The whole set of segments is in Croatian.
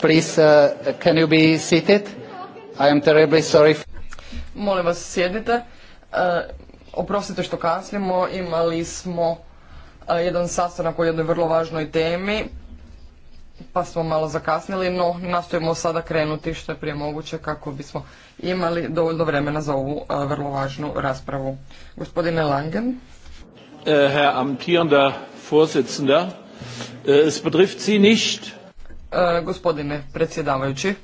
Please, uh, can Molim vas, sjedite. Uh, oprostite što kasnimo, imali smo uh, jedan sastanak o jednoj vrlo važnoj temi, pa smo malo zakasnili, no nastojimo sada krenuti što je prije moguće kako bismo imali dovoljno vremena za ovu vrlo važnu raspravu. Gospodine Langen. Äh, Herr amtierender Vorsitzender, äh, es betrifft Sie nicht, E, gospodine predsjedavajući,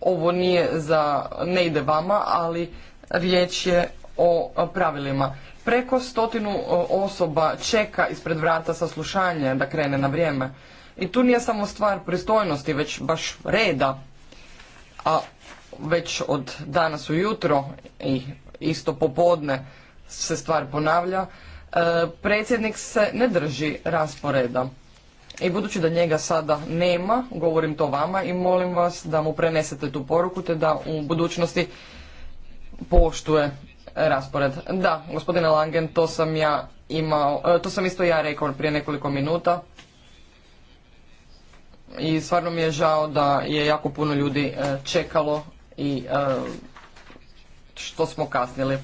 ovo nije za, ne ide vama, ali riječ je o pravilima. Preko stotinu e, osoba čeka ispred vrata saslušanja da krene na vrijeme. I tu nije samo stvar pristojnosti, već baš reda. A već od danas ujutro i isto popodne se stvar ponavlja, e, predsjednik se ne drži rasporeda. I budući da njega sada nema, govorim to vama i molim vas da mu prenesete tu poruku te da u budućnosti poštuje raspored. Da, gospodine Langen, to sam ja imao, e, to sam isto ja rekao prije nekoliko minuta. I stvarno mi je žao da je jako puno ljudi e, čekalo i e, što smo kasnili.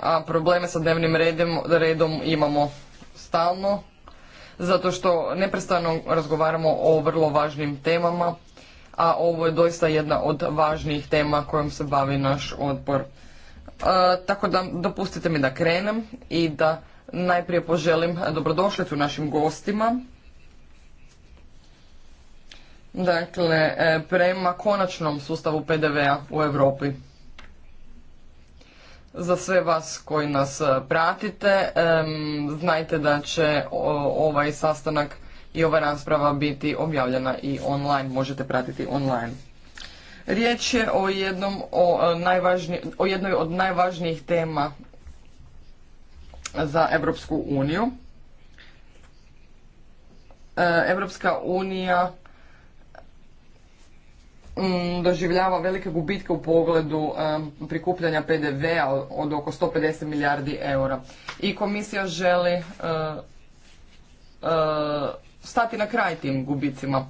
a probleme sa dnevnim redom, redom imamo stalno, zato što neprestano razgovaramo o vrlo važnim temama, a ovo je doista jedna od važnijih tema kojom se bavi naš odbor. tako da dopustite mi da krenem i da najprije poželim dobrodošlicu našim gostima. Dakle, e, prema konačnom sustavu PDV-a u Europi za sve vas koji nas e, pratite. Znajte da će ovaj sastanak i ova rasprava biti objavljena i online, možete pratiti online. Riječ je o, jednom, o, e, o jednoj od najvažnijih tema za Europsku uniju. Europska unija Mm, doživljava velike gubitke u pogledu prikupljanja PDV-a od oko 150 milijardi eura. I komisija želi e, e, stati na kraj tim gubicima.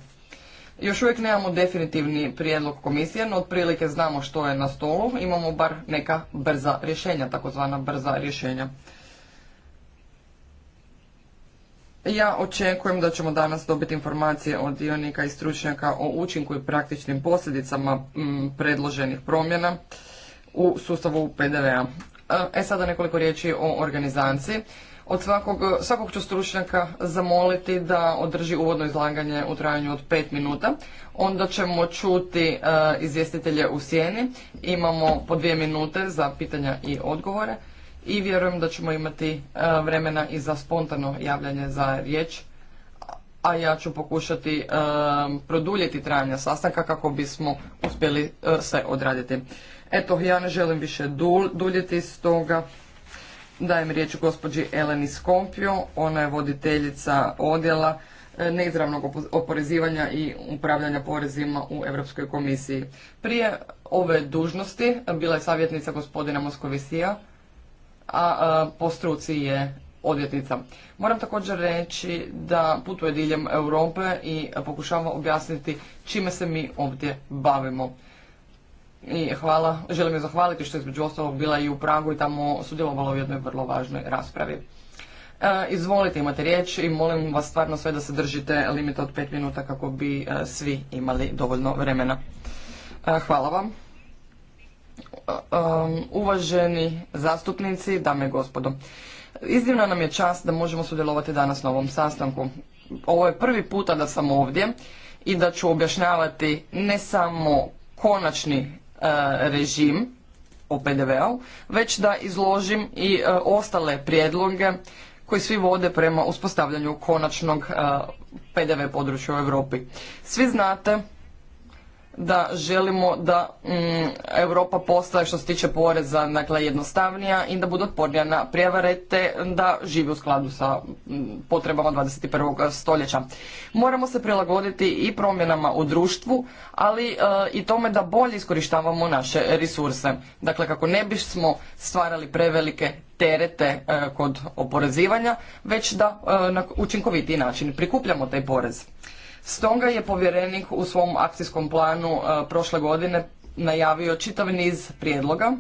Još uvijek nemamo definitivni prijedlog komisije, no otprilike znamo što je na stolu, imamo bar neka brza rješenja, takozvana brza rješenja. Ja očekujem da ćemo danas dobiti informacije od dionika i stručnjaka o učinku i praktičnim posljedicama mm, predloženih promjena u sustavu PDV-a. E, e sada nekoliko riječi o organizaciji. Od svakog, svakog ću stručnjaka zamoliti da održi uvodno izlaganje u trajanju od pet minuta. Onda ćemo čuti e, izvjestitelje u sjeni. Imamo po dvije minute za pitanja i odgovore i vjerujem da ćemo imati e, vremena i za spontano javljanje za riječ, a ja ću pokušati e, produljiti trajanja sastanka kako bismo uspjeli e, sve odraditi. Eto, ja ne želim više duljiti, stoga dajem riječ gospođi Eleni Skompio, ona je voditeljica odjela neizravnog oporezivanja i upravljanja porezima u Europskoj komisiji. Prije ove dužnosti bila je savjetnica gospodina Moskovisija, a po struci je odvjetnica. Moram također reći da putuje diljem Europe i pokušavamo objasniti čime se mi ovdje bavimo. I hvala, želim je zahvaliti što je između ostalog bila i u Pragu i tamo sudjelovala u jednoj vrlo važnoj raspravi. E, izvolite, imate riječ i molim vas stvarno sve da se držite limita od pet minuta kako bi e, svi imali dovoljno vremena. E, hvala vam. Um, uvaženi zastupnici, dame i gospodo. Iznimna nam je čast da možemo sudjelovati danas na ovom sastanku. Ovo je prvi puta da sam ovdje i da ću objašnjavati ne samo konačni e, režim o PDV-u, već da izložim i e, ostale prijedloge koji svi vode prema uspostavljanju konačnog e, PDV područja u Europi. Svi znate da želimo da mm, Europa postaje što se tiče poreza dakle, jednostavnija i da bude otpornija na prijevare te da živi u skladu sa mm, potrebama 21. stoljeća. Moramo se prilagoditi i promjenama u društvu, ali e, i tome da bolje iskorištavamo naše resurse. Dakle, kako ne bismo stvarali prevelike terete e, kod oporezivanja, već da e, na učinkovitiji način prikupljamo taj porez. Stoga je povjerenik u svom akcijskom planu e, prošle godine najavio čitav niz prijedloga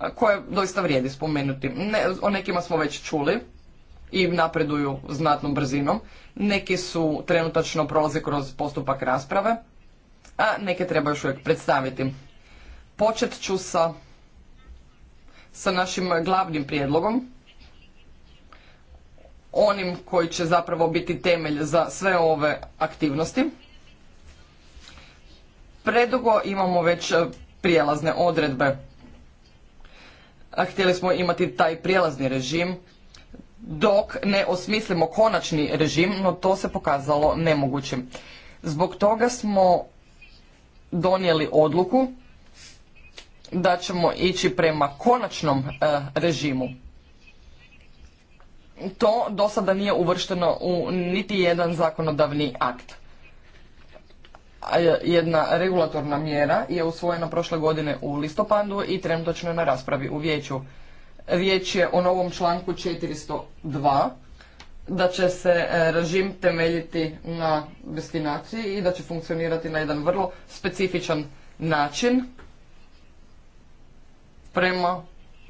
e, koje doista vrijedi spomenuti. Ne, o nekima smo već čuli i napreduju znatnom brzinom. Neki su trenutačno prolaze kroz postupak rasprave, a neke treba još uvijek predstaviti. Počet ću sa, sa našim glavnim prijedlogom onim koji će zapravo biti temelj za sve ove aktivnosti. Predugo imamo već prijelazne odredbe. Htjeli smo imati taj prijelazni režim dok ne osmislimo konačni režim, no to se pokazalo nemogućim. Zbog toga smo donijeli odluku da ćemo ići prema konačnom eh, režimu to do sada nije uvršteno u niti jedan zakonodavni akt. Jedna regulatorna mjera je usvojena prošle godine u listopadu i trenutačno je na raspravi u vijeću. Riječ je o novom članku 402 da će se e, režim temeljiti na destinaciji i da će funkcionirati na jedan vrlo specifičan način prema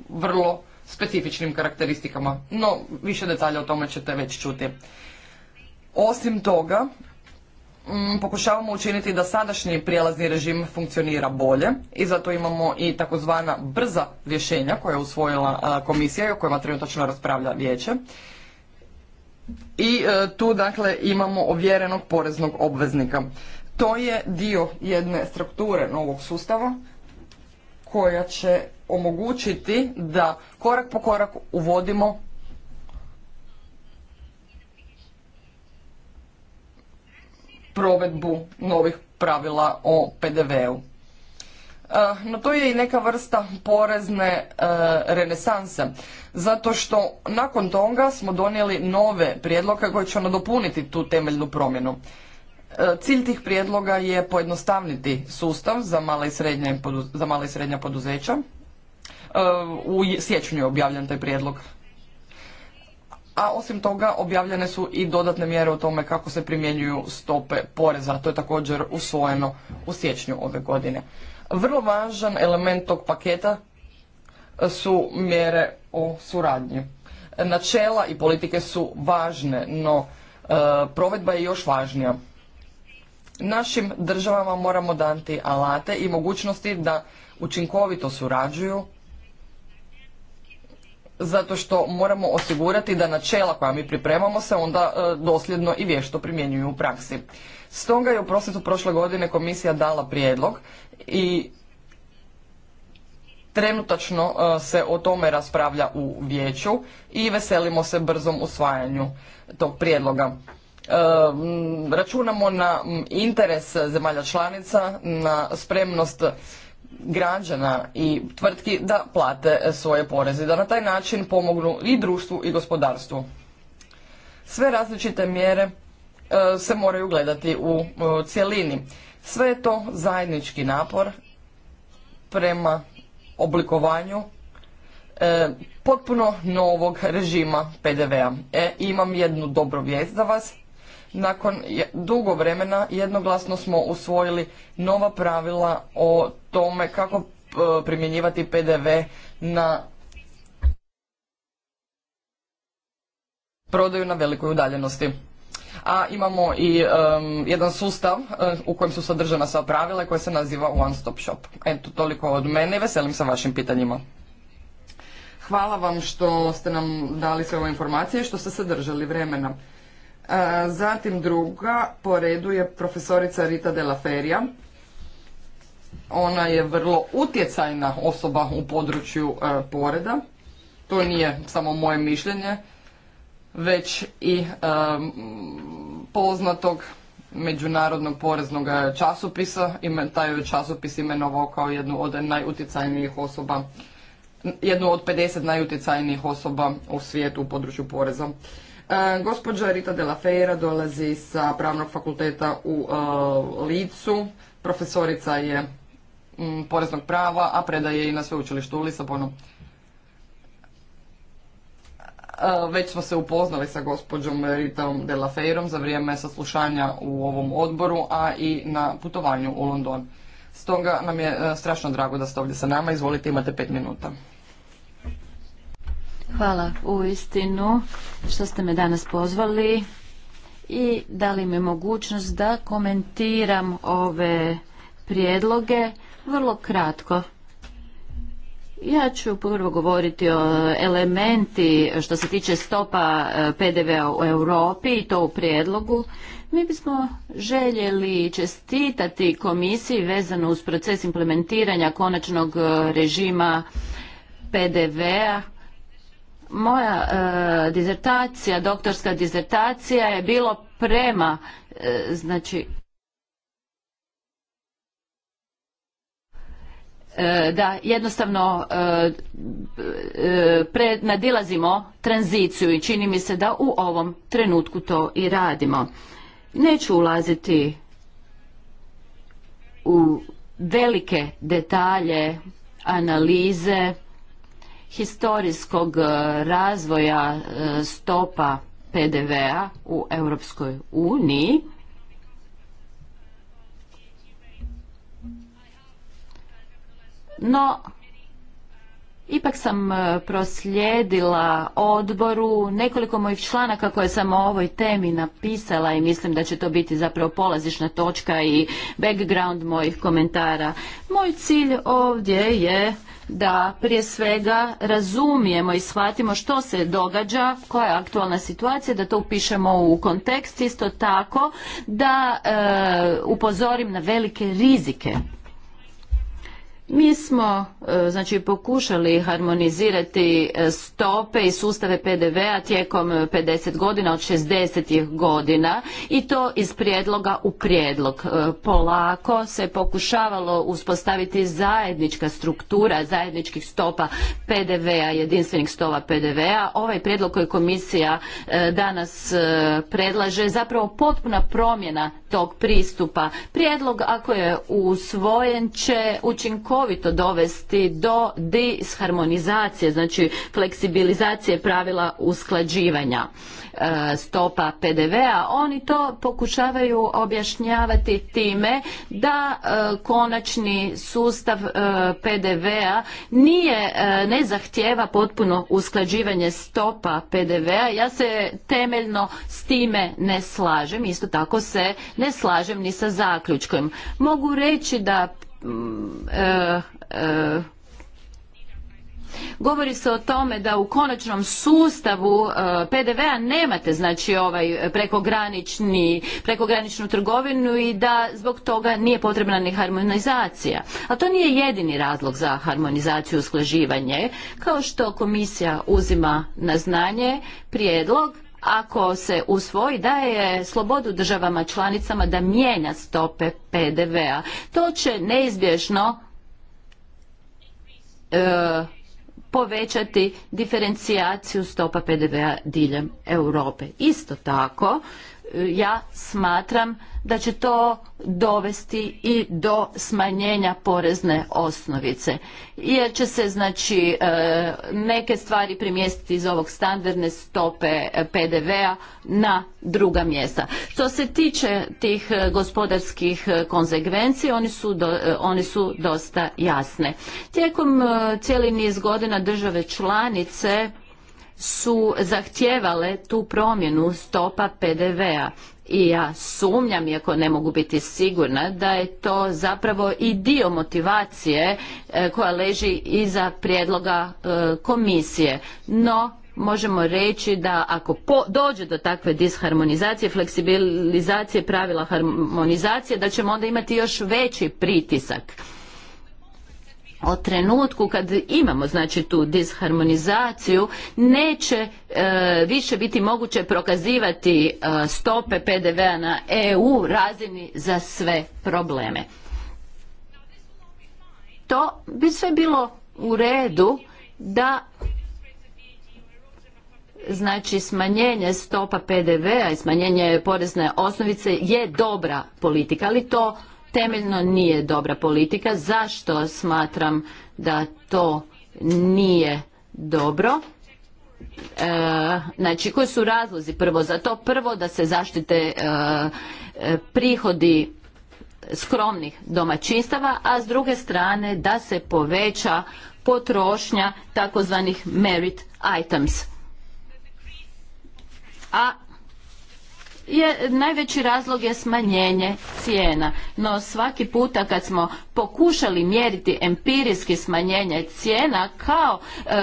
vrlo specifičnim karakteristikama, no više detalja o tome ćete već čuti. Osim toga, mm, pokušavamo učiniti da sadašnji prijelazni režim funkcionira bolje i zato imamo i takozvana brza rješenja koja je usvojila komisija i o kojima trenutačno raspravlja vijeće. I e, tu dakle imamo ovjerenog poreznog obveznika. To je dio jedne strukture novog sustava koja će omogućiti da korak po korak uvodimo provedbu novih pravila o PDV-u. E, no to je i neka vrsta porezne e, renesanse, zato što nakon toga smo donijeli nove prijedloge koje će nadopuniti tu temeljnu promjenu. E, cilj tih prijedloga je pojednostavniti sustav za i za mala i srednja poduzeća, E, u siječnju je objavljen taj prijedlog. A osim toga objavljene su i dodatne mjere o tome kako se primjenjuju stope poreza. To je također usvojeno u siječnju ove godine. Vrlo važan element tog paketa su mjere o suradnji. Načela i politike su važne, no e, provedba je još važnija. Našim državama moramo dati alate i mogućnosti da učinkovito surađuju zato što moramo osigurati da načela koja mi pripremamo se onda e, dosljedno i vješto primjenjuju u praksi. Stoga je u prosincu prošle godine komisija dala prijedlog i trenutačno e, se o tome raspravlja u vijeću i veselimo se brzom usvajanju tog prijedloga. E, računamo na interes zemalja članica, na spremnost građana i tvrtki da plate svoje poreze, da na taj način pomognu i društvu i gospodarstvu. Sve različite mjere e, se moraju gledati u e, cijelini Sve je to zajednički napor prema oblikovanju e, potpuno novog režima PDV-a. imam jednu dobru vijest za vas. Nakon dugo vremena jednoglasno smo usvojili nova pravila o tome kako e, primjenjivati PDV na prodaju na velikoj udaljenosti. A imamo i jedan sustav e, u kojem su sadržana sva pravila koje se naziva One Stop Shop. Eto, toliko od mene i veselim se vašim pitanjima. Hvala vam što ste nam dali sve ove informacije i što ste se držali vremena. Zatim druga po redu je profesorica Rita de la Feria. Ona je vrlo utjecajna osoba u području e, poreda. To nije samo moje mišljenje, već i e, poznatog međunarodnog poreznog časopisa. taj je časopis imenovao kao jednu od najutjecajnijih osoba, jednu od 50 najutjecajnijih osoba u svijetu u području poreza. E, gospođa Rita de la Feira dolazi sa pravnog fakulteta u e, Licu. Profesorica je poreznog prava, a predaje i na sveučilištu u Lisabonu. E, već smo se upoznali sa gospođom Ritom de la Feirom za vrijeme saslušanja u ovom odboru, a i na putovanju u London. Stoga nam je strašno drago da ste ovdje sa nama. Izvolite, imate pet minuta. Hvala u istinu što ste me danas pozvali i dali mi mogućnost da komentiram ove prijedloge vrlo kratko. Ja ću prvo govoriti o elementi što se tiče stopa e, PDV-a u Europi i to u prijedlogu. Mi bismo željeli čestitati komisiji vezano uz proces implementiranja konačnog e, režima PDV-a moja e, dizertacija, doktorska dizertacija je bilo prema, e, znači, e, da jednostavno nadilazimo tranziciju i čini mi se da u ovom trenutku to i radimo. Neću ulaziti u velike detalje analize historijskog e, razvoja e, stopa PDV-a u Europskoj uniji no Ipak sam e, proslijedila odboru nekoliko mojih članaka koje sam o ovoj temi napisala i mislim da će to biti zapravo polazišna točka i background mojih komentara. Moj cilj ovdje je da prije svega razumijemo i shvatimo što se događa, koja je aktualna situacija, da to upišemo u kontekst, isto tako da e, upozorim na velike rizike mi smo e, znači, pokušali harmonizirati e, stope i sustave PDV-a tijekom 50 e, godina od 60 godina i to iz prijedloga u prijedlog. Polako se pokušavalo uspostaviti zajednička struktura zajedničkih stopa PDV-a, jedinstvenih stova PDV-a. Ovaj prijedlog koji komisija danas predlaže je zapravo potpuna promjena tog pristupa. Prijedlog ako je usvojen će učinkovati učinkovito dovesti do disharmonizacije, znači fleksibilizacije pravila usklađivanja e, stopa PDV-a, oni to pokušavaju objašnjavati time da e, konačni sustav e, PDV-a nije, ne zahtjeva potpuno usklađivanje stopa PDV-a. Ja se temeljno s time ne slažem, isto tako se ne slažem ni sa zaključkom. Mogu reći da Mm, e, e, govori se o tome da u konačnom sustavu e, PDV-a nemate znači ovaj prekogranični, prekograničnu trgovinu i da zbog toga nije potrebna ni harmonizacija. A to nije jedini razlog za harmonizaciju i usklaživanje. Kao što komisija uzima na znanje prijedlog ako se usvoji daje slobodu državama članicama da mijenja stope PDV-a. To će neizbježno e, povećati diferencijaciju stopa PDV-a diljem Europe. Isto tako, ja smatram da će to dovesti i do smanjenja porezne osnovice jer će se znači e, neke stvari premjestiti iz ovog standardne stope PDV-a na druga mjesta. Što se tiče tih e, gospodarskih e, konsekvenci oni oni su dosta jasne. Tijekom cijeli niz godina države članice su zahtijevale tu promjenu stopa PDV-a. I ja sumnjam, iako ne mogu biti sigurna, da je to zapravo i dio motivacije e, koja leži iza prijedloga e, komisije. No, možemo reći da ako dođe do takve disharmonizacije, fleksibilizacije, pravila harmonizacije, da ćemo onda imati još veći pritisak o trenutku kad imamo znači tu disharmonizaciju neće e, više biti moguće prokazivati e, stope PDV-a na EU razini za sve probleme. To bi sve bilo u redu da znači smanjenje stopa PDV-a i smanjenje porezne osnovice je dobra politika, ali to temeljno nije dobra politika. Zašto smatram da to nije dobro? E, znači koji su razlozi prvo za to? Prvo da se zaštite e, e, prihodi skromnih domaćinstava, a s druge strane da se poveća potrošnja takozvanih merit items. A je najveći razlog je smanjenje cijena. No svaki puta kad smo pokušali mjeriti empirijski smanjenje cijena kao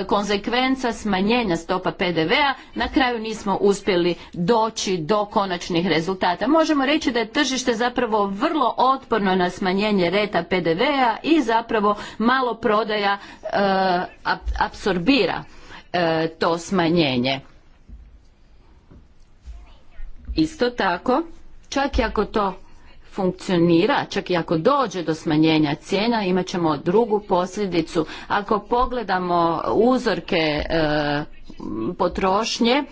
konzekvenca konsekvenca smanjenja stopa PDV-a, na kraju nismo uspjeli doći do konačnih rezultata. Možemo reći da je tržište zapravo vrlo otporno na smanjenje reta PDV-a i zapravo malo prodaja e, apsorbira e, to smanjenje. Isto tako, čak i ako to funkcionira, čak i ako dođe do smanjenja cijena, imat ćemo drugu posljedicu. Ako pogledamo uzorke e, potrošnje,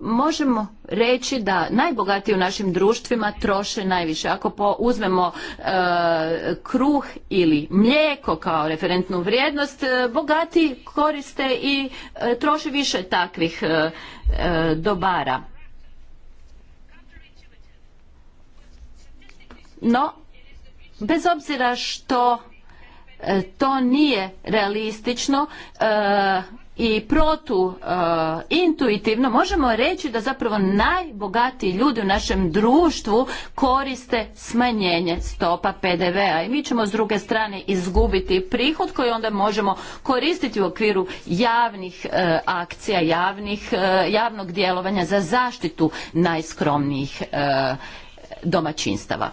možemo reći da najbogatiji u našim društvima troše najviše. Ako uzmemo e, kruh ili mlijeko kao referentnu vrijednost, e, bogati koriste i e, troše više takvih dobara. No, bez obzira što e, to nije realistično e, i protu e, intuitivno možemo reći da zapravo najbogatiji ljudi u našem društvu koriste smanjenje stopa PDV-a i mi ćemo s druge strane izgubiti prihod koji onda možemo koristiti u okviru javnih akcija, javnog djelovanja za zaštitu najskromnijih domaćinstava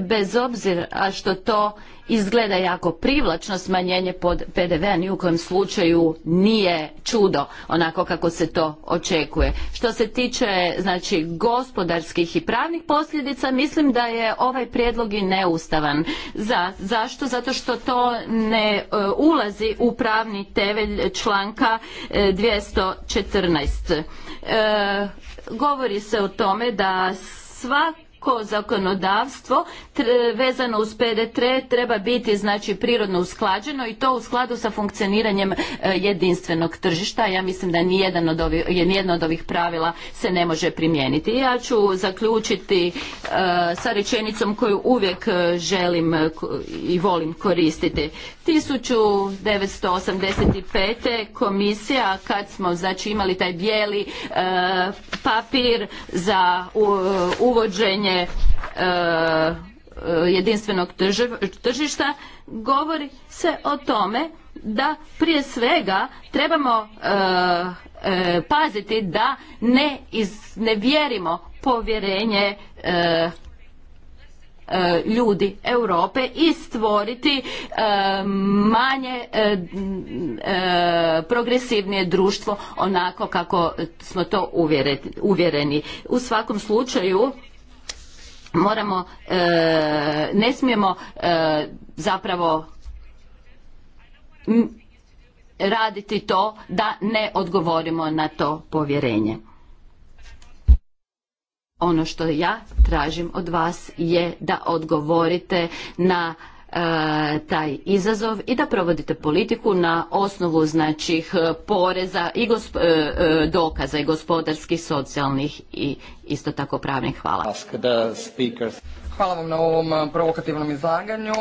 bez obzira što to izgleda jako privlačno smanjenje PDV-a ni u kojem slučaju nije čudo onako kako se to očekuje. Što se tiče znači gospodarskih i pravnih posljedica mislim da je ovaj prijedlog i neustavan. Za, zašto? Zato što to ne e, ulazi u pravni tevelj članka 214. E, e, govori se o tome da sva ko zakonodavstvo vezano uz PDT treba biti znači prirodno usklađeno i to u skladu sa funkcioniranjem e, jedinstvenog tržišta. Ja mislim da nijedan od ovih, nijedno od ovih pravila se ne može primijeniti. Ja ću zaključiti e, sa rečenicom koju uvijek e, želim i volim koristiti. 1985. komisija kad smo znači imali taj bijeli papir za uvođenje e, jedinstvenog tržišta govori se o tome da prije svega trebamo e, e, paziti da ne vjerimo povjerenje e, ljudi Europe i stvoriti manje progresivnije društvo onako kako smo to uvjereni. U svakom slučaju moramo e, ne smijemo e, zapravo raditi to da ne odgovorimo na to povjerenje ono što ja tražim od vas je da odgovorite na E, taj izazov i da provodite politiku na osnovu znači poreza i e, e, dokaza i gospodarskih, socijalnih i isto tako pravnih. Hvala. Hvala vam na ovom provokativnom izlaganju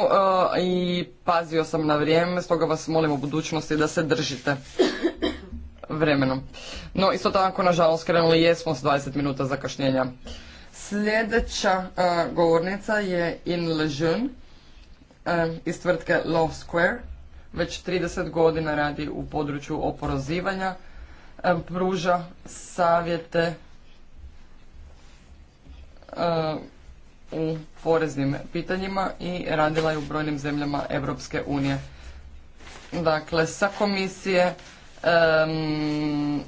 i pazio sam na vrijeme, stoga vas molim u budućnosti da se držite vremenom. No, isto tako, nažalost, krenuli jesmo s 20 minuta zakašnjenja. Sljedeća govornica je In Lejeune E, iz tvrtke Law Square, već 30 godina radi u području oporozivanja, e, pruža savjete e, u poreznim pitanjima i radila je u brojnim zemljama Europske unije. Dakle, sa komisije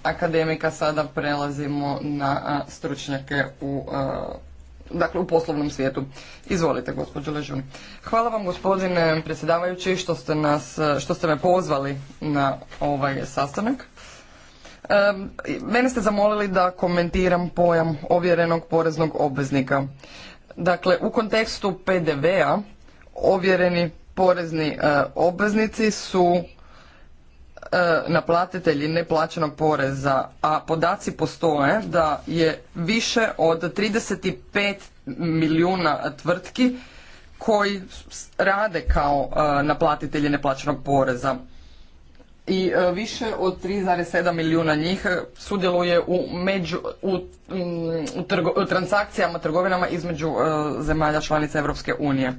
akademika sada prelazimo na stručnjake u dakle u poslovnom svijetu. Izvolite gospođo Ležun. Hvala vam gospodine predsjedavajući što ste, nas, što ste me pozvali na ovaj sastanak. mene ste zamolili da komentiram pojam ovjerenog poreznog obveznika. Dakle, u kontekstu PDV-a ovjereni porezni e, obveznici su E, naplatitelji neplaćenog poreza, a podaci postoje da je više od 35 milijuna tvrtki koji rade kao e, naplatitelji neplaćenog poreza. I e, više od 3,7 milijuna njih sudjeluje u, među, u, u, u transakcijama, trgovinama između zemalja članica Europske unije.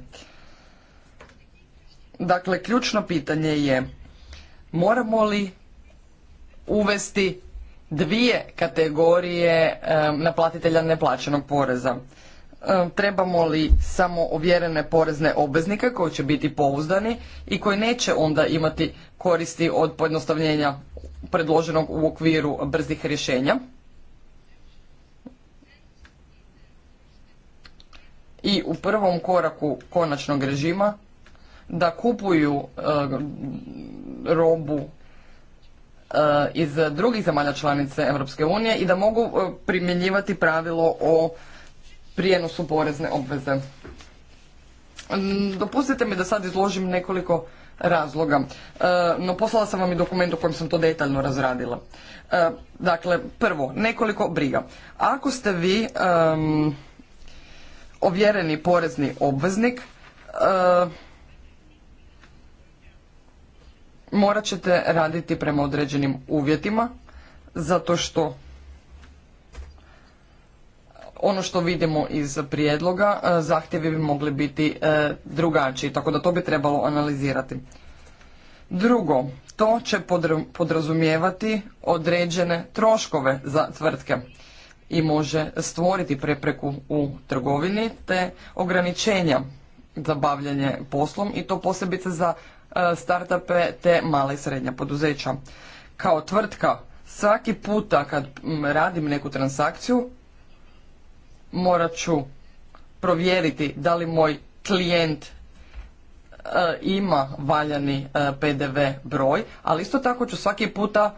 Dakle, ključno pitanje je moramo li uvesti dvije kategorije naplatitelja neplaćenog poreza trebamo li samo ovjerene porezne obveznike koji će biti pouzdani i koji neće onda imati koristi od pojednostavljenja predloženog u okviru brzih rješenja i u prvom koraku konačnog režima da kupuju e, robu e, iz drugih zemalja članice Europske unije i da mogu e, primjenjivati pravilo o prijenosu porezne obveze. Dopustite mi da sad izložim nekoliko razloga. No poslala sam vam i dokument u kojem sam to detaljno razradila. Dakle, prvo, nekoliko briga. Ako ste vi ovjereni porezni obveznik, morat ćete raditi prema određenim uvjetima, zato što ono što vidimo iz prijedloga, e, zahtjevi bi mogli biti e, drugačiji, tako da to bi trebalo analizirati. Drugo, to će podrazumijevati određene troškove za tvrtke i može stvoriti prepreku u trgovini te ograničenja za bavljanje poslom i to posebice za E, startupe te mala i srednja poduzeća. Kao tvrtka, svaki puta kad radim neku transakciju, morat ću provjeriti da li moj klijent e, ima valjani e, PDV broj, ali isto tako ću svaki puta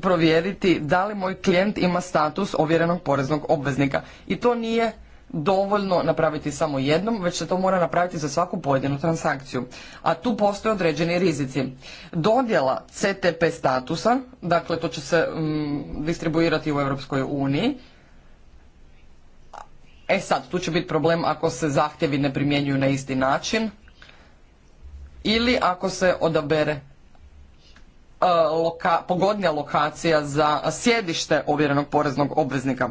provjeriti da li moj klijent ima status ovjerenog poreznog obveznika. I to nije dovoljno napraviti samo jednom, već se to mora napraviti za svaku pojedinu transakciju. A tu postoje određeni rizici. Dodjela CTP statusa, dakle to će se mm, distribuirati u Europskoj uniji. E sad, tu će biti problem ako se zahtjevi ne primjenjuju na isti način ili ako se odabere e, pogodnija lokacija za sjedište ovjerenog poreznog obveznika.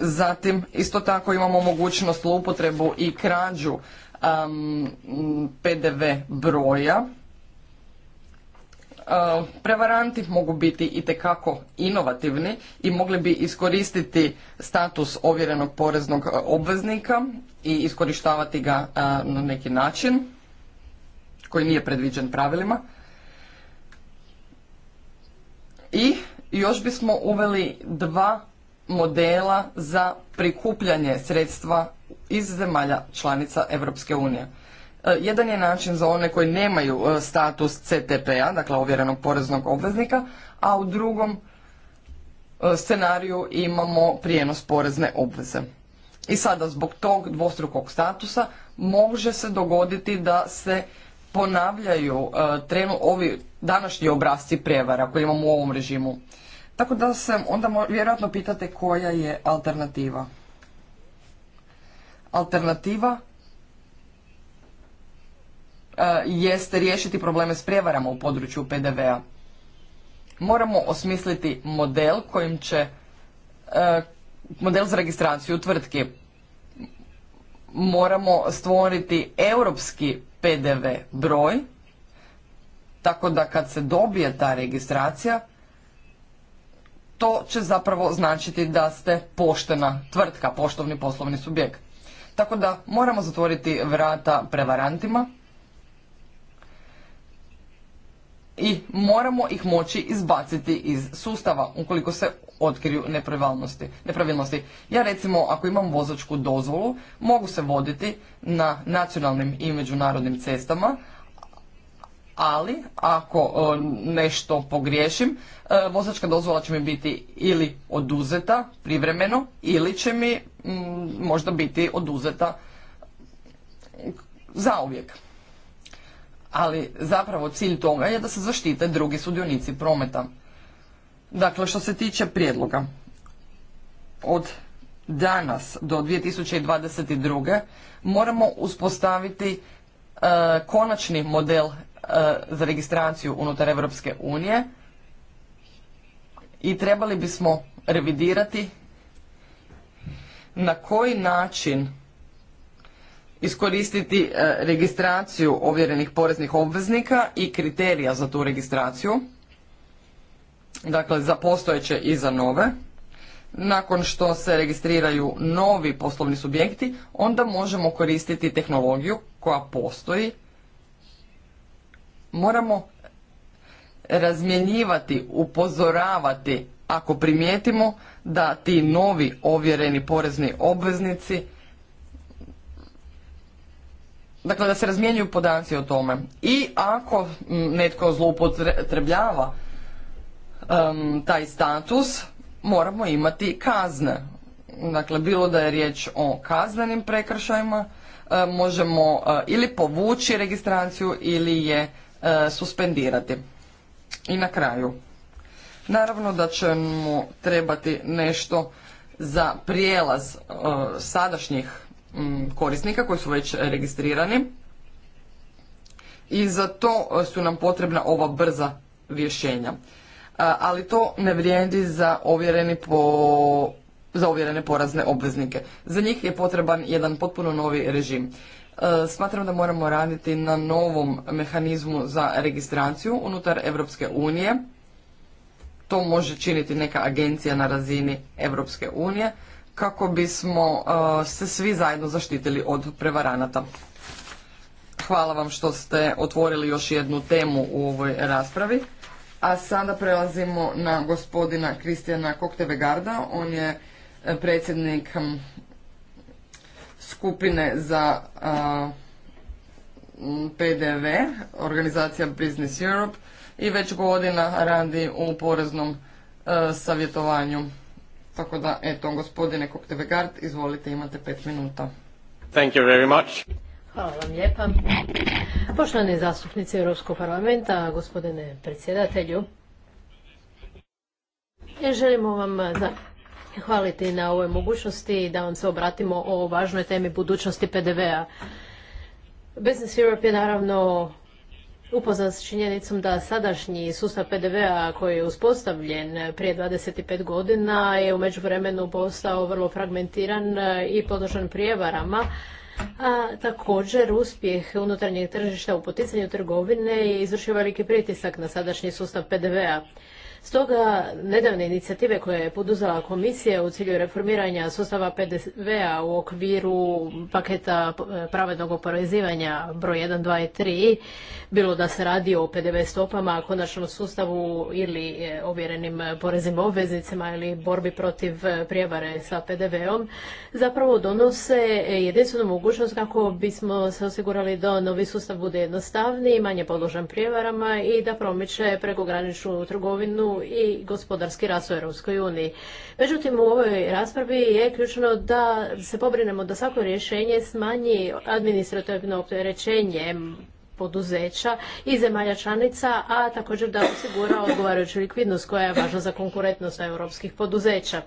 Zatim, isto tako imamo mogućnost upotrebu i krađu um, PDV broja. Uh, prevaranti mogu biti i tekako inovativni i mogli bi iskoristiti status ovjerenog poreznog uh, obveznika i iskorištavati ga uh, na neki način koji nije predviđen pravilima. I još bismo uveli dva modela za prikupljanje sredstva iz zemalja članica Europske unije. E, jedan je način za one koji nemaju e, status CTP-a, dakle ovjerenog poreznog obveznika, a u drugom e, scenariju imamo prijenos porezne obveze. I sada zbog tog dvostrukog statusa može se dogoditi da se ponavljaju trenu ovi današnji obrazci prijevara koje imamo u ovom režimu. Tako da se onda vjerojatno pitate koja je alternativa. Alternativa e, jeste riješiti probleme s prijevarama u području PDV-a. Moramo osmisliti model kojim će e, model za registraciju tvrtki. Moramo stvoriti europski PDV broj, tako da kad se dobije ta registracija, to će zapravo značiti da ste poštena tvrtka, poštovni poslovni subjekt. Tako da moramo zatvoriti vrata prevarantima i moramo ih moći izbaciti iz sustava ukoliko se otkriju nepravilnosti. Ja recimo ako imam vozačku dozvolu mogu se voditi na nacionalnim i međunarodnim cestama, ali ako e, nešto pogriješim, e, vozačka dozvola će mi biti ili oduzeta privremeno ili će mi možda biti oduzeta zauvijek. Ali zapravo cilj toga je da se zaštite drugi sudionici prometa. Dakle, što se tiče prijedloga, od danas do 2022. moramo uspostaviti e, konačni model E, za registraciju unutar Europske unije i trebali bismo revidirati na koji način iskoristiti e, registraciju ovjerenih poreznih obveznika i kriterija za tu registraciju, dakle za postojeće i za nove. Nakon što se registriraju novi poslovni subjekti, onda možemo koristiti tehnologiju koja postoji moramo razmjenjivati, upozoravati ako primijetimo da ti novi ovjereni porezni obveznici dakle da se razmjenjuju podaci o tome i ako netko zloupotrebljava taj status moramo imati kazne dakle bilo da je riječ o kaznenim prekršajima možemo ili povući registraciju ili je E, suspendirati. I na kraju, naravno da ćemo trebati nešto za prijelaz e, sadašnjih korisnika koji su već registrirani i za to su nam potrebna ova brza rješenja. E, ali to ne vrijedi za ovjereni za ovjerene porazne obveznike. Za njih je potreban jedan potpuno novi režim. E, smatram da moramo raditi na novom mehanizmu za registraciju unutar Europske unije. To može činiti neka agencija na razini Europske unije kako bismo e, se svi zajedno zaštitili od prevaranata. Hvala vam što ste otvorili još jednu temu u ovoj raspravi. A sada prelazimo na gospodina Kristijana Koktevegarda. On je e, predsjednik skupine za PDV, organizacija Business Europe i već godina radi u poreznom savjetovanju. Tako da, eto, gospodine Koptevegard, izvolite, imate pet minuta. Thank you very much. Hvala vam lijepa. Poštovani zastupnici Europskog parlamenta, gospodine predsjedatelju, želimo vam hvaliti na ovoj mogućnosti da vam se obratimo o važnoj temi budućnosti PDV-a. Business Europe je naravno upoznan s činjenicom da sadašnji sustav PDV-a koji je uspostavljen prije 25 godina je u međuvremenu postao vrlo fragmentiran i podložan prijevarama. A, također, uspjeh unutarnjeg tržišta u poticanju trgovine je izvršio veliki pritisak na sadašnji sustav PDV-a. Stoga, nedavne inicijative koje je poduzela komisija u cilju reformiranja sustava PDV-a u okviru paketa e, pravednog oporezivanja broj 1, 2 i 3, bilo da se radi o PDV stopama, konačnom sustavu ili e, ovjerenim poreznim obveznicima ili borbi protiv e, prijevare sa PDV-om, zapravo donose jedinstvenu mogućnost kako bismo se osigurali da novi sustav bude jednostavniji, manje podložan prijevarama i da promiče prekograničnu trgovinu i gospodarski rast u Europskoj uniji. Međutim, u ovoj raspravi je ključno da se pobrinemo da svako rješenje smanji administrativno opterećenje poduzeća i zemalja članica, a također da osigura odgovarajuću likvidnost koja je važna za konkurentnost europskih poduzeća.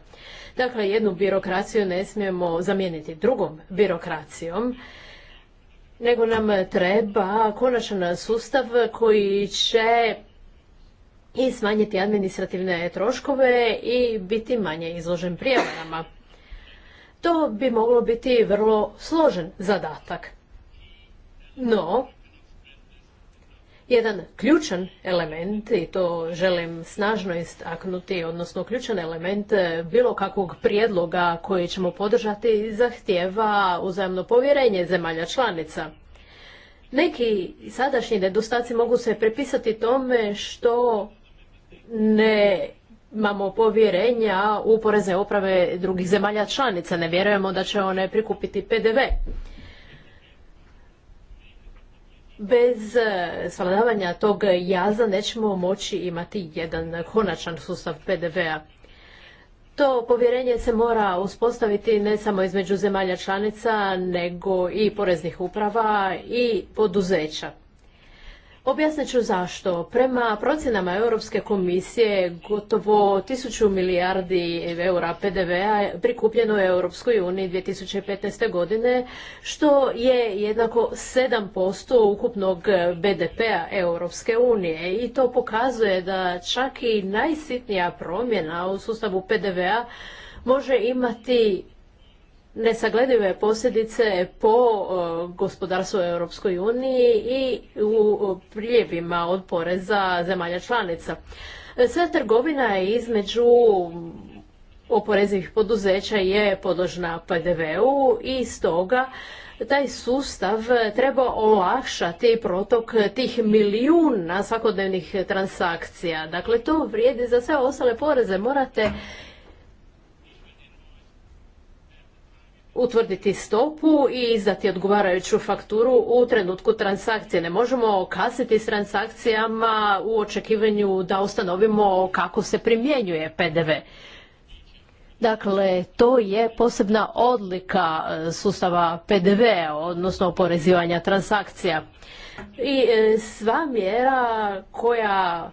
Dakle, jednu birokraciju ne smijemo zamijeniti drugom birokracijom, nego nam treba konačan sustav koji će i smanjiti administrativne troškove i biti manje izložen prijevarama. To bi moglo biti vrlo složen zadatak. No, jedan ključan element, i to želim snažno istaknuti, odnosno ključan element bilo kakvog prijedloga koji ćemo podržati zahtjeva uzajamno povjerenje zemalja članica. Neki sadašnji nedostaci mogu se prepisati tome što ne imamo povjerenja u porezne uprave drugih zemalja članica. Ne vjerujemo da će one prikupiti PDV. Bez e, svladavanja tog jaza nećemo moći imati jedan konačan sustav PDV-a. To povjerenje se mora uspostaviti ne samo između zemalja članica, nego i poreznih uprava i poduzeća. Objasnit ću zašto. Prema procjenama Europske komisije gotovo tisuću milijardi eura PDV-a prikupljeno je Europskoj uniji 2015. godine, što je jednako 7% ukupnog BDP-a Europske unije. I to pokazuje da čak i najsitnija promjena u sustavu PDV-a može imati nesagledive posljedice po gospodarstvu u Europskoj uniji i u priljevima od poreza zemalja članica. Sve trgovina je između oporezivih poduzeća je podložna PDV-u i stoga taj sustav treba olakšati protok tih milijuna svakodnevnih transakcija. Dakle, to vrijedi za sve ostale poreze. Morate utvrditi stopu i izdati odgovarajuću fakturu u trenutku transakcije. Ne možemo kasniti s transakcijama u očekivanju da ustanovimo kako se primjenjuje PDV. Dakle, to je posebna odlika e, sustava PDV, odnosno oporezivanja transakcija. I e, sva mjera koja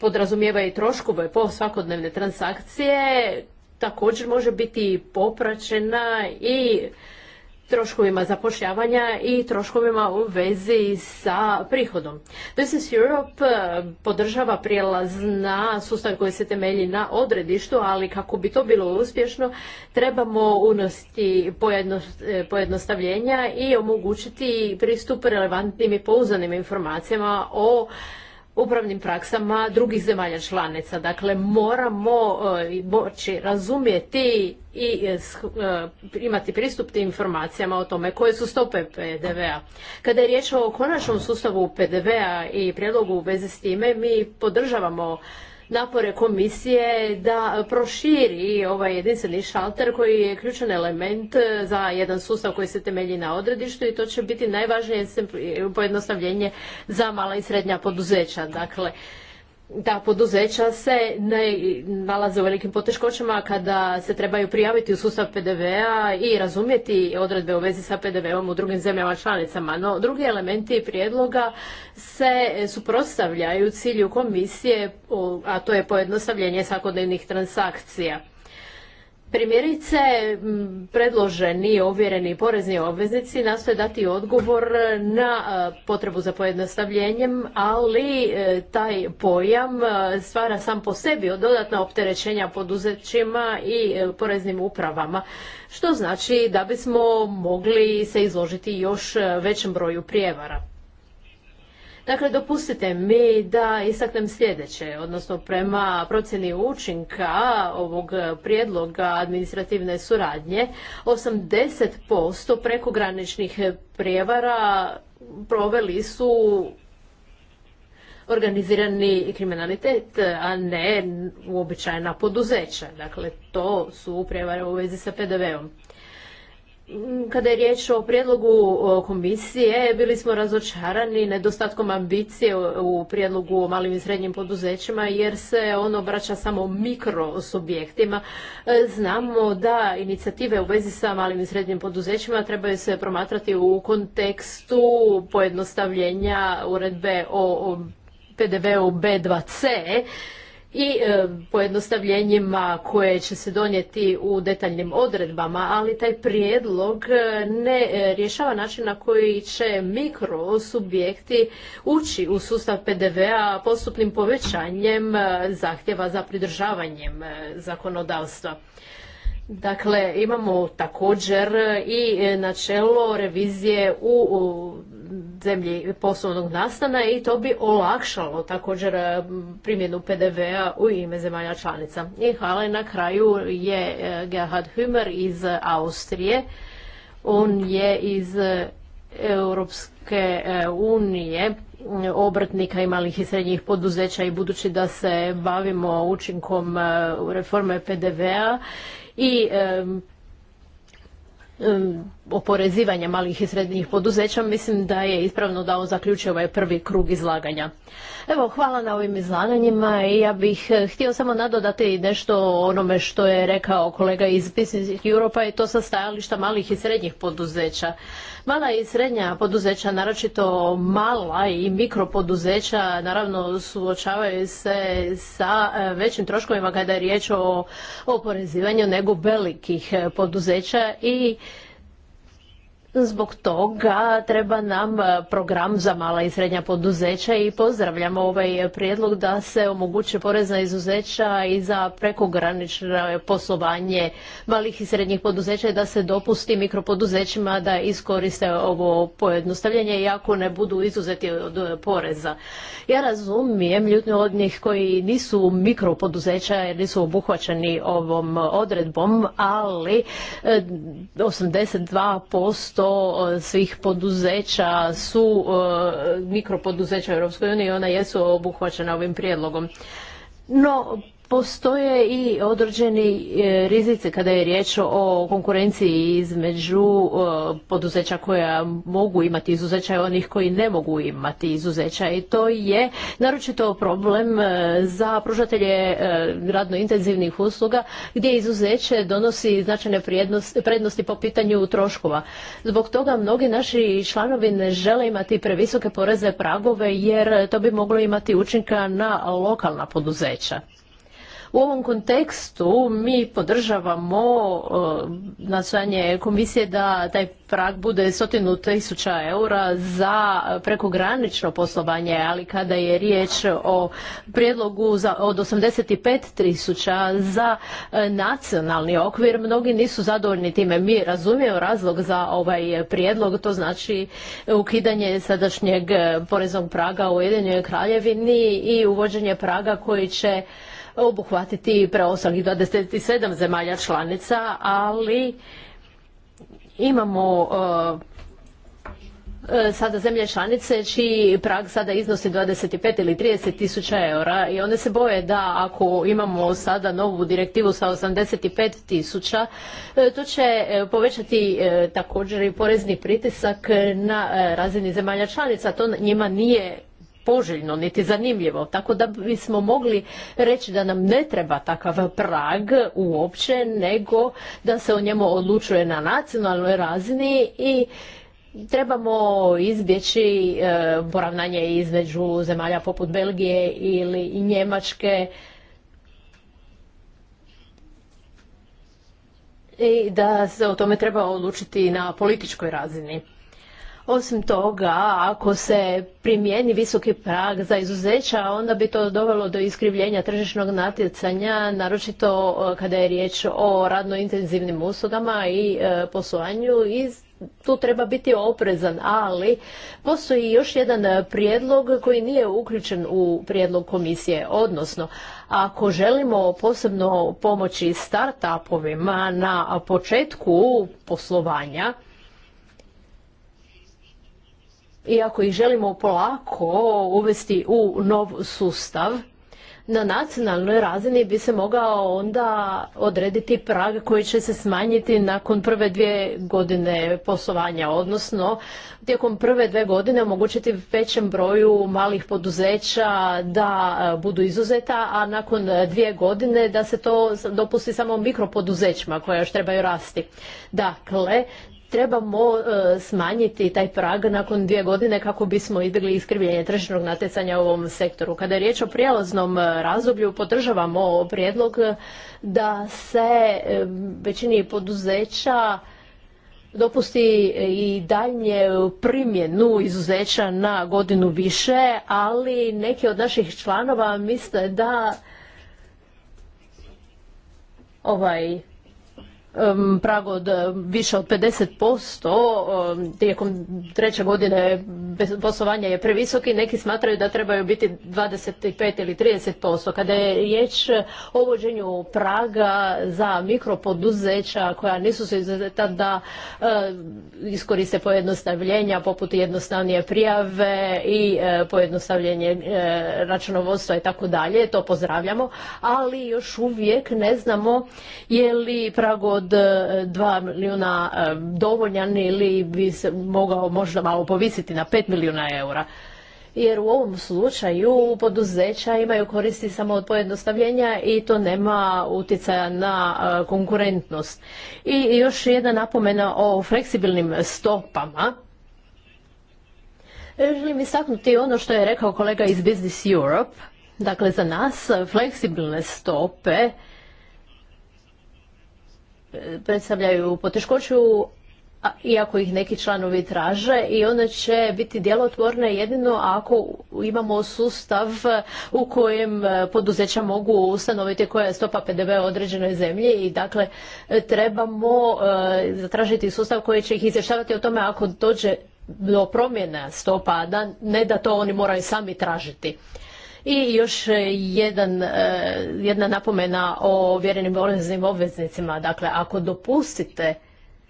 podrazumijeva i troškove po svakodnevne transakcije također može biti popraćena i troškovima zapošljavanja i troškovima u vezi sa prihodom. Business Europe eh, podržava prijelaz na sustav koji se temelji na odredištu, ali kako bi to bilo uspješno, trebamo unositi eh, pojednostavljenja i omogućiti pristup relevantnim i pouzanim informacijama o upravnim praksama drugih zemalja članica. Dakle, moramo e, moći razumjeti i e, e, imati pristup tim informacijama o tome koje su stope PDV-a. Kada je riječ o konačnom sustavu PDV-a i prijedlogu u vezi s time, mi podržavamo napore komisije da proširi ovaj jedinstveni šalter koji je ključan element e, za jedan sustav koji se temelji na odredištu i to će biti najvažnije pojednostavljenje za mala i srednja poduzeća. Dakle, da poduzeća se ne nalaze u velikim poteškoćama kada se trebaju prijaviti u sustav PDV-a i razumjeti odredbe u vezi sa PDV-om u drugim zemljama članicama. No, drugi elementi prijedloga se suprotstavljaju cilju komisije, a to je pojednostavljenje svakodnevnih transakcija. Primjerice, predloženi ovjereni porezni obveznici nastoje dati odgovor na e, potrebu za pojednostavljenjem, ali e, taj pojam e, stvara sam po sebi dodatna opterećenja poduzećima i poreznim upravama, što znači da bismo mogli se izložiti još većem broju prijevara. Dakle, dopustite mi da istaknem sljedeće, odnosno prema procjeni učinka ovog prijedloga administrativne suradnje, 80% prekograničnih prijevara proveli su organizirani kriminalitet, a ne uobičajena poduzeća. Dakle, to su prijevare u vezi sa PDV-om. Mm, kada je riječ o prijedlogu komisije, bili smo razočarani nedostatkom ambicije u prijedlogu o malim i srednjim poduzećima, jer se ono obraća samo mikro subjektima. E, znamo da inicijative u vezi sa malim i srednjim poduzećima trebaju se promatrati u kontekstu pojednostavljenja uredbe o PDV-u B2C, i e, pojednostavljenjima koje će se donijeti u detaljnim odredbama, ali taj prijedlog e, ne e, rješava način na koji će mikro ući u sustav PDV-a postupnim povećanjem zahtjeva za pridržavanjem zakonodavstva. Dakle, imamo također i načelo revizije u zemlji poslovnog nastana i to bi olakšalo također e, primjenu PDV-a u ime zemalja članica. I hvala na kraju je e, Gerhard Hümer iz Austrije. On je iz Europske e, unije obrtnika i malih i srednjih poduzeća i budući da se bavimo učinkom reforme PDV-a i oporezivanja malih i srednjih poduzeća, mislim da je ispravno da on zaključi ovaj prvi krug izlaganja. Evo, hvala na ovim izlaganjima i ja bih eh, htio samo nadodati nešto o onome što je rekao kolega iz Business Europa i to sa stajališta malih i srednjih poduzeća. Mala i srednja poduzeća, naročito mala i mikropoduzeća, naravno suočavaju se sa eh, većim troškovima kada je riječ o oporezivanju nego velikih eh, poduzeća i Zbog toga treba nam e, program za mala i srednja poduzeća i pozdravljamo ovaj prijedlog da se omoguće porezna izuzeća i za prekogranično poslovanje malih i srednjih poduzeća i da se dopusti mikropoduzećima da iskoriste ovo pojednostavljenje i ako ne budu izuzeti od poreza. Ja razumijem ljutnju od njih koji nisu mikropoduzeća jer nisu obuhvaćeni ovom odredbom, ali 82% e, E, svih poduzeća su e, mikropoduzeća u Europskoj i ona jesu obuhvaćena ovim prijedlogom. No, postoje i određeni e, rizici kada je riječ o konkurenciji između e, poduzeća koja mogu imati izuzeća i onih koji ne mogu imati izuzeća i to je naročito problem e, za pružatelje radno intenzivnih usluga gdje izuzeće donosi značajne prednosti po pitanju troškova. Zbog toga mnogi naši članovi ne žele imati previsoke poreze pragove jer to bi moglo imati učinka na lokalna poduzeća. U ovom kontekstu mi podržavamo e, nastojanje komisije da taj prag bude stotinu tisuća eura za prekogranično poslovanje, ali kada je riječ o prijedlogu za, od 85 tisuća za e, nacionalni okvir, mnogi nisu zadovoljni time. Mi razumijemo razlog za ovaj prijedlog, to znači ukidanje sadašnjeg poreznog praga u Ujedinjenoj Kraljevini i uvođenje praga koji će obuhvatiti preostalih 27 zemalja članica, ali imamo e, e, sada zemlje članice čiji prag sada iznosi 25 ili 30 tisuća eura i one se boje da ako imamo sada novu direktivu sa 85 tisuća e, to će povećati također i porezni pritisak na razini zemalja članica. To njima nije poželjno niti zanimljivo. Tako da bismo mogli reći da nam ne treba takav prag uopće, nego da se o njemu odlučuje na nacionalnoj razini i trebamo izbjeći e, poravnanje između zemalja poput Belgije ili Njemačke i da se o tome treba odlučiti na političkoj razini. Osim toga, ako se primijeni visoki prag za izuzeća, onda bi to dovelo do iskrivljenja tržišnog natjecanja, naročito e, kada je riječ o radno intenzivnim uslugama i e, poslovanju i tu treba biti oprezan, ali postoji još jedan prijedlog koji nije uključen u prijedlog komisije, odnosno ako želimo posebno pomoći start-upovima na početku poslovanja, i ako ih želimo polako uvesti u nov sustav, na nacionalnoj razini bi se mogao onda odrediti prag koji će se smanjiti nakon prve dvije godine poslovanja, odnosno tijekom prve dvije godine omogućiti većem broju malih poduzeća da e, budu izuzeta, a nakon dvije godine da se to dopusti samo mikropoduzećima koja još trebaju rasti. Dakle, trebamo e, smanjiti taj prag nakon dvije godine kako bismo izbjegli iskrivljenje tržišnog natjecanja u ovom sektoru. Kada je riječ o prijelaznom e, razdoblju, podržavamo prijedlog da se e, većini poduzeća dopusti i daljnje primjenu izuzeća na godinu više, ali neki od naših članova misle da ovaj prag od više od 50% tijekom treće godine poslovanja je previsoki, neki smatraju da trebaju biti 25 ili 30%. Kada je riječ o uvođenju praga za mikropoduzeća koja nisu se izuzeta da iskoriste pojednostavljenja poput jednostavnije prijave i e, pojednostavljenje e, računovodstva i tako dalje, to pozdravljamo, ali još uvijek ne znamo je li prag od od 2 e, milijuna e, dovoljan ili bi se mogao možda malo povisiti na 5 milijuna eura. Jer u ovom slučaju poduzeća imaju koristi samo od pojednostavljenja i to nema utjecaja na e, konkurentnost. I još jedna napomena o fleksibilnim stopama. Želim istaknuti ono što je rekao kolega iz Business Europe. Dakle, za nas fleksibilne stope predstavljaju poteškoću iako ih neki članovi traže i one će biti djelotvorne jedino ako imamo sustav u kojem e, poduzeća mogu ustanoviti koja je stopa PDV u određenoj zemlji i dakle trebamo e, zatražiti sustav koji će ih izvještavati o tome ako dođe do promjena stopa, a ne da to oni moraju sami tražiti. I još e, jedan, e, jedna napomena o vjerenim poreznim obveznicima. Dakle, ako dopustite,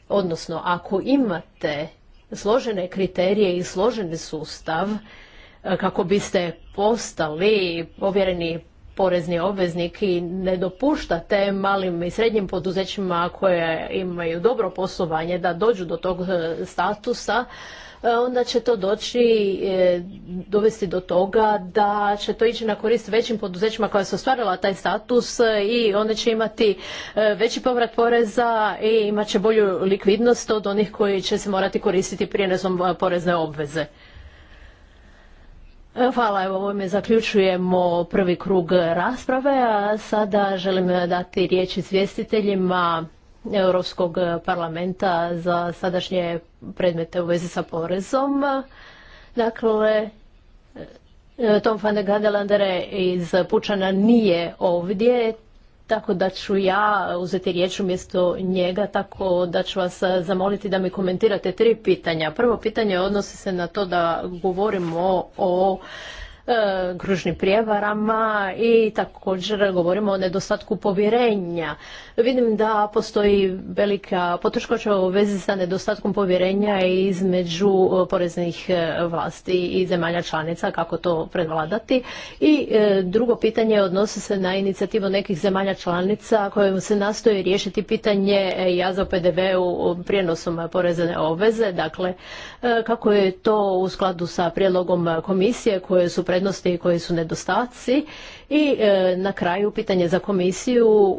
odnosno ako imate složene kriterije i složeni sustav e, kako biste postali ovjereni porezni obveznik i ne dopuštate malim i srednjim poduzećima koje imaju dobro poslovanje da dođu do tog statusa, E, onda će to doći, e, dovesti do toga da će to ići na korist većim poduzećima koja su ostvarila taj status e, i one će imati veći povrat poreza i imat će bolju likvidnost od onih koji će se morati koristiti prijenezom porezne obveze. Hvala, evo ovime zaključujemo prvi krug rasprave, a sada želim dati riječ izvjestiteljima Europskog eh, parlamenta za sadašnje predmete u vezi sa porezom. Dakle, eh, eh, Tom van der iz Pučana nije ovdje, tako da ću ja uzeti riječ umjesto njega, tako da ću vas zamoliti da mi komentirate tri pitanja. Prvo pitanje odnosi se na to da govorimo o E, kružnim prijevarama i također govorimo o nedostatku povjerenja. Vidim da postoji velika poteškoća u vezi sa nedostatkom povjerenja između e, poreznih e, vlasti i zemalja članica, kako to prevladati. I drugo pitanje odnosi se na inicijativu nekih zemalja članica kojim se nastoji riješiti pitanje jaza o PDV-u prijenosom porezene obveze. Dakle, kako je to u skladu sa prijedlogom komisije koje su prednosti i koji su nedostaci. I e, na kraju pitanje za komisiju.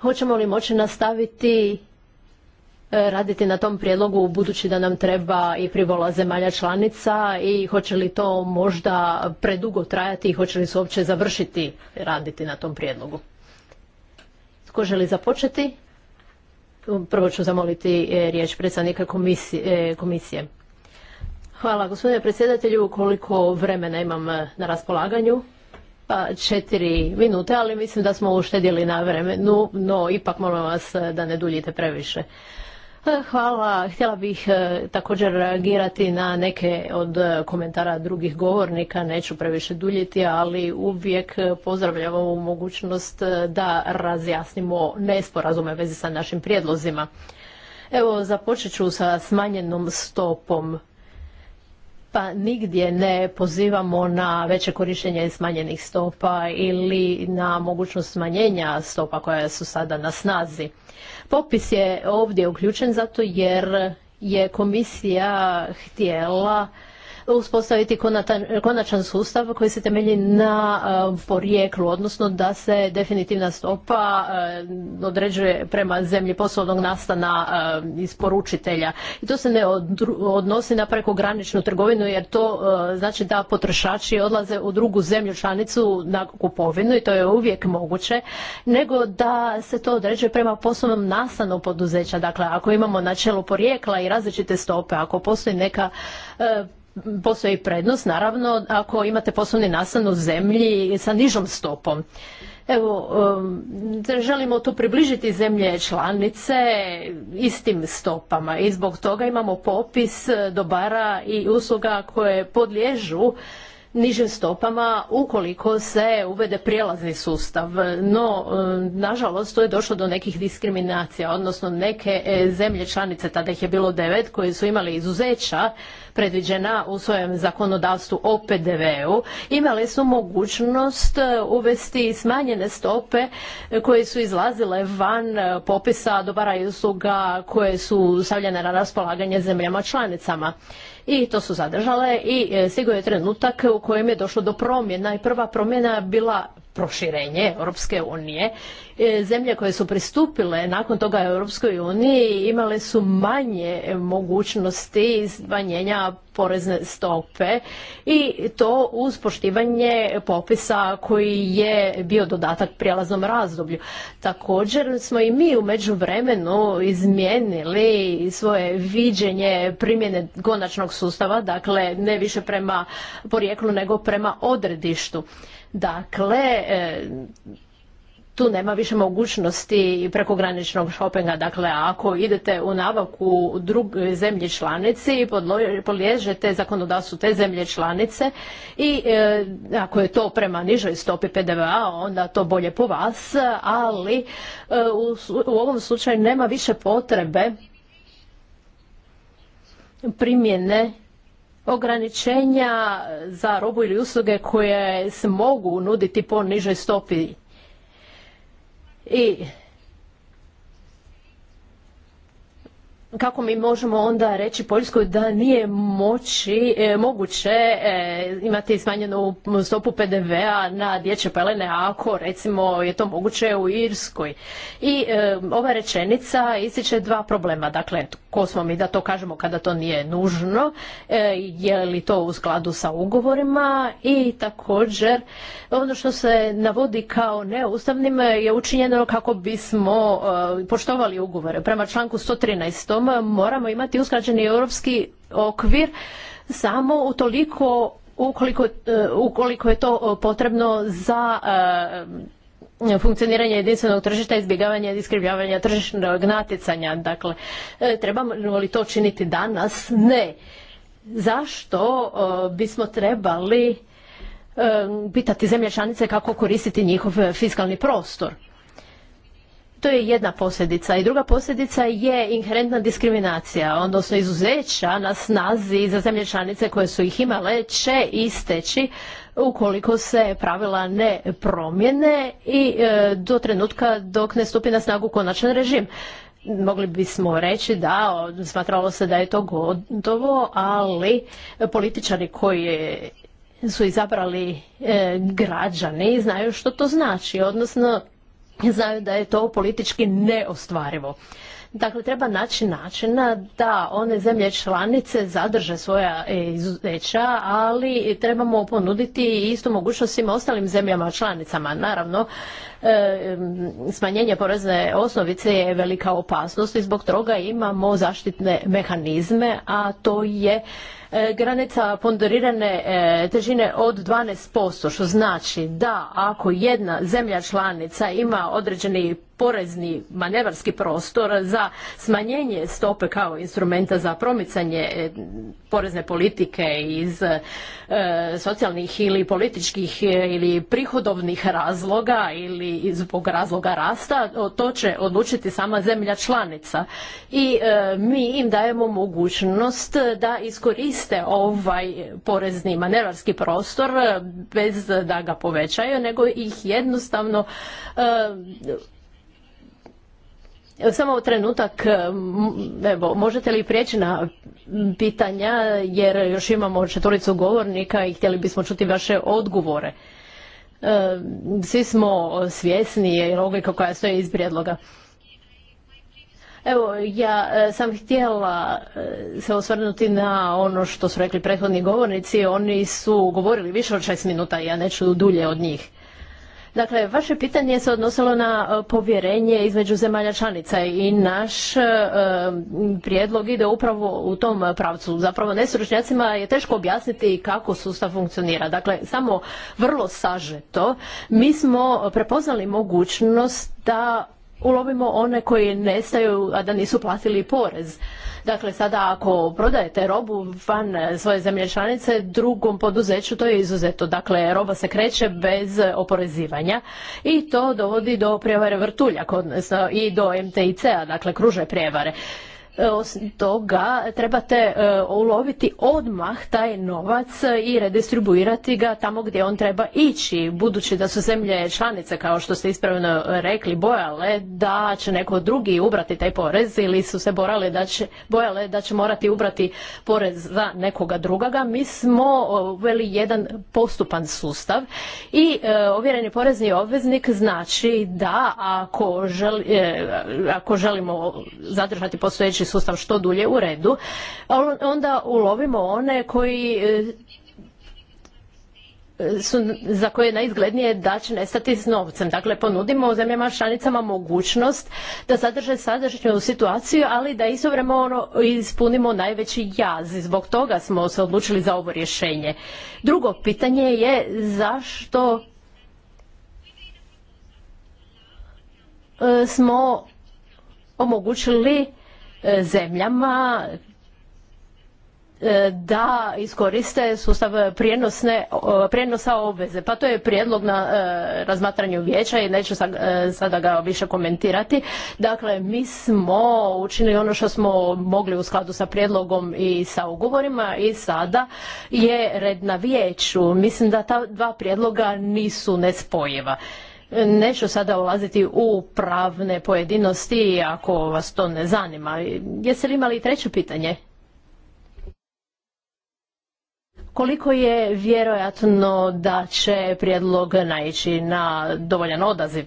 Hoćemo li moći nastaviti e, raditi na tom prijedlogu budući da nam treba i privola zemalja članica i hoće li to možda predugo trajati i hoće li se uopće završiti raditi na tom prijedlogu? Tko želi započeti? Prvo ću zamoliti e, riječ predstavnika komisije. Hvala gospodine predsjedatelju. Koliko vremena imam eh, na raspolaganju? Pa četiri minute, ali mislim da smo uštedjeli na vremenu, no ipak molim vas eh, da ne duljite previše. Eh, hvala. Htjela bih također reagirati na neke od komentara drugih govornika. Neću previše duljiti, ali uvijek pozdravljam ovu mogućnost da razjasnimo nesporazume vezi sa našim prijedlozima. Evo, započet ću sa smanjenom stopom pa nigdje ne pozivamo na veće korištenje smanjenih stopa ili na mogućnost smanjenja stopa koje su sada na snazi. Popis je ovdje uključen zato jer je komisija htjela uspostaviti konačan sustav koji se temelji na e, porijeklu, odnosno da se definitivna stopa e, određuje prema zemlji poslovnog nastana e, isporučitelja. I to se ne odnosi na prekograničnu trgovinu jer to znači da potrošači odlaze u drugu zemlju članicu na kupovinu i to je uvijek moguće, nego da se to određuje prema poslovnom nastanu poduzeća. Dakle, ako imamo načelo porijekla i različite stope, ako postoji neka postoji prednost, naravno, ako imate poslovni nastan u zemlji sa nižom stopom. Evo, um, želimo tu približiti zemlje članice istim stopama i zbog toga imamo popis dobara i usluga koje podliježu nižim stopama ukoliko se uvede prijelazni sustav. No, um, nažalost, to je došlo do nekih diskriminacija, odnosno neke e, zemlje članice, tada ih je bilo devet, koje su imali izuzeća predviđena u svojem zakonodavstvu o PDV-u, imale su mogućnost e, uvesti smanjene stope koje su izlazile van e, popisa dobara i usluga koje su stavljene na raspolaganje zemljama članicama i to su zadržale i e, stigo je trenutak u kojem je došlo do promjena i prva promjena bila proširenje Europske unije. E, zemlje koje su pristupile nakon toga Europskoj uniji imale su manje mogućnosti smanjenja porezne stope i to uz poštivanje popisa koji je bio dodatak prijelaznom razdoblju. Također smo i mi u međuvremenu izmijenili svoje viđenje primjene konačnog sustava, dakle ne više prema porijeklu nego prema odredištu. Dakle, e, tu nema više mogućnosti prekograničnog šopinga. Dakle, ako idete u nabavku druge zemlje članici, podliježete zakonodavstvu te zemlje članice i e, ako je to prema nižoj stopi pdv onda to bolje po vas, ali e, u ovom slučaju nema više potrebe primjene ograničenja za robu ili usluge koje se mogu nuditi po nižoj stopi. I kako mi možemo onda reći Poljskoj da nije moći, e, moguće e, imati smanjenu stopu PDV-a na dječje pelene ako recimo je to moguće u Irskoj. I e, ova rečenica ističe dva problema. Dakle, ko smo mi da to kažemo kada to nije nužno, e, je li to u skladu sa ugovorima i također ono što se navodi kao neustavnim je učinjeno kako bismo poštovali ugovore. Prema članku 113 moramo imati uskraćeni europski okvir samo utoliko ukoliko, eh, ukoliko je to eh, potrebno za eh, funkcioniranje jedinstvenog tržišta i izbjegavanje diskrivljavanja tržišnog natjecanja. Dakle, trebamo li to činiti danas? Ne. Zašto bismo trebali pitati zemlje članice kako koristiti njihov fiskalni prostor? To je jedna posljedica. I druga posljedica je inherentna diskriminacija, odnosno izuzeća na snazi za zemlje članice koje su ih imale će isteći ukoliko se pravila ne promijene i e, do trenutka dok ne stupi na snagu konačan režim mogli bismo reći da smatralo se da je to gotovo, ali političari koji su izabrali e, građani znaju što to znači, odnosno znaju da je to politički neostvarivo. Dakle, treba naći načina da one zemlje članice zadrže svoja izuzeća, ali trebamo ponuditi istu mogućnost svim ostalim zemljama članicama. Naravno, E, smanjenje porezne osnovice je velika opasnost i zbog toga imamo zaštitne mehanizme, a to je e, granica ponderirane e, težine od 12%, što znači da ako jedna zemlja članica ima određeni porezni manevarski prostor za smanjenje stope kao instrumenta za promicanje porezne politike iz socijalnih ili političkih ili prihodovnih razloga ili iz zbog razloga rasta, to će odlučiti sama zemlja članica. I e, mi im dajemo mogućnost da iskoriste ovaj porezni manevarski prostor e, bez da ga povećaju, nego ih jednostavno e, samo trenutak, evo, možete li prijeći na pitanja jer još imamo četvoricu govornika i htjeli bismo čuti vaše odgovore. E, svi smo svjesni logika koja stoji iz prijedloga. Evo, ja e, sam htjela e, se osvrnuti na ono što su rekli prethodni govornici. Oni su govorili više od šest minuta, ja neću dulje od njih. Dakle, vaše pitanje se odnosilo na e, povjerenje između zemalja članica i naš e, prijedlog ide upravo u tom pravcu. Zapravo nesručnjacima je teško objasniti kako sustav funkcionira. Dakle, samo vrlo sažeto mi smo prepoznali mogućnost da ulovimo one koji nestaju, a da nisu platili porez. Dakle, sada ako prodajete robu van svoje zemlje članice, drugom poduzeću to je izuzeto. Dakle, roba se kreće bez oporezivanja i to dovodi do prijevare vrtulja odnosno i do MTIC-a, dakle kruže prijevare. E, osim toga, trebate e, uloviti odmah taj novac i redistribuirati ga tamo gdje on treba ići. Budući da su zemlje članice, kao što ste ispravno rekli, bojale da će neko drugi ubrati taj porez ili su se borale da će, bojale da će morati ubrati porez za nekoga drugoga, mi smo uveli jedan postupan sustav i e, ovjereni porezni obveznik znači da ako, ako želimo zadržati postojeći sustav što dulje u redu, onda ulovimo one koji e, su, za koje je najizglednije da će nestati s novcem. Dakle, ponudimo zemljama članicama mogućnost da zadrže sadašnju situaciju, ali da istovremeno ono ispunimo najveći jaz. zbog toga smo se odlučili za ovo rješenje. Drugo pitanje je zašto e, smo omogućili E, zemljama e, da iskoriste sustav prijenosa obveze. Pa to je prijedlog na e, razmatranju vijeća i neću sada ga više komentirati. Dakle, mi smo učinili ono što smo mogli u skladu sa prijedlogom i sa ugovorima i sada je red na vijeću. Mislim da ta dva prijedloga nisu nespojiva. Neću sada ulaziti u pravne pojedinosti ako vas to ne zanima. Jeste li imali treće pitanje? Koliko je vjerojatno da će prijedlog naići na dovoljan odaziv?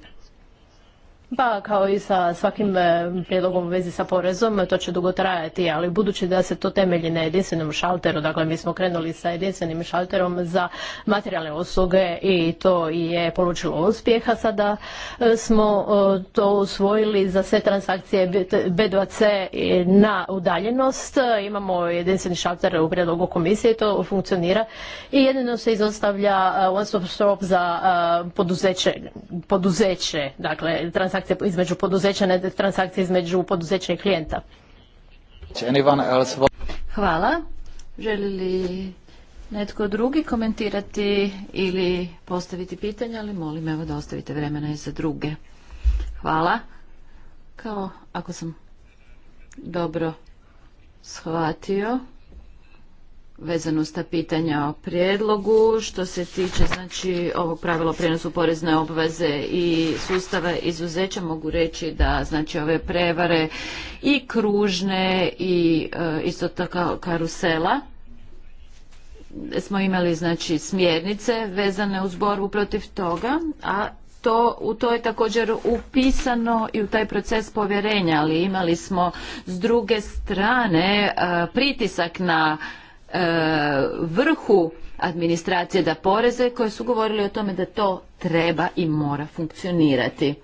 Pa kao i sa svakim e, prijedlogom u vezi sa porezom, to će dugo trajati, ali budući da se to temelji na jedinstvenom šalteru, dakle mi smo krenuli sa jedinstvenim šalterom za materijalne usluge i to je polučilo uspjeha. Sada e, smo e, to usvojili za sve transakcije B2C na udaljenost. Imamo jedinstveni šalter u prijedlogu komisije, to funkcionira i jedino se izostavlja one stop za poduzeće, poduzeće dakle transakcije između poduzeća, ne transakcije između poduzeća i klijenta. Hvala. Želi li netko drugi komentirati ili postaviti pitanje, ali molim evo da ostavite vremena i za druge. Hvala. Kao ako sam dobro shvatio, vezano sta pitanja o prijedlogu što se tiče znači ovog pravila prijenosu porezne obveze i sustava izuzeća mogu reći da znači ove prevare i kružne i e, isto tako karusela smo imali znači smjernice vezane uz borbu protiv toga a to, u to je također upisano i u taj proces povjerenja ali imali smo s druge strane e, pritisak na E, vrhu administracije da poreze koje su govorili o tome da to treba i mora funkcionirati.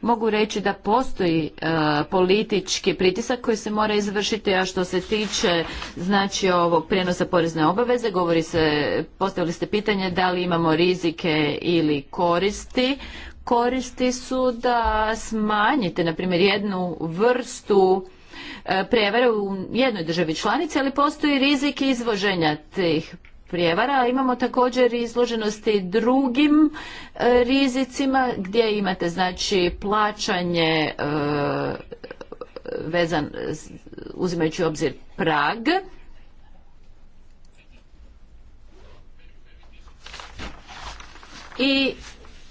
Mogu reći da postoji e, politički pritisak koji se mora izvršiti, a što se tiče znači ovog prijenosa porezne obaveze, govori se, postavili ste pitanje da li imamo rizike ili koristi. Koristi su da smanjite, na primjer, jednu vrstu E, prijevare u jednoj državi članici, ali postoji rizik izvoženja tih prijevara. Imamo također izloženosti drugim e, rizicima gdje imate znači plaćanje e, vezan uzimajući obzir prag. I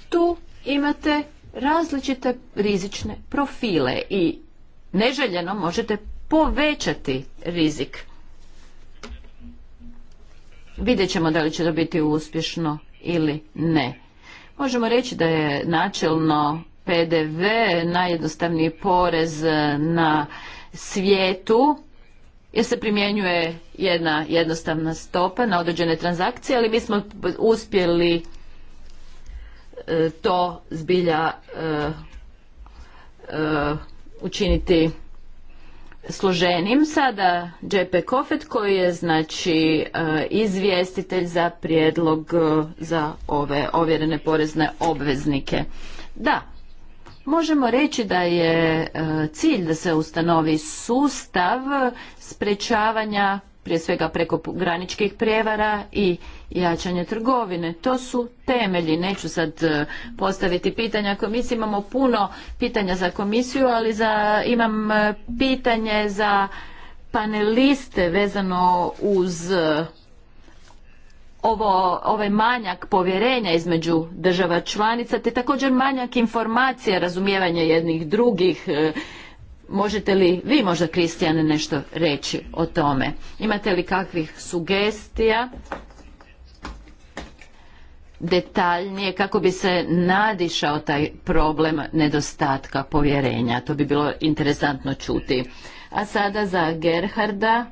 tu imate različite rizične profile i neželjeno možete povećati rizik. Vidjet ćemo da li će to biti uspješno ili ne. Možemo reći da je načelno PDV najjednostavniji porez na svijetu jer se primjenjuje jedna jednostavna stopa na određene transakcije, ali mi smo uspjeli e, to zbilja e, e, učiniti složenim. Sada Džepe Kofet koji je znači e, izvjestitelj za prijedlog e, za ove ovjerene porezne obveznike. Da, možemo reći da je e, cilj da se ustanovi sustav sprečavanja prije svega preko graničkih prijevara i jačanje trgovine. To su temelji. Neću sad e, postaviti pitanja komisiji. Imamo puno pitanja za komisiju, ali za, imam e, pitanje za paneliste vezano uz e, ovo, ovaj manjak povjerenja između država članica, te također manjak informacija, razumijevanja jednih drugih Možete li vi možda, Kristijane, nešto reći o tome? Imate li kakvih sugestija detaljnije kako bi se nadišao taj problem nedostatka povjerenja? To bi bilo interesantno čuti. A sada za Gerharda,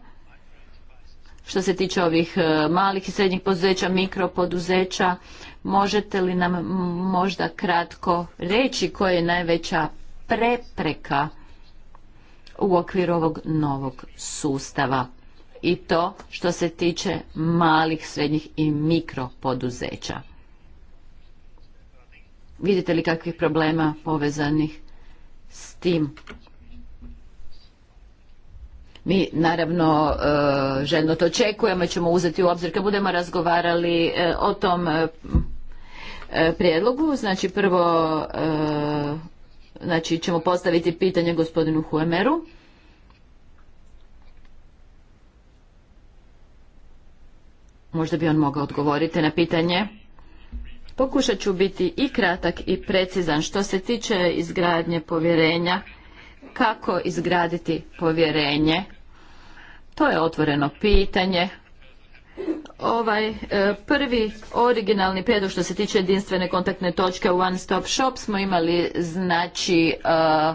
što se tiče ovih e, malih i srednjih poduzeća, mikropoduzeća, možete li nam možda kratko reći koja je najveća prepreka u okviru ovog novog sustava i to što se tiče malih, srednjih i mikro poduzeća. Vidite li kakvih problema povezanih s tim? Mi naravno e, željno to očekujemo i ćemo uzeti u obzir kad budemo razgovarali e, o tom e, prijedlogu. Znači prvo znači ćemo postaviti pitanje gospodinu Huemeru. Možda bi on mogao odgovoriti na pitanje. Pokušat ću biti i kratak i precizan što se tiče izgradnje povjerenja. Kako izgraditi povjerenje? To je otvoreno pitanje ovaj e, prvi originalni prijedlog što se tiče jedinstvene kontaktne točke u One Stop Shop smo imali znači e,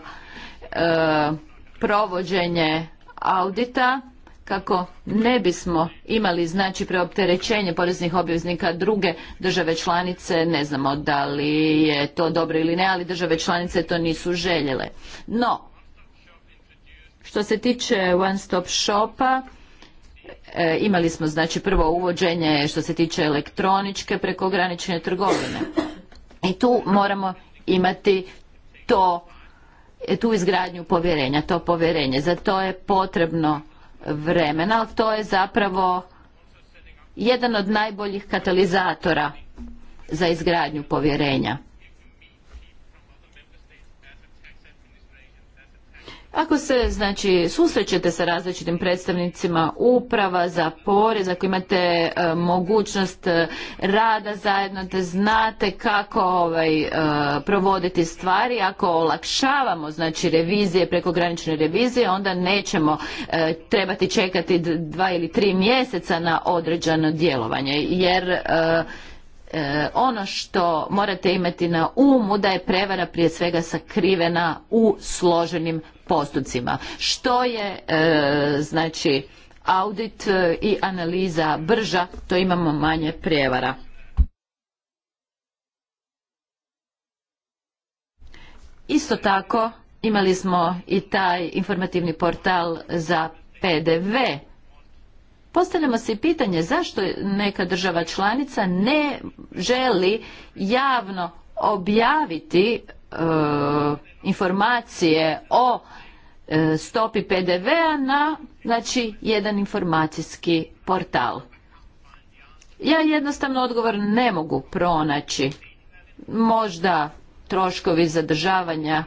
e, provođenje audita kako ne bismo imali znači preopterećenje poreznih obveznika druge države članice, ne znamo da li je to dobro ili ne, ali države članice to nisu željele. No, što se tiče One Stop Shopa, E, imali smo znači prvo uvođenje što se tiče elektroničke prekogranične trgovine. I tu moramo imati to, e, tu izgradnju povjerenja, to povjerenje. Za to je potrebno vremena, ali to je zapravo jedan od najboljih katalizatora za izgradnju povjerenja. Ako se znači susrećete sa različitim predstavnicima uprava za porez, ako imate e, mogućnost e, rada zajedno te znate kako ovaj, e, provoditi stvari, ako olakšavamo znači revizije, prekogranične revizije, onda nećemo trebati čekati dva ili tri mjeseca na određeno djelovanje jer ono što morate imati na umu da je prevara prije svega sakrivena u složenim postupcima. Što je e, znači audit e, i analiza brža, to imamo manje prijevara. Isto tako imali smo i taj informativni portal za PDV. Postavljamo se pitanje zašto neka država članica ne želi javno objaviti E, informacije o e, stopi PDV-a na znači jedan informacijski portal. Ja jednostavno odgovor ne mogu pronaći. Možda troškovi zadržavanja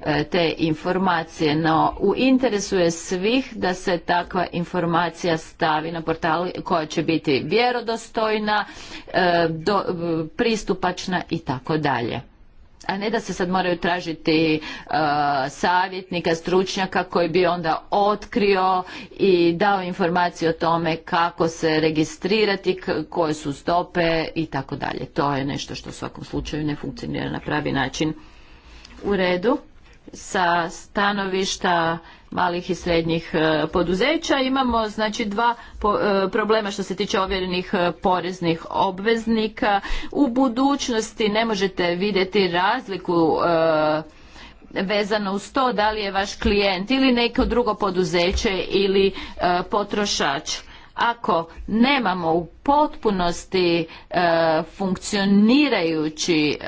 e, te informacije, no u interesu je svih da se takva informacija stavi na portal koja će biti vjerodostojna, pristupačna i tako dalje a ne da se sad moraju tražiti e, savjetnika, stručnjaka koji bi onda otkrio i dao informaciju o tome kako se registrirati, koje su stope i tako dalje. To je nešto što u svakom slučaju ne funkcionira na pravi način. U redu, sa stanovišta malih i srednjih e, poduzeća. Imamo znači dva e, problema što se tiče ovjerenih e, poreznih obveznika. U budućnosti ne možete vidjeti razliku vezano uz to da li je vaš klijent ili neko drugo poduzeće ili potrošač ako nemamo u potpunosti e, funkcionirajući e,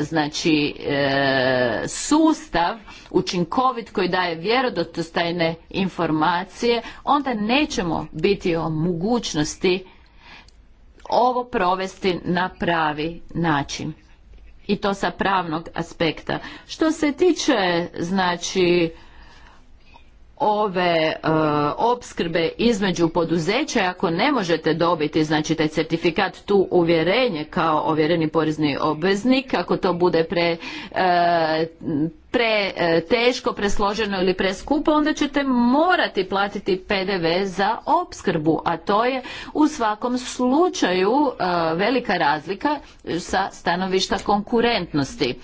znači e, sustav učinkovit koji daje vjerodostojne informacije, onda nećemo biti o mogućnosti ovo provesti na pravi način i to sa pravnog aspekta. Što se tiče znači ove e, opskrbe između poduzeća ako ne možete dobiti znači taj certifikat tu uvjerenje kao ovjereni porezni obveznik ako to bude pre e, pre e, teško, presloženo ili preskupo, onda ćete morati platiti PDV za opskrbu, a to je u svakom slučaju velika razlika sa stanovišta konkurentnosti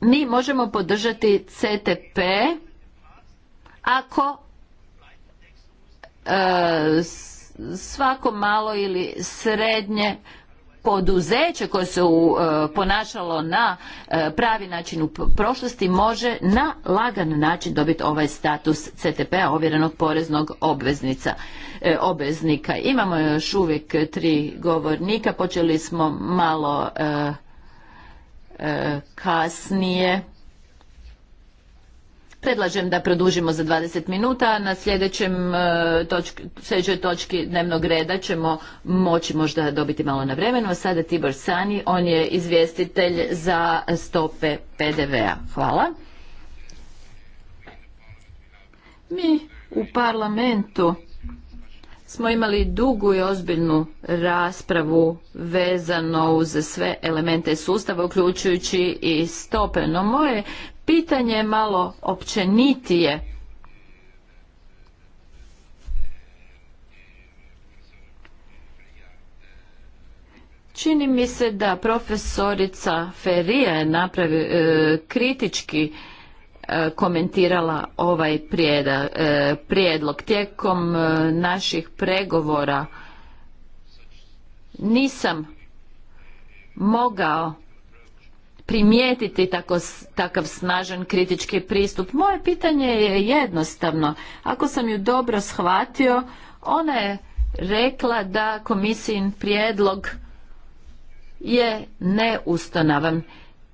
mi možemo podržati CTP ako e, svako malo ili srednje poduzeće koje se e, ponašalo na e, pravi način u prošlosti može na lagan način dobiti ovaj status CTP-a ovjerenog poreznog obveznica, obveznika. Imamo još uvijek tri govornika, počeli smo malo kasnije. Predlažem da produžimo za 20 minuta, na e, sljedećoj točki dnevnog reda ćemo moći možda dobiti malo na vremenu. A sada Tibor Sani, on je izvjestitelj za stope PDV-a. Hvala. Mi u parlamentu smo imali dugu i ozbiljnu raspravu vezano uz sve elemente sustava, uključujući i stope. No moje pitanje je malo općenitije. Čini mi se da profesorica Ferija je napravi, e, kritički E, komentirala ovaj e, prijedlog. Tijekom e, naših pregovora nisam mogao primijetiti takav snažan kritički pristup. Moje pitanje je jednostavno. Ako sam ju dobro shvatio, ona je rekla da komisijin prijedlog je neustanovan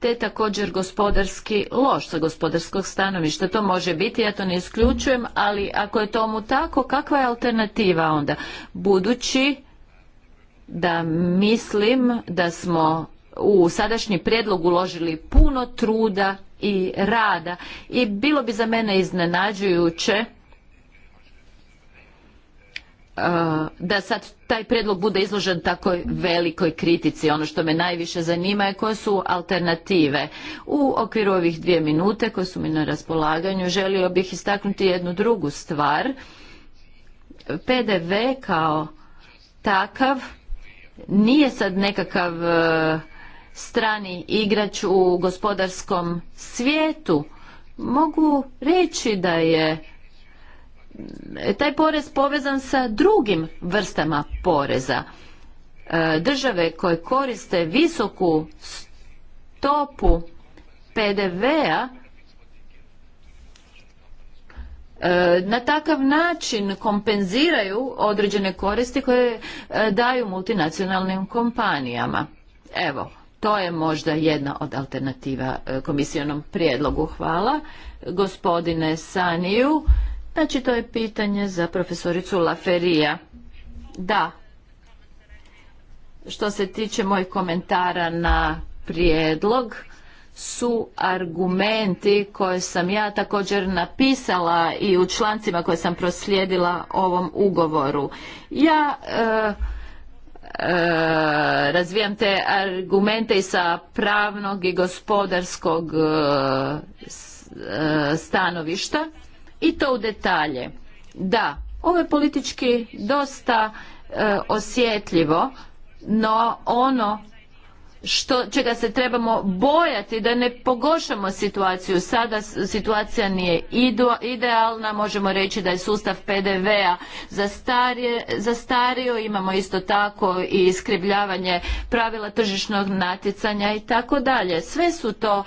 te također gospodarski loš sa gospodarskog stanovišta. To može biti, ja to ne isključujem, ali ako je tomu tako, kakva je alternativa onda? Budući da mislim da smo u sadašnji prijedlog uložili puno truda i rada i bilo bi za mene iznenađujuće Uh, da sad taj prijedlog bude izložen takoj velikoj kritici. Ono što me najviše zanima je koje su alternative. U okviru ovih dvije minute koje su mi na raspolaganju želio bih istaknuti jednu drugu stvar. PDV kao takav nije sad nekakav uh, strani igrač u gospodarskom svijetu. Mogu reći da je E, taj porez povezan sa drugim vrstama poreza. E, države koje koriste visoku stopu PDV-a e, na takav način kompenziraju određene koristi koje daju multinacionalnim kompanijama. Evo, to je možda jedna od alternativa komisijonom prijedlogu. Hvala gospodine Saniju Znači, to je pitanje za profesoricu Laferija. Da, što se tiče mojih komentara na prijedlog, su argumenti koje sam ja također napisala i u člancima koje sam proslijedila ovom ugovoru. Ja e, e, razvijam te argumente i sa pravnog i gospodarskog e, stanovišta i to u detalje. Da, ovo je politički dosta e, osjetljivo, no ono što, čega se trebamo bojati da ne pogoršamo situaciju. Sada situacija nije idealna, možemo reći da je sustav PDV-a zastario, imamo isto tako i iskrivljavanje pravila tržišnog natjecanja i tako dalje. Sve su to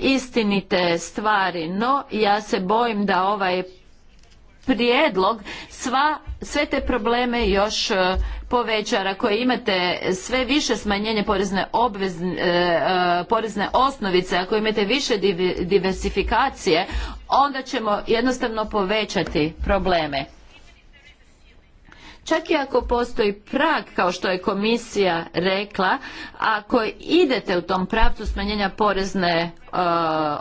istinite stvari, no ja se bojim da ovaj prijedlog sva, sve te probleme još e, povećara koje imate sve više smanjenje porezne, e, e, porezne osnovice, ako imate više diversifikacije, onda ćemo jednostavno povećati probleme. Čak i ako postoji prag, kao što je komisija rekla, ako idete u tom pravcu smanjenja porezne e,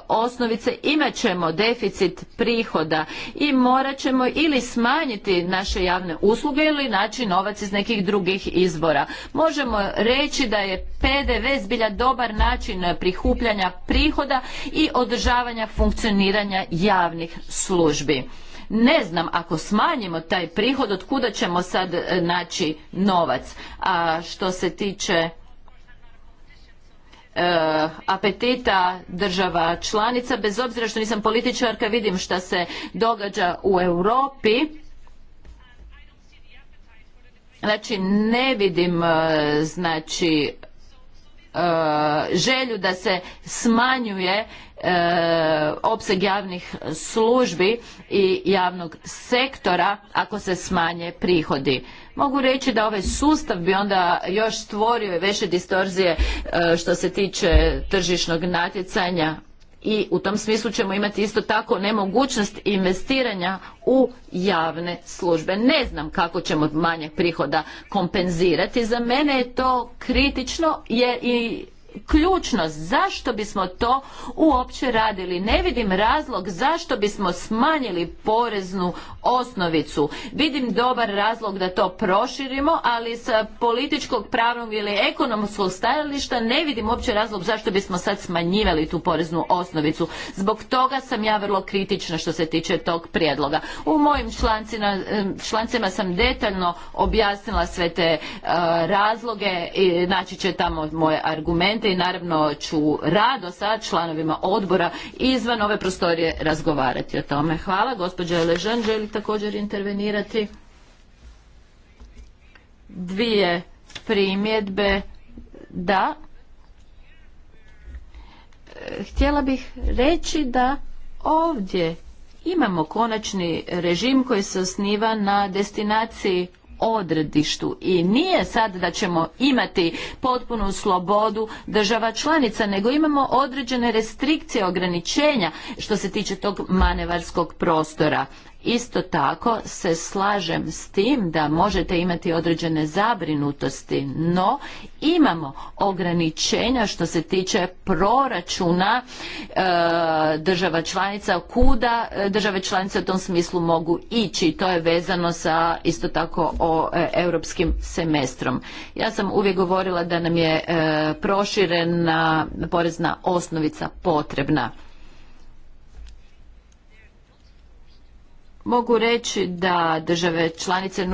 osnovice, imat ćemo deficit prihoda i morat ćemo ili smanjiti naše javne usluge ili naći novac iz nekih drugih izvora. Možemo reći da je PDV zbilja dobar način prikupljanja prihoda i održavanja funkcioniranja javnih službi. Ne znam, ako smanjimo taj prihod, od kuda ćemo sad e, naći novac? A što se tiče e, apetita država članica bez obzira što nisam političarka vidim što se događa u Europi znači ne vidim e, znači E, želju da se smanjuje e, opseg javnih službi i javnog sektora ako se smanje prihodi. Mogu reći da ovaj sustav bi onda još stvorio veće distorzije e, što se tiče tržišnog natjecanja i u tom smislu ćemo imati isto tako nemogućnost investiranja u javne službe. Ne znam kako ćemo manjak prihoda kompenzirati. Za mene je to kritično jer i ključnost. Zašto bismo to uopće radili? Ne vidim razlog zašto bismo smanjili poreznu osnovicu. Vidim dobar razlog da to proširimo, ali sa političkog, pravnog ili ekonomskog stajališta ne vidim uopće razlog zašto bismo sad smanjivali tu poreznu osnovicu. Zbog toga sam ja vrlo kritična što se tiče tog prijedloga. U mojim člancima, sam detaljno objasnila sve te e, razloge i naći će tamo moje argumente i naravno ću rado sa članovima odbora izvan ove prostorije razgovarati o tome. Hvala. Gospođa Ležan želi također intervenirati. Dvije primjedbe. Da. Htjela bih reći da ovdje imamo konačni režim koji se osniva na destinaciji odredištu i nije sad da ćemo imati potpunu slobodu država članica, nego imamo određene restrikcije, ograničenja što se tiče tog manevarskog prostora. Isto tako se slažem s tim da možete imati određene zabrinutosti, no imamo ograničenja što se tiče proračuna e, država članica, kuda e, države članice u tom smislu mogu ići. To je vezano sa isto tako o e, europskim semestrom. Ja sam uvijek govorila da nam je proširena porezna osnovica potrebna. Mogu reći da države članice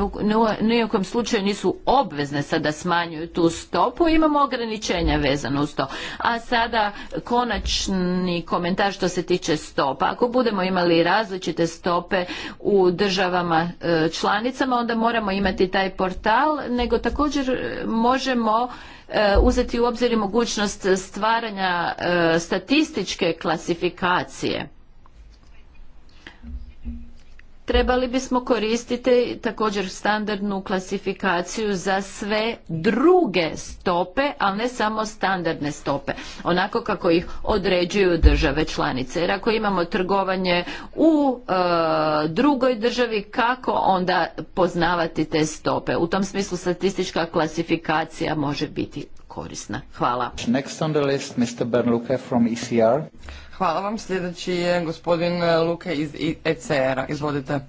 ni u kojem slučaju nisu obvezne sada smanjuju tu stopu, imamo ograničenja vezano uz to. A sada konačni komentar što se tiče stopa. Ako budemo imali različite stope u državama e, članicama, onda moramo imati taj portal, nego također e, možemo e, uzeti u obzir mogućnost stvaranja statističke klasifikacije trebali bismo koristiti također standardnu klasifikaciju za sve druge stope, ali ne samo standardne stope, onako kako ih određuju države članice. Jer ako imamo trgovanje u e, drugoj državi, kako onda poznavati te stope? U tom smislu statistička klasifikacija može biti korisna. Hvala. Next on the list, Mr. Bernluke from ECR. Hvala vam. Sljedeći je gospodin e, Luke iz ECR-a. Izvodite.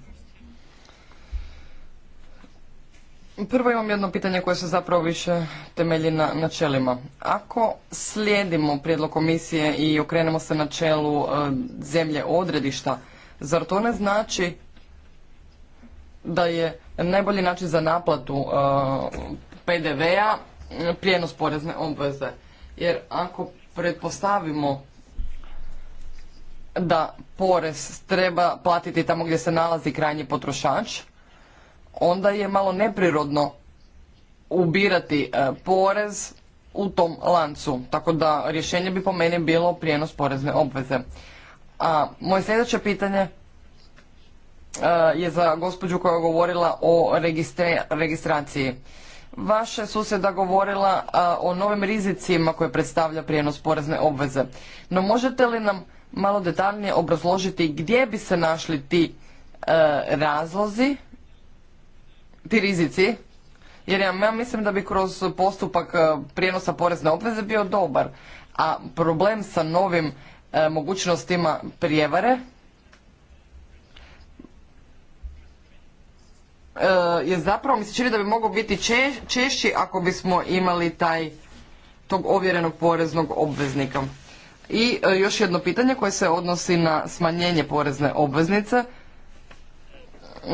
Prvo imam jedno pitanje koje se zapravo više temelji na načelima. Ako slijedimo prijedlog komisije i okrenemo se na čelu e, zemlje odredišta, zar to ne znači da je najbolji način za naplatu e, PDV-a prijenos porezne obveze? Jer ako pretpostavimo da porez treba platiti tamo gdje se nalazi krajnji potrošač, onda je malo neprirodno ubirati e, porez u tom lancu. Tako da rješenje bi po meni bilo prijenos porezne obveze. A moje sljedeće pitanje e, je za gospođu koja je govorila o registre, registraciji. Vaša susjeda govorila e, o novim rizicima koje predstavlja prijenos porezne obveze. No možete li nam malo detaljnije obrazložiti gdje bi se našli ti e, razlozi, ti rizici, jer ja, mislim da bi kroz postupak e, prijenosa porezne obveze bio dobar, a problem sa novim e, mogućnostima prijevare je zapravo mi se čini da bi mogao biti češći ako bismo imali taj tog ovjerenog poreznog obveznika. I e, još jedno pitanje koje se odnosi na smanjenje porezne obveznice.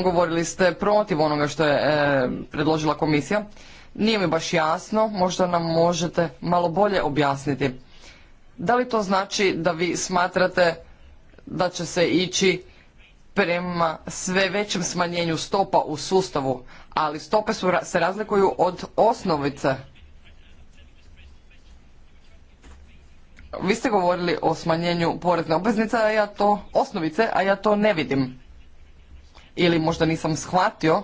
Govorili ste protiv onoga što je e, predložila komisija. Nije mi baš jasno, možda nam možete malo bolje objasniti. Da li to znači da vi smatrate da će se ići prema sve većem smanjenju stopa u sustavu, ali stope se razlikuju od osnovice vi ste govorili o smanjenju porezne obveznice, a ja to, osnovice, a ja to ne vidim. Ili možda nisam shvatio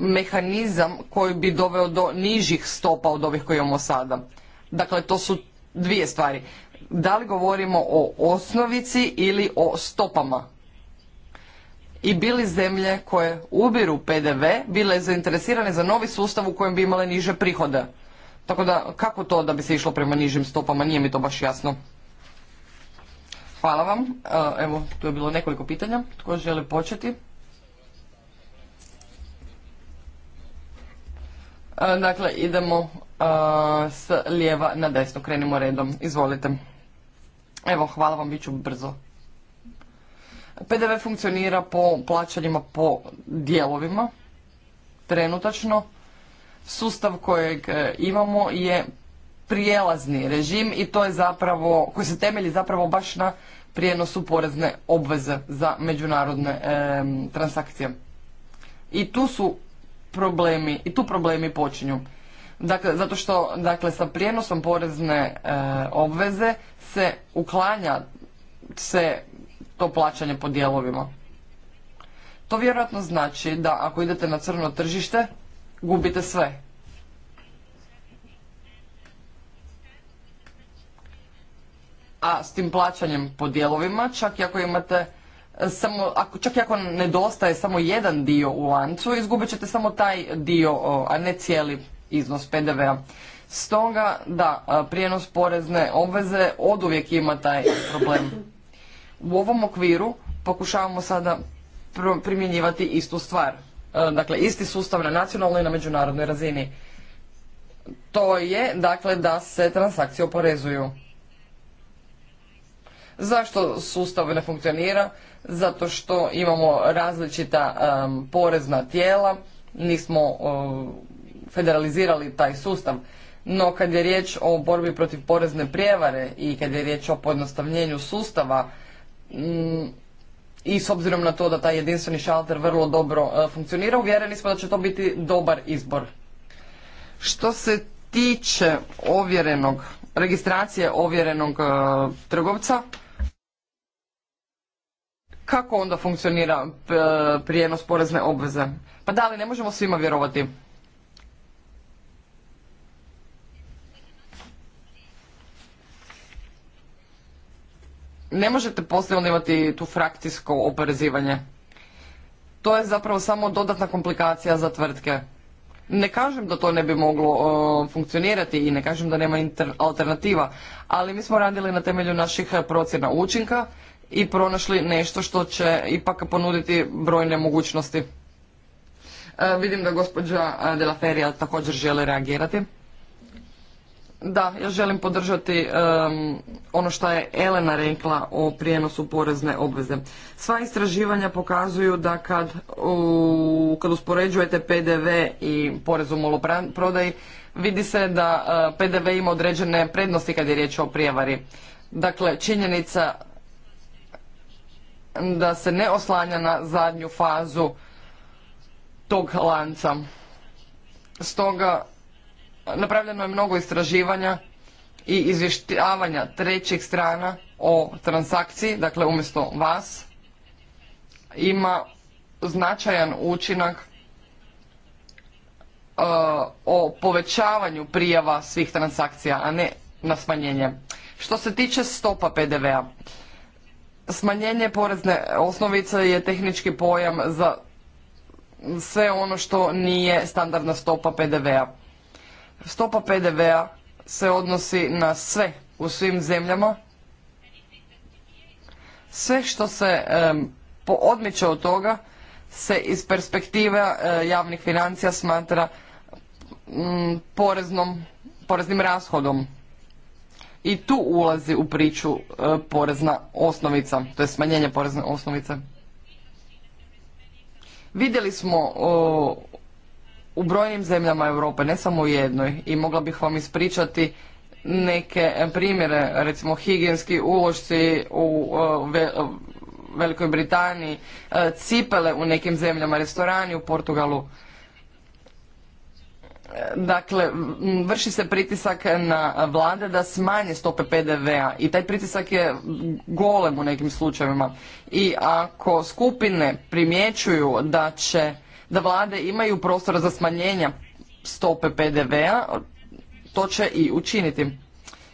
mehanizam koji bi doveo do nižih stopa od ovih koje imamo sada. Dakle, to su dvije stvari. Da li govorimo o osnovici ili o stopama? I bili zemlje koje ubiru PDV bile zainteresirane za novi sustav u kojem bi imale niže prihode tako da, kako to da bi se išlo prema nižim stopama, nije mi to baš jasno. Hvala vam. E, evo, tu je bilo nekoliko pitanja. Tko želi početi? E, dakle, idemo e, s lijeva na desno. Krenimo redom. Izvolite. Evo, hvala vam, bit ću brzo. PDV funkcionira po plaćanjima po dijelovima, trenutačno. Sustav kojeg e, imamo je prijelazni režim i to je zapravo, koji se temelji zapravo baš na prijenosu porezne obveze za međunarodne e, transakcije. I tu su problemi, i tu problemi počinju. Dakle, zato što dakle, sa prijenosom porezne e, obveze se uklanja se to plaćanje po dijelovima. To vjerojatno znači da ako idete na crno tržište, gubite sve. A s tim plaćanjem po dijelovima, čak i ako imate e, samo, ako, čak i ako nedostaje samo jedan dio u lancu, izgubit ćete samo taj dio, a ne cijeli iznos PDV-a. Stoga, da, e, prijenos porezne obveze oduvijek ima taj problem. U ovom okviru pokušavamo sada primjenjivati istu stvar. E, dakle isti sustav na nacionalnoj i na međunarodnoj razini. To je dakle da se transakcije oporezuju. Zašto sustav ne funkcionira? Zato što imamo različita porezna tijela, nismo e, federalizirali taj sustav. No kad je riječ o borbi protiv porezne prijevare i kad je riječ o pojednostavljenju sustava, i s obzirom na to da taj jedinstveni šalter vrlo dobro e, funkcionira, uvjereni smo da će to biti dobar izbor. Što se tiče ovjerenog, registracije ovjerenog e, trgovca, kako onda funkcionira e, prijenos porezne obveze? Pa da li ne možemo svima vjerovati? ne možete poslije imati tu frakcijsko oporezivanje. To je zapravo samo dodatna komplikacija za tvrtke. Ne kažem da to ne bi moglo e, funkcionirati i ne kažem da nema alternativa, ali mi smo radili na temelju naših e, procjena učinka i pronašli nešto što će ipak ponuditi brojne mogućnosti. E, vidim da gospođa Delaferija također želi reagirati. Da, ja želim podržati ono što je Elena rekla o prijenosu porezne obveze. Sva istraživanja pokazuju da kad, kad uspoređujete PDV i porez u maloprodaji, vidi se da uh, PDV ima određene prednosti kad je riječ o prijevari. Dakle, činjenica da se ne oslanja na zadnju fazu tog lanca. Stoga napravljeno je mnogo istraživanja i izvještavanja trećih strana o transakciji, dakle umjesto vas, ima značajan učinak e, o povećavanju prijava svih transakcija, a ne na smanjenje. Što se tiče stopa PDV-a, smanjenje porezne osnovice je tehnički pojam za sve ono što nije standardna stopa PDV-a stopa PDV-a se odnosi na sve u svim zemljama. Sve što se um, odmiče od toga se iz perspektive e, javnih financija smatra poreznom, poreznim rashodom. I tu ulazi u priču e, porezna osnovica, to je smanjenje porezne osnovice. Vidjeli smo u brojnim zemljama Europe, ne samo u jednoj. I mogla bih vam ispričati neke primjere, recimo higijenski ulošci u e, Velikoj Britaniji, e, cipele u nekim zemljama, restorani u Portugalu. Dakle, vrši se pritisak na vlade da smanje stope PDV-a i taj pritisak je golem u nekim slučajevima. I ako skupine primjećuju da će da vlade imaju prostora za smanjenja stope PDV-a, to će i učiniti.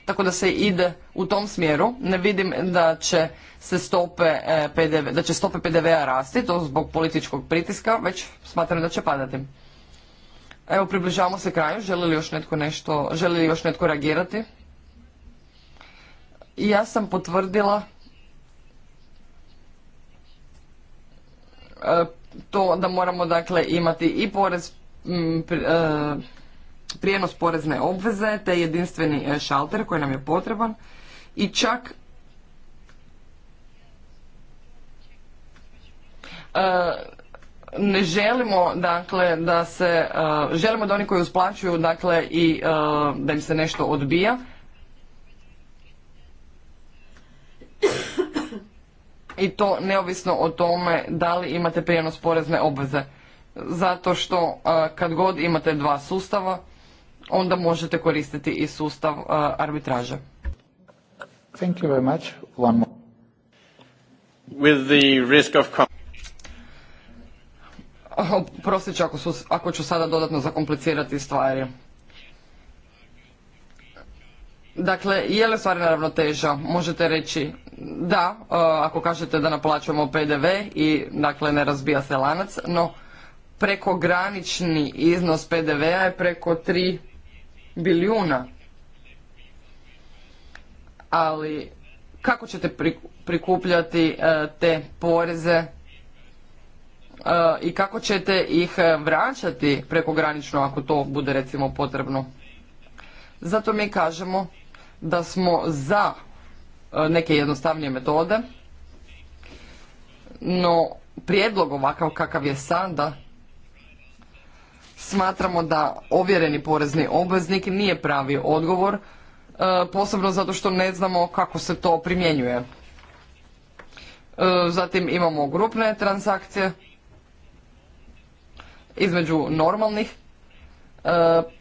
Tako da se ide u tom smjeru. Ne vidim da će se stope e, PDV, da će stope PDV-a rasti, to zbog političkog pritiska, već smatram da će padati. Evo, približavamo se kraju. Želi li još netko nešto, želi li još netko reagirati? I ja sam potvrdila e, to da moramo dakle imati i porez mm, e, prijenos porezne obveze te jedinstveni e, šalter koji nam je potreban i čak e, ne želimo dakle da se želimo da oni koji usplaćuju dakle i da im se nešto odbija i to neovisno o tome da li imate prijenos porezne obveze. Zato što e, kad god imate dva sustava, onda možete koristiti i sustav e, arbitraže. Thank ću ako, ću sada dodatno zakomplicirati stvari. Dakle, je li stvar naravno teža? Možete reći da, e, ako kažete da naplaćamo PDV i dakle ne razbija se lanac, no preko granični iznos PDV-a je preko 3 bilijuna. Ali kako ćete prikupljati e, te poreze e, i kako ćete ih vraćati prekogranično, ako to bude recimo potrebno? Zato mi kažemo da smo za E, neke jednostavnije metode, no prijedlog ovakav kakav je sada, smatramo da ovjereni porezni obveznik nije pravi odgovor, e, posebno zato što ne znamo kako se to primjenjuje. E, zatim imamo grupne transakcije između normalnih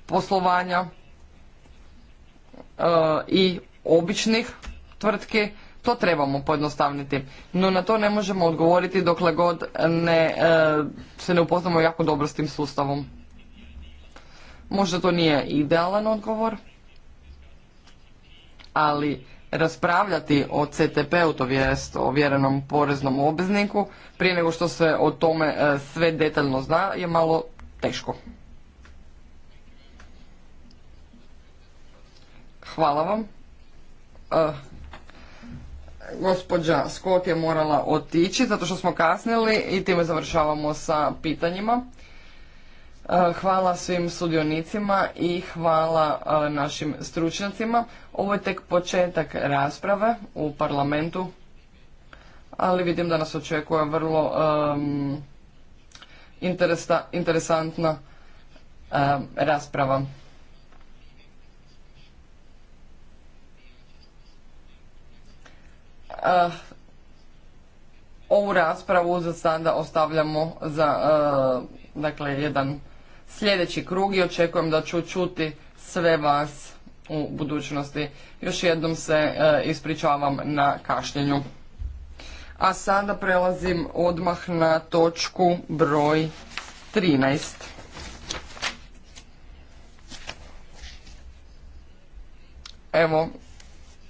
poslovanja i običnih tvrtki, to trebamo pojednostavniti. No na to ne možemo odgovoriti dokle god ne, e, se ne upoznamo jako dobro s tim sustavom. Možda to nije idealan odgovor, ali raspravljati o CTP-u, to o vjerenom poreznom obvezniku, prije nego što se o tome e, sve detaljno zna, je malo teško. Hvala vam. E, Gospođa Scott je morala otići zato što smo kasnili i time završavamo sa pitanjima. E, hvala svim sudionicima i hvala e, našim stručnjacima. Ovo je tek početak rasprave u parlamentu, ali vidim da nas očekuje vrlo interesa, interesantna rasprava. Eh, ovu raspravu za sada ostavljamo za eh, dakle, jedan sljedeći krug i očekujem da ću čuti sve vas u budućnosti. Još jednom se eh, ispričavam na kašnjenju. A sada prelazim odmah na točku broj 13. Evo,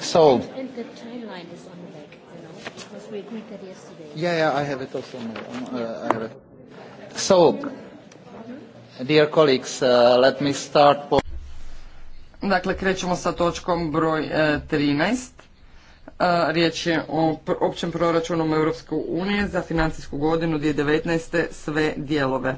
Sold. And the timeline is on the back, you know, because we agreed that yesterday. Yeah, yeah, I have it also. On, uh, I have it. Sold. Dear colleagues, uh, let me start. Dakle, krećemo sa točkom broj uh, 13. Uh, riječ je o općem proračunom Europske unije za financijsku godinu 2019. sve dijelove.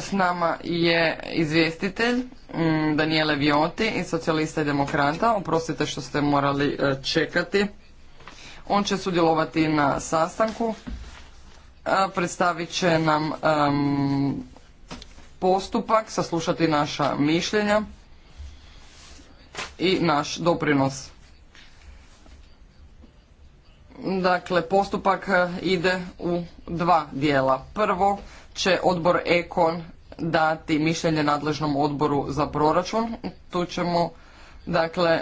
S nama je izvjestitelj mm, Daniele Vioti iz socijalista i demokrata. Oprostite što ste morali e, čekati. On će sudjelovati na sastanku. E, predstavit će nam postupak, saslušati naša mišljenja i naš doprinos. Dakle, postupak e, ide u dva dijela. Prvo, će odbor Ekon dati mišljenje nadležnom odboru za proračun. Tu ćemo dakle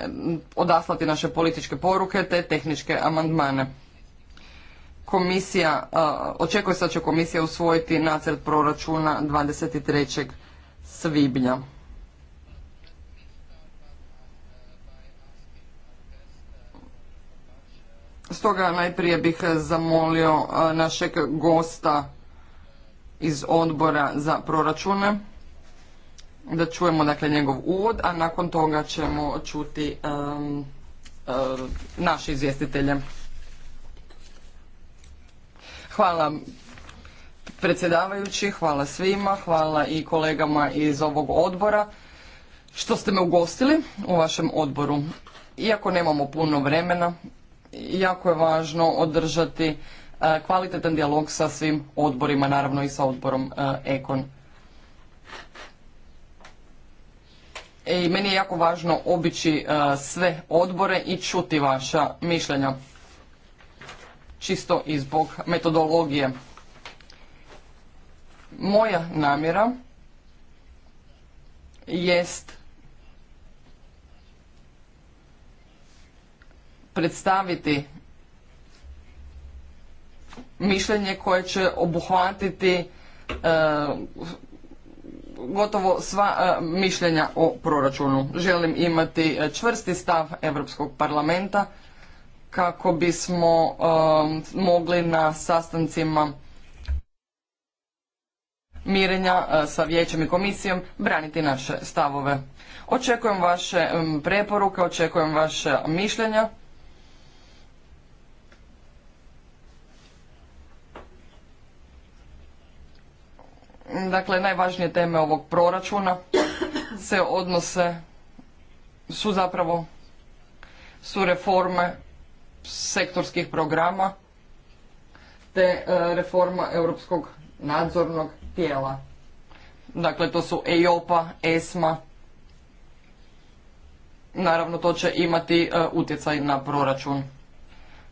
odaslati naše političke poruke te tehničke amandmane. Komisija, očekuje se da će komisija usvojiti nacrt proračuna 23. svibnja. Stoga najprije bih zamolio našeg gosta iz odbora za proračune da čujemo dakle njegov uvod, a nakon toga ćemo čuti um, naše izvjestitelje. Hvala predsjedavajući, hvala svima, hvala i kolegama iz ovog odbora što ste me ugostili u vašem odboru. Iako nemamo puno vremena, jako je važno održati E, kvalitetan dijalog sa svim odborima, naravno i sa odborom e, Ekon. E, I meni je jako važno obići sve odbore i čuti vaša mišljenja. Čisto i zbog metodologije. Moja namjera jest predstaviti mišljenje koje će obuhvatiti e, gotovo sva e, mišljenja o proračunu. Želim imati čvrsti stav Europskog parlamenta kako bismo e, mogli na sastancima mirenja sa vijećem i komisijom braniti naše stavove. Očekujem vaše preporuke, očekujem vaše mišljenja Dakle, najvažnije teme ovog proračuna se odnose, su zapravo, su reforme sektorskih programa te e, reforma europskog nadzornog tijela. Dakle, to su EIOPA, ESMA. Naravno, to će imati e, utjecaj na proračun.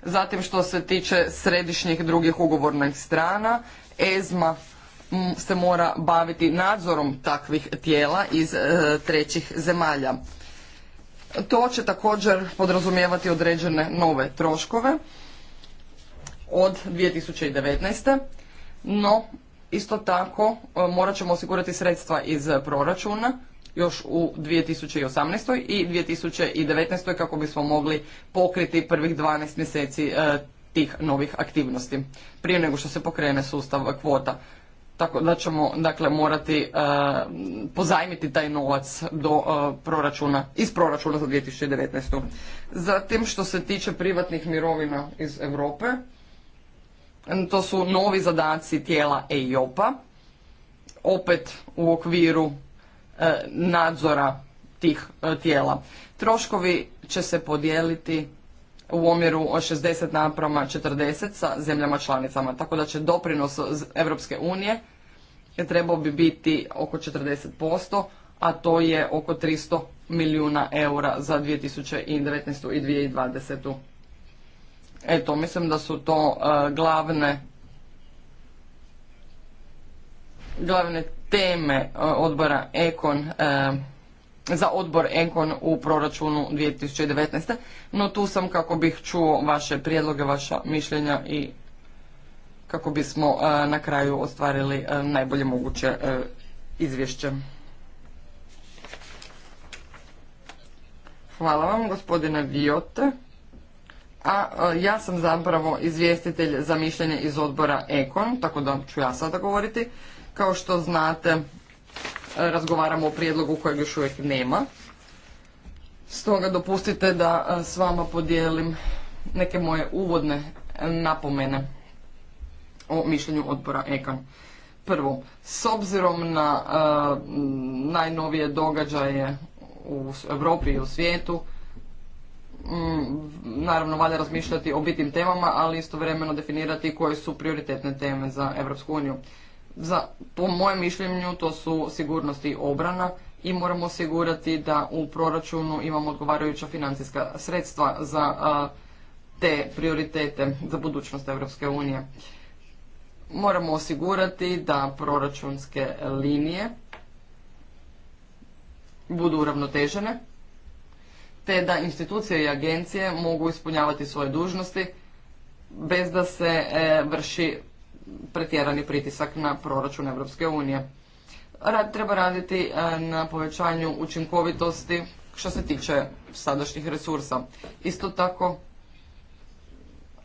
Zatim, što se tiče središnjih drugih ugovornih strana, ESMA se mora baviti nadzorom takvih tijela iz e, trećih zemalja. To će također podrazumijevati određene nove troškove od 2019. No, isto tako e, morat ćemo osigurati sredstva iz proračuna još u 2018. i 2019. kako bismo mogli pokriti prvih 12 mjeseci e, tih novih aktivnosti prije nego što se pokrene sustav kvota tako da ćemo dakle morati e, pozajmiti taj novac do e, proračuna, iz proračuna za 2019. Zatim što se tiče privatnih mirovina iz Europe, to su novi zadaci tijela EIOPA, opet u okviru e, nadzora tih tijela. Troškovi će se podijeliti u omjeru 60 naprama 40 sa zemljama članicama. Tako da će doprinos Europske unije trebao bi biti oko 40%, a to je oko 300 milijuna eura za 2019. i 2020. Eto, mislim da su to e, glavne glavne teme e, odbora Ekon e, za odbor Enkon u proračunu 2019. No tu sam kako bih čuo vaše prijedloge, vaša mišljenja i kako bismo e, na kraju ostvarili e, najbolje moguće e, izvješće. Hvala vam gospodine Viote. A ja sam zapravo izvjestitelj za mišljenje iz odbora Ekon, tako da ću ja sada govoriti. Kao što znate, razgovaramo o prijedlogu kojeg još uvijek nema. Stoga dopustite da e, s vama podijelim neke moje uvodne napomene o mišljenju odbora EKAN. Prvo, s obzirom na e, najnovije događaje u Europi i u svijetu, naravno valja razmišljati o bitnim temama, ali istovremeno definirati koje su prioritetne teme za Europsku uniju za, po mojem mišljenju to su sigurnost i obrana i moramo osigurati da u proračunu imamo odgovarajuća financijska sredstva za te prioritete za budućnost Europske unije. Moramo osigurati da proračunske linije budu uravnotežene, te da institucije i agencije mogu ispunjavati svoje dužnosti bez da se e, vrši pretjerani pritisak na proračun Europske unije. Rad, treba raditi e, na povećanju učinkovitosti što se tiče sadašnjih resursa. Isto tako,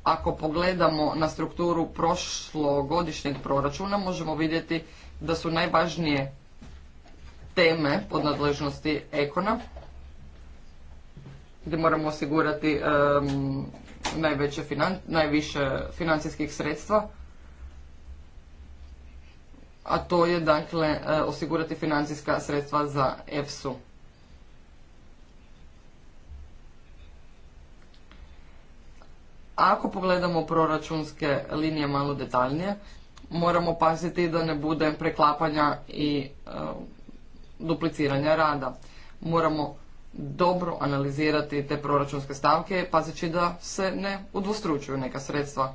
ako pogledamo na strukturu prošlogodišnjeg proračuna, možemo vidjeti da su najvažnije teme pod nadležnosti ekona, gdje moramo osigurati najviše financijskih sredstva, a to je dakle e, osigurati financijska sredstva za EFSU. Ako pogledamo proračunske linije malo detaljnije, moramo paziti da ne bude preklapanja i e, dupliciranja rada. Moramo dobro analizirati te proračunske stavke, pazeći da se ne udvostručuju neka sredstva.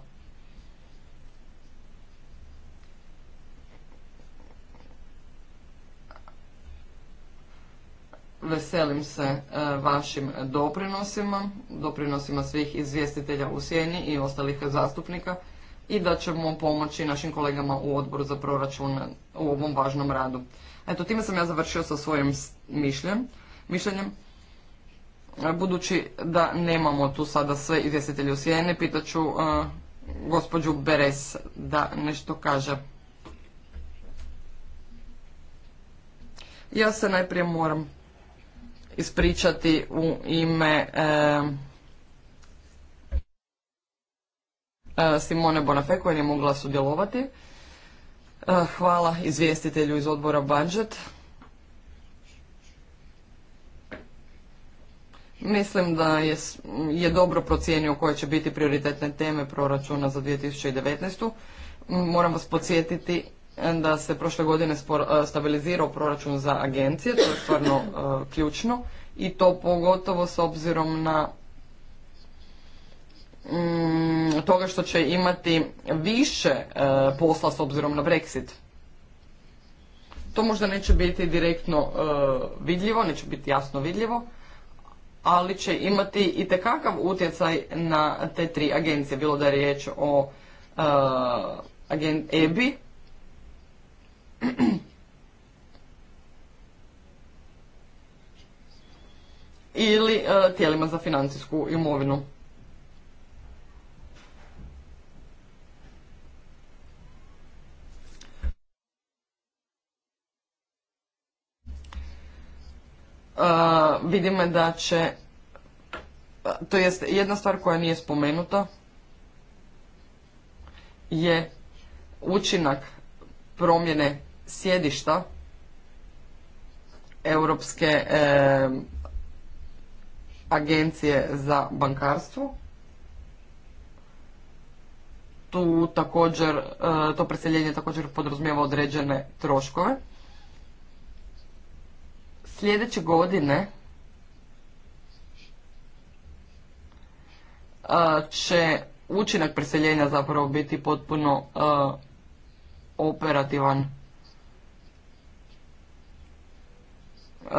Veselim se e, vašim doprinosima, doprinosima svih izvjestitelja u Sjeni i ostalih zastupnika i da ćemo pomoći našim kolegama u odboru za proračun u ovom važnom radu. Eto, time sam ja završio sa svojim mišljenjem. E, budući da nemamo tu sada sve izvjestitelje u sjeni, pitaću e, gospođu Beres da nešto kaže. Ja se najprije moram ispričati u ime e, Simone Bonafe koja nije mogla sudjelovati. E, hvala izvjestitelju iz odbora Budget. Mislim da je, je dobro procijenio koje će biti prioritetne teme proračuna za 2019. Moram vas podsjetiti da se prošle godine e, stabilizirao proračun za agencije, to je stvarno e, ključno i to pogotovo s obzirom na mm, toga što će imati više e, posla s obzirom na Brexit. To možda neće biti direktno vidljivo, neće biti jasno vidljivo, ali će imati i tekakav utjecaj na te tri agencije, bilo da je riječ o agent EBI, ili e, tijelima za financijsku imovinu. E, vidimo da će e, to jest jedna stvar koja nije spomenuta je učinak promjene sjedišta Europske e, agencije za bankarstvo. Tu također, e, to preseljenje također podrazumijeva određene troškove. Sljedeće godine e, će učinak preseljenja zapravo biti potpuno operativan E,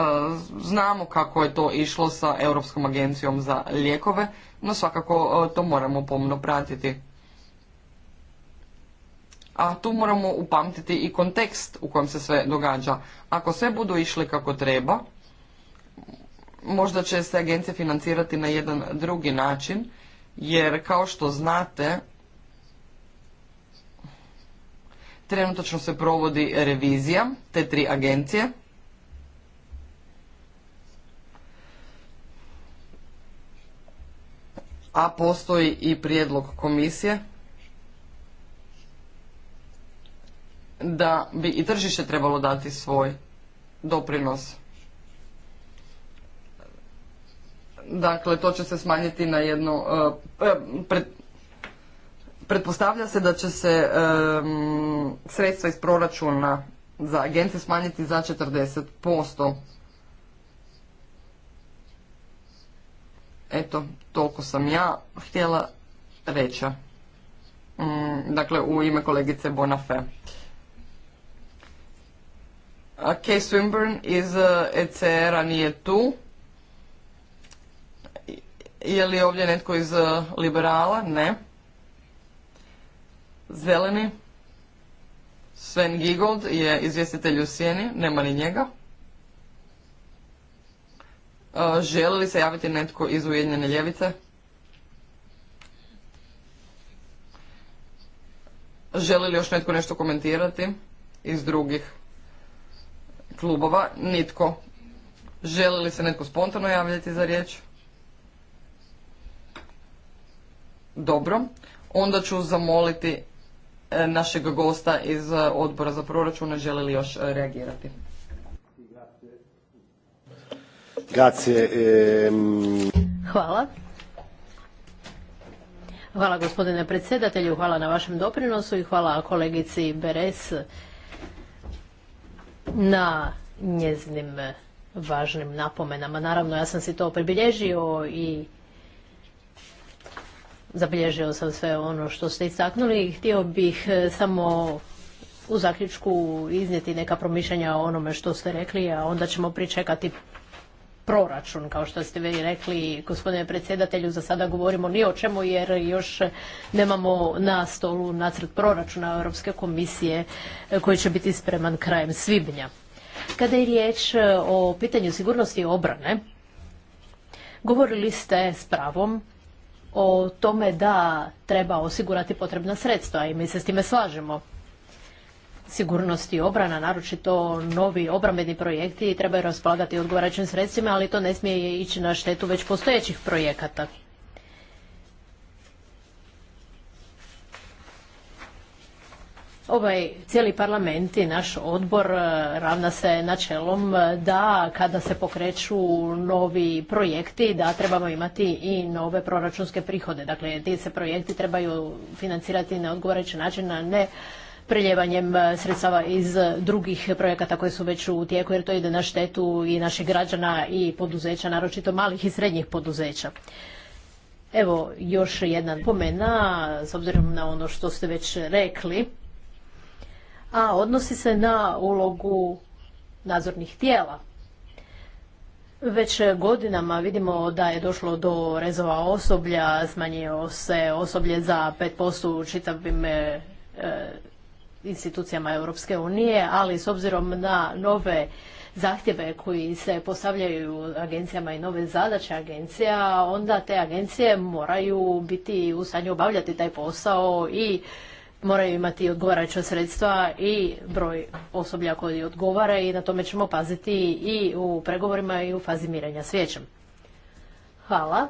znamo kako je to išlo sa Europskom agencijom za lijekove, no svakako e, to moramo pomno pratiti. A tu moramo upamtiti i kontekst u kojem se sve događa. Ako sve budu išli kako treba, možda će se agencije financirati na jedan drugi način, jer kao što znate, trenutačno se provodi revizija te tri agencije a postoji i prijedlog komisije da bi i tržište trebalo dati svoj doprinos. Dakle, to će se smanjiti na jedno... E, e, pretpostavlja se da će se sredstva iz proračuna za agencije smanjiti za 40%. Eto, toliko sam ja htjela reći. Mm, dakle, u ime kolegice Bonafe. Kay Swinburne iz ECR-a e nije tu. Je li ovdje netko iz e, liberala? Ne. Zeleni. Sven Gigold je izvjestitelj u sjeni, nema ni njega. Želi li se javiti netko iz Ujedinjene ljevice? Želi li još netko nešto komentirati iz drugih klubova? Nitko. Želi li se netko spontano javljati za riječ? Dobro. Onda ću zamoliti e, našeg gosta iz e, odbora za proračune želi li još e, reagirati. Ehm. Hvala. Hvala gospodine predsjedatelju, hvala na vašem doprinosu i hvala kolegici Beres na njeznim važnim napomenama. Naravno, ja sam si to pribilježio i zabilježio sam sve ono što ste istaknuli. Htio bih samo u zaključku iznijeti neka promišljanja o onome što ste rekli, a onda ćemo pričekati proračun. Kao što ste vi rekli, gospodine predsjedatelju, za sada govorimo ni o čemu jer još nemamo na stolu nacrt proračuna Europske komisije e, koji će biti spreman krajem svibnja. Kada je riječ e, o pitanju sigurnosti i obrane, govorili ste s pravom o tome da treba osigurati potrebna sredstva i mi se s time slažemo sigurnosti i obrana, naročito novi obrambeni projekti trebaju raspolagati odgovarajućim sredstvima, ali to ne smije ići na štetu već postojećih projekata. Ovaj cijeli parlament i naš odbor eh, ravna se načelom eh, da kada se pokreću novi projekti da trebamo imati i nove proračunske prihode. Dakle, ti se projekti trebaju financirati na odgovarajući način, a ne preljevanjem e, sredstava iz e, drugih projekata koji su već u tijeku jer to ide na štetu i naših građana i poduzeća, naročito malih i srednjih poduzeća. Evo još jedna pomena s obzirom na ono što ste već rekli, a odnosi se na ulogu nadzornih tijela. Već godinama vidimo da je došlo do rezova osoblja, smanjio se osoblje za 5% u čitavim e, institucijama Europske unije, ali s obzirom na nove zahtjeve koji se postavljaju agencijama i nove zadaće agencija, onda te agencije moraju biti u stanju obavljati taj posao i moraju imati odgovarajuća sredstva i broj osoblja koji odgovara i na tome ćemo paziti i u pregovorima i u fazi mirenja s Hvala.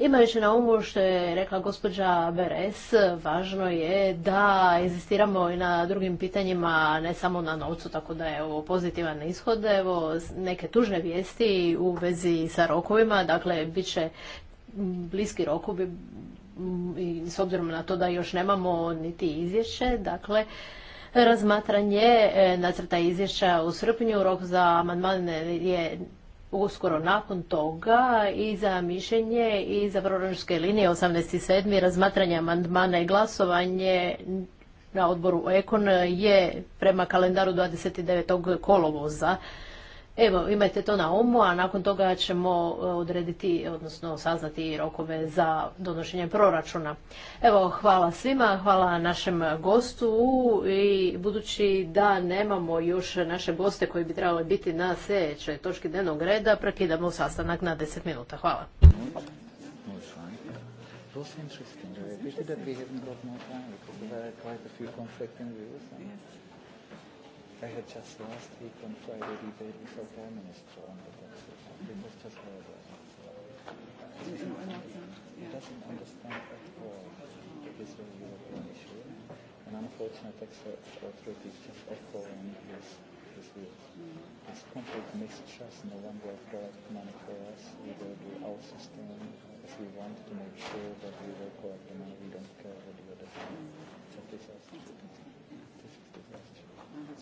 Imajući na umu što je rekla gospođa Beres, važno je da inzistiramo i na drugim pitanjima, ne samo na novcu, tako da je ovo pozitivan ishod. Evo, neke tužne vijesti u vezi sa rokovima, dakle, bit će bliski rokovi i s obzirom na to da još nemamo niti izvješće, dakle, razmatranje e, nacrta izvješća u srpnju, rok za amandmane je uskoro nakon toga i za mišljenje i za proračunske linije 18.7. razmatranje amandmana i glasovanje na odboru EKON je prema kalendaru 29. kolovoza. Evo, imajte to na umu, a nakon toga ćemo e, odrediti, odnosno saznati rokove za donošenje proračuna. Evo, hvala svima, hvala našem gostu i budući da nemamo još naše goste koji bi trebali biti na sljedećoj točki dnevnog reda, prekidamo sastanak na 10 minuta. Hvala. I had just last week on Friday debate with Prime Minister on the It was just horrible. He doesn't understand at all issue. And just echoing his, complete mistrust. one money for us. We will do our system as we want to make sure that we will collect the We don't care what the other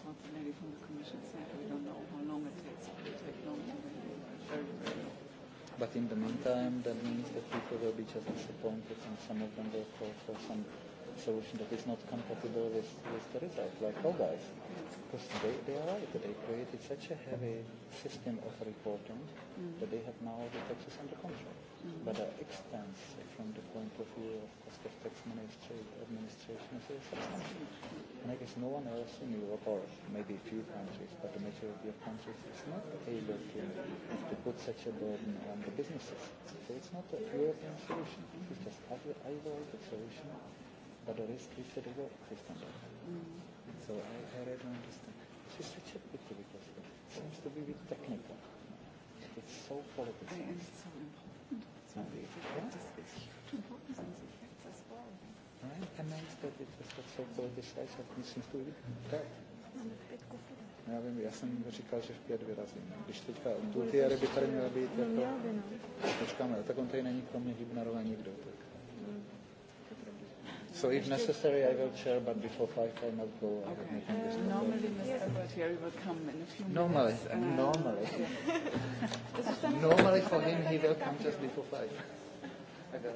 not maybe from the Commission side, we don't know how long it takes. very, very long. But in the meantime, that means that people will be just disappointed and some of them will call for some solution that is not compatible with, with the result, like all oh, guys. Because they, they are right, they created such a heavy system of reporting mm. that they have now the taxes under control but uh, extends from the point of view of cost of tax administration as a substantial. And I guess no one else in Europe, or maybe a few countries, but the majority of countries is not able to, to put such a burden on the businesses. So it's not a European solution, it's just isolated solution, but the risk is that it exist on that. Mm. So I, I don't understand. This is such a pity because it seems to be a bit technical. It's so political. Já vím, já jsem říkal, že v pět vyrazím. Když teďka tu ty by tady měla být, jako... Počkáme, tak on tady není kromě Hybnerova nikdo, tak... So if necessary, I will chair, but before five, I must go. Uh, normally, Mr. will come in a few normally, minutes. normally, uh, normally. normally for him, he will come just before five. I I to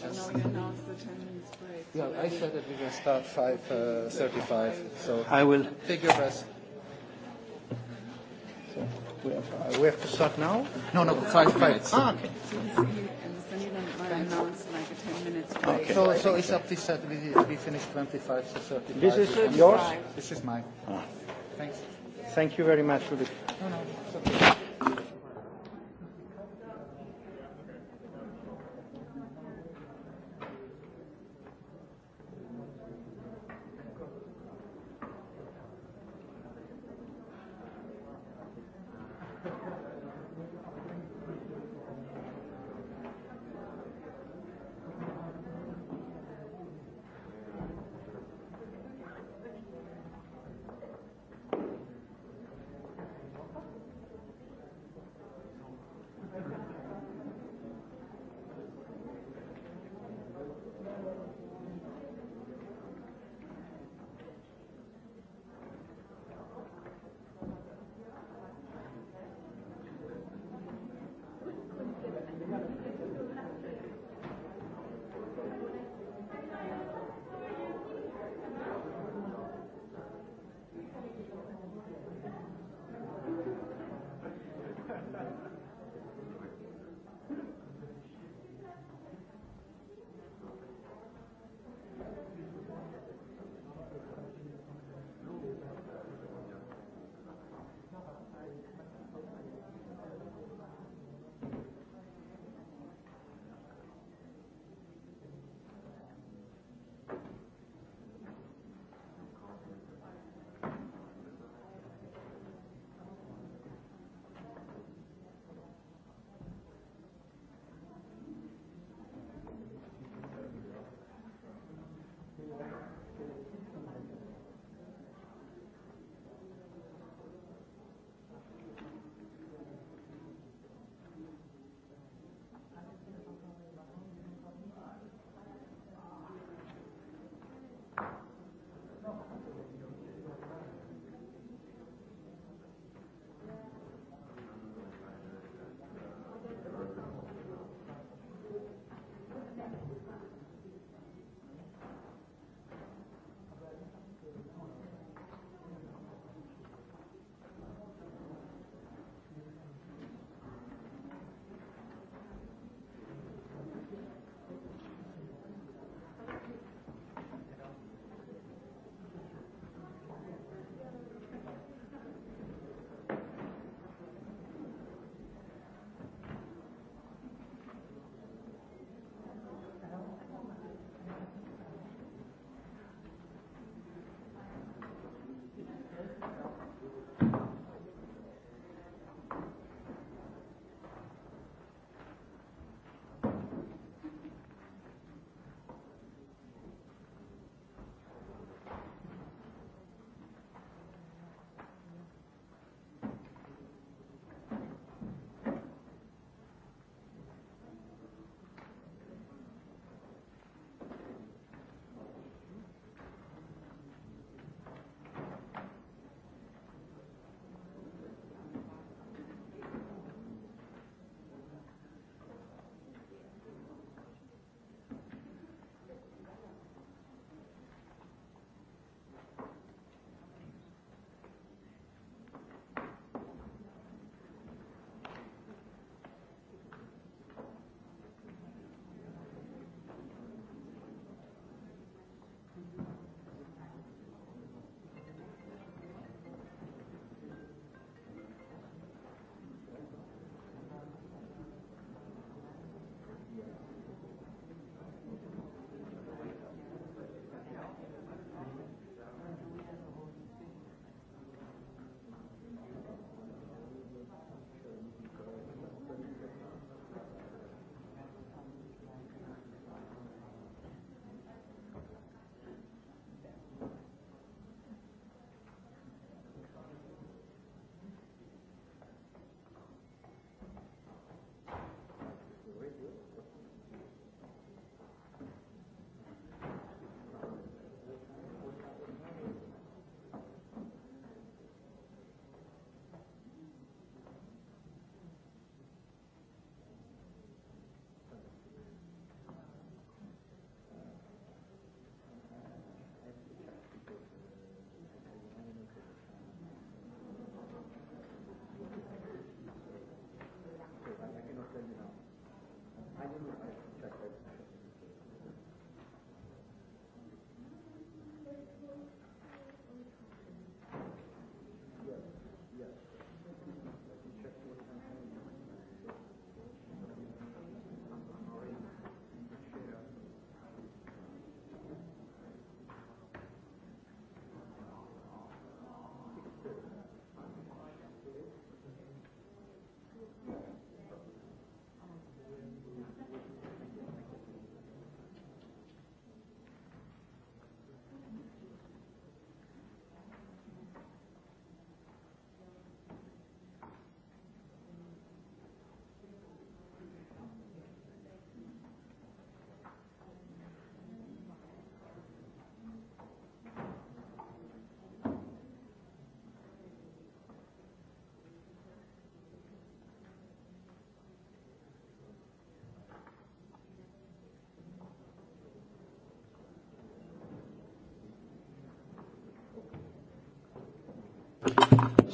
just... yeah, I said that we gonna start 5.35, uh, so... I will... Figure us. Uh, we have, to start now? No, no, five, like 10 minutes ah, So, it's up to set, we, finish 25 This is yours? This is mine. Ah. Thanks. Thank you very much, Rudy. No,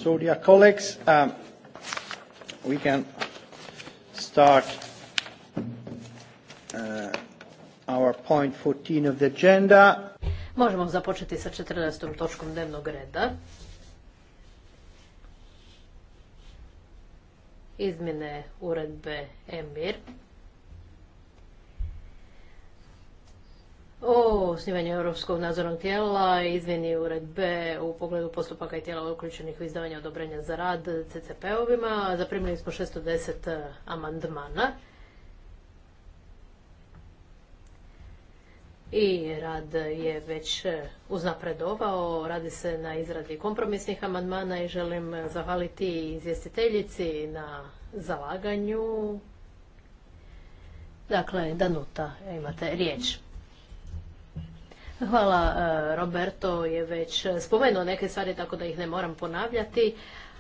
So, dear colleagues, um, we can start uh, our point 14 of the agenda. Možemo započeti sa 14. točkom dnevnog reda. Izmjene uredbe EMIR osnivanje Europskog nadzornog tijela, izmjeni uredbe u pogledu postupaka i tijela uključenih u izdavanje odobrenja za rad CCP-ovima. Zaprimili smo 610 e, amandmana. I rad je već e, uznapredovao, radi se na izradi kompromisnih amandmana i želim zahvaliti izvjestiteljici na zalaganju. Dakle, Danuta, imate riječ. Hvala. E, Roberto je već spomenuo neke stvari, tako da ih ne moram ponavljati.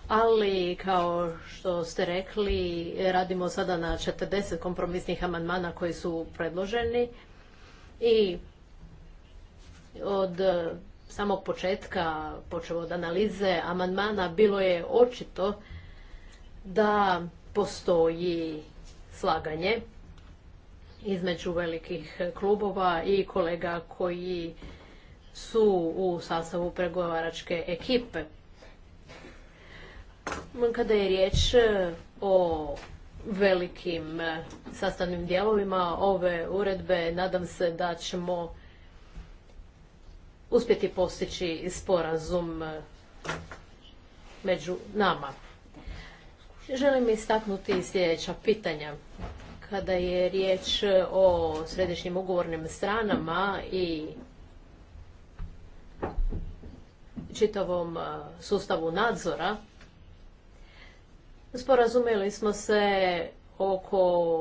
Ali, kao što ste rekli, radimo sada na 40 kompromisnih amandmana koji su predloženi. I od samog početka, počeo od analize amandmana, bilo je očito da postoji slaganje između velikih klubova i kolega koji su u sastavu pregovaračke ekipe. Kada je riječ e, o velikim e, sastavnim dijelovima ove uredbe, nadam se da ćemo uspjeti postići sporazum e, među nama. Želim istaknuti sljedeća pitanja kada je riječ e, o središnjim ugovornim stranama i čitavom e, sustavu nadzora, sporazumjeli smo se oko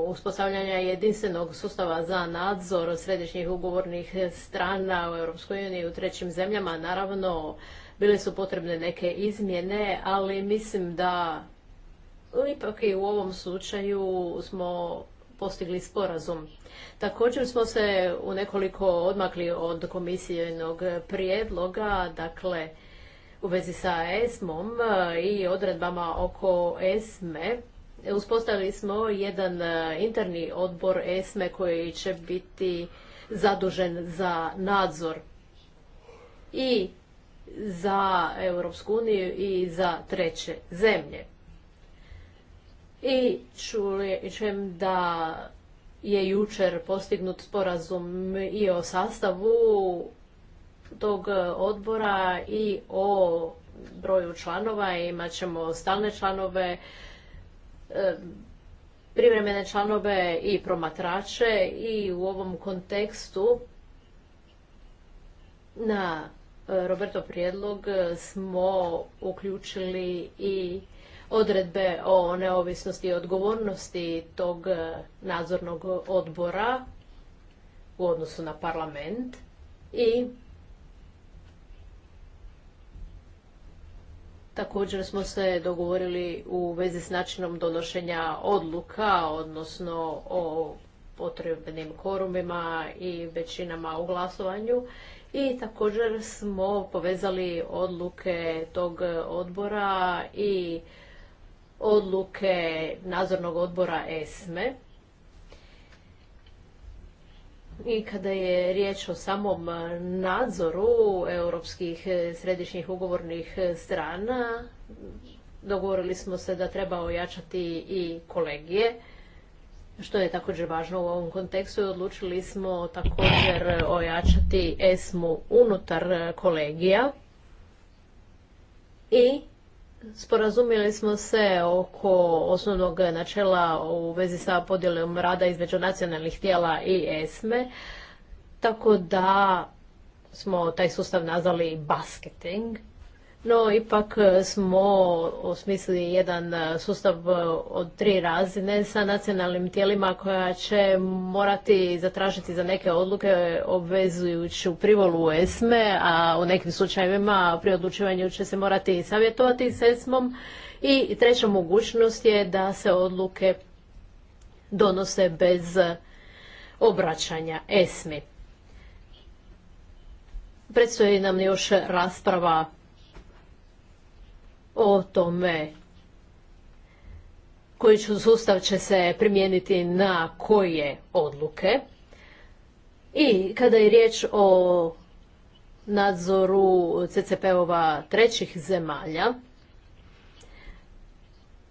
uspostavljanja jedinstvenog sustava za nadzor središnjih ugovornih strana u EU u trećim zemljama. Naravno, bile su potrebne neke izmjene, ali mislim da ipak i u ovom slučaju smo postigli sporazum. Također smo se u nekoliko odmakli od komisijenog prijedloga, dakle u vezi sa ESM-om i odredbama oko ESME. Uspostavili smo jedan e, interni odbor ESME koji će biti zadužen za nadzor i za Europsku uniju i za treće zemlje i čujem da je jučer postignut sporazum i o sastavu tog e, odbora i o broju članova. Imat ćemo stalne članove, e, privremene članove i promatrače i u ovom kontekstu na e, Roberto prijedlog smo uključili i odredbe o neovisnosti i odgovornosti tog e, nadzornog odbora u odnosu na parlament i Također smo se dogovorili u vezi s načinom donošenja odluka, odnosno o potrebnim korumima i većinama u glasovanju. I također smo povezali odluke tog odbora i odluke nadzornog odbora ESME. E. I kada je riječ o samom nadzoru europskih središnjih ugovornih strana, dogovorili smo se da treba ojačati i kolegije, što je također važno u ovom kontekstu i odlučili smo također ojačati ESMU unutar kolegija i Sporazumjeli smo se oko osnovnog načela u vezi sa podjelom rada između nacionalnih tijela i ESME, tako da smo taj sustav nazvali basketing no ipak eh, smo osmislili jedan eh, sustav eh, od tri razine sa nacionalnim tijelima koja će morati zatražiti za neke odluke obvezujuću privolu ESME, a u nekim slučajevima pri odlučivanju će se morati savjetovati s ESMom. I treća mogućnost je da se odluke donose bez obraćanja ESMI. Predstoji nam još rasprava o tome koji ću sustav će se primijeniti na koje odluke. I kada je riječ o nadzoru CCP-ova trećih zemalja,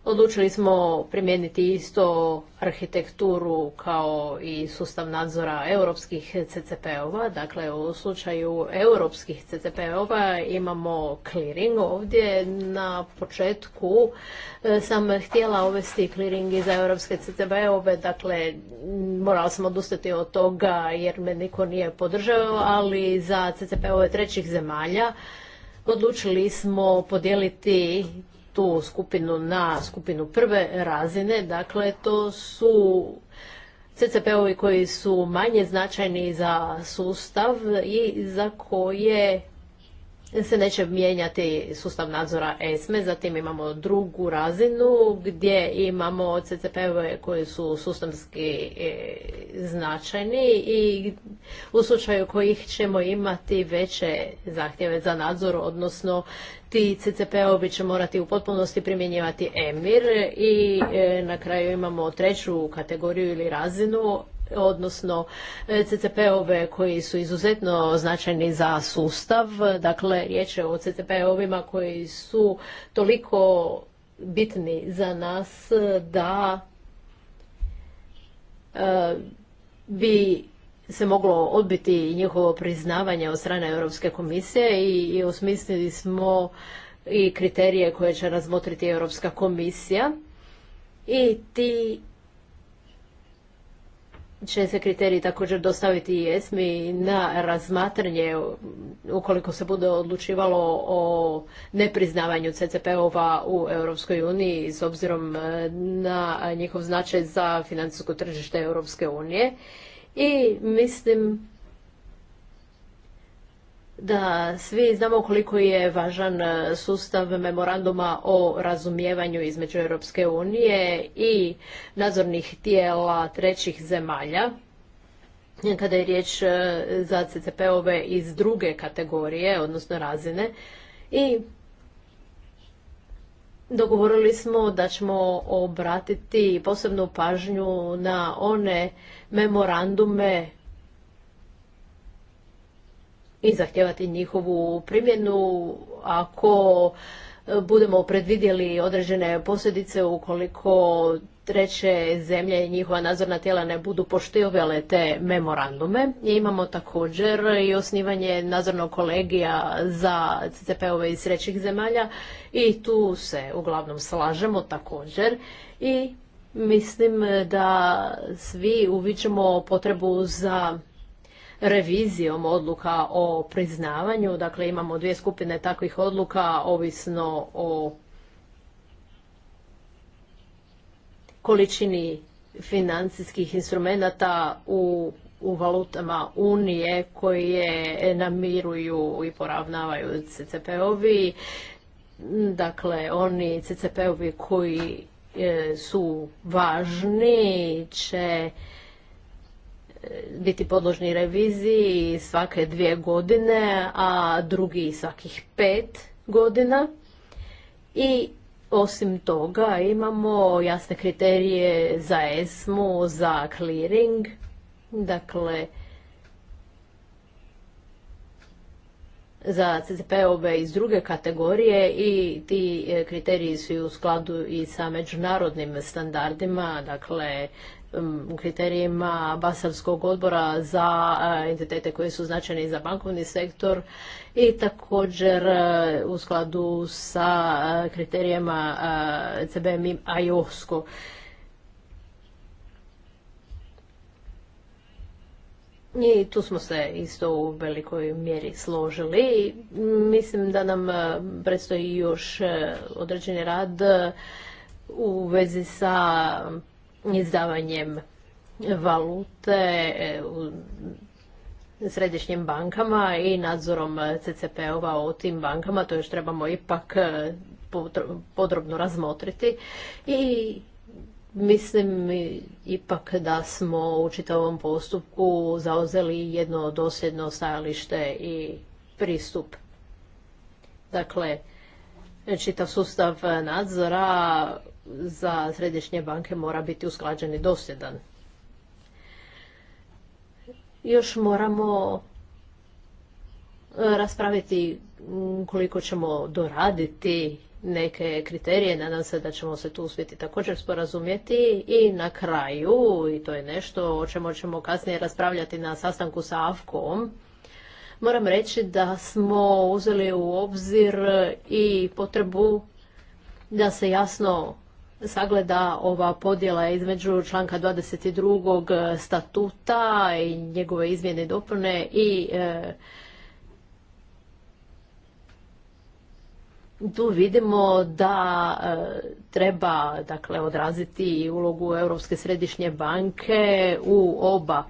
Odlučili smo primijeniti isto arhitekturu kao i sustav nadzora europskih CCP-ova. Dakle, u slučaju europskih CCP-ova imamo clearing ovdje. Na početku e, sam htjela uvesti clearing i za europske CCP-ove. Dakle, morala sam odustati od toga jer me niko nije podržao, ali za CCP-ove trećih zemalja odlučili smo podijeliti tu skupinu na skupinu prve razine. Dakle, to su CCP-ovi koji su manje značajni za sustav i za koje se neće mijenjati sustav nadzora ESME. E. Zatim imamo drugu razinu gdje imamo CCP-ove koji su sustavski e, značajni i u slučaju kojih ćemo imati veće zahtjeve za nadzor, odnosno ti CCP-ovi će morati u potpunosti primjenjivati EMIR i e, na kraju imamo treću kategoriju ili razinu, odnosno e, CCP-ove koji su izuzetno značajni za sustav. Dakle, riječ je o CCP-ovima koji su toliko bitni za nas da e, bi se moglo odbiti njihovo priznavanje od strane Europske komisije i, osmislili smo i kriterije koje će razmotriti Europska komisija i ti će se kriteriji također dostaviti i ESMI na razmatranje ukoliko se bude odlučivalo o nepriznavanju CCP-ova u Europskoj uniji s obzirom e, na njihov značaj za financijsko tržište Europske unije i mislim da svi znamo koliko je važan e, sustav memoranduma o razumijevanju između Europske unije i nadzornih tijela trećih zemalja kada je riječ e, za CCP-ove iz druge kategorije, odnosno razine. I dogovorili smo da ćemo obratiti posebnu pažnju na one memorandume i zahtjevati njihovu primjenu ako e, budemo predvidjeli određene posljedice ukoliko treće zemlje i njihova nadzorna tijela ne budu poštivale te memorandume. I imamo također i osnivanje nadzornog kolegija za CCP-ove iz trećih zemalja i tu se uglavnom slažemo također i Mislim da svi uviđamo potrebu za revizijom odluka o priznavanju. Dakle, imamo dvije skupine takvih odluka, ovisno o količini financijskih instrumenata u, u valutama Unije koje namiruju i poravnavaju CCP-ovi. Dakle, oni CCP-ovi koji E, su važni će e, biti podložni reviziji svake dvije godine, a drugi svakih pet godina. I osim toga imamo jasne kriterije za ESMO za clearing, dakle za CCP-ove iz druge kategorije i ti e, kriteriji su u skladu i sa međunarodnim standardima, dakle kriterijima Basarskog odbora za e, entitete koji su značajni za bankovni sektor i također e, u skladu sa kriterijima CBM IOSCO. I tu smo se isto u velikoj mjeri složili. Mislim da nam e, predstoji još e, određeni rad e, u vezi sa izdavanjem valute središnjim bankama i nadzorom CCP-ova o tim bankama. To još trebamo ipak podrobno razmotriti. I Mislim ipak da smo u čitavom postupku zauzeli jedno dosljedno stajalište i pristup. Dakle, čitav sustav nadzora za središnje banke mora biti usklađen i dosljedan. Još moramo raspraviti koliko ćemo doraditi neke kriterije. Nadam se da ćemo se tu uspjeti također sporazumjeti. I na kraju, i to je nešto o čemu ćemo kasnije raspravljati na sastanku sa AFKOM, moram reći da smo uzeli u obzir i potrebu da se jasno sagleda ova podjela između članka 22. statuta i njegove izmjene i dopune i e, tu vidimo da e, treba dakle, odraziti ulogu Europske središnje banke u oba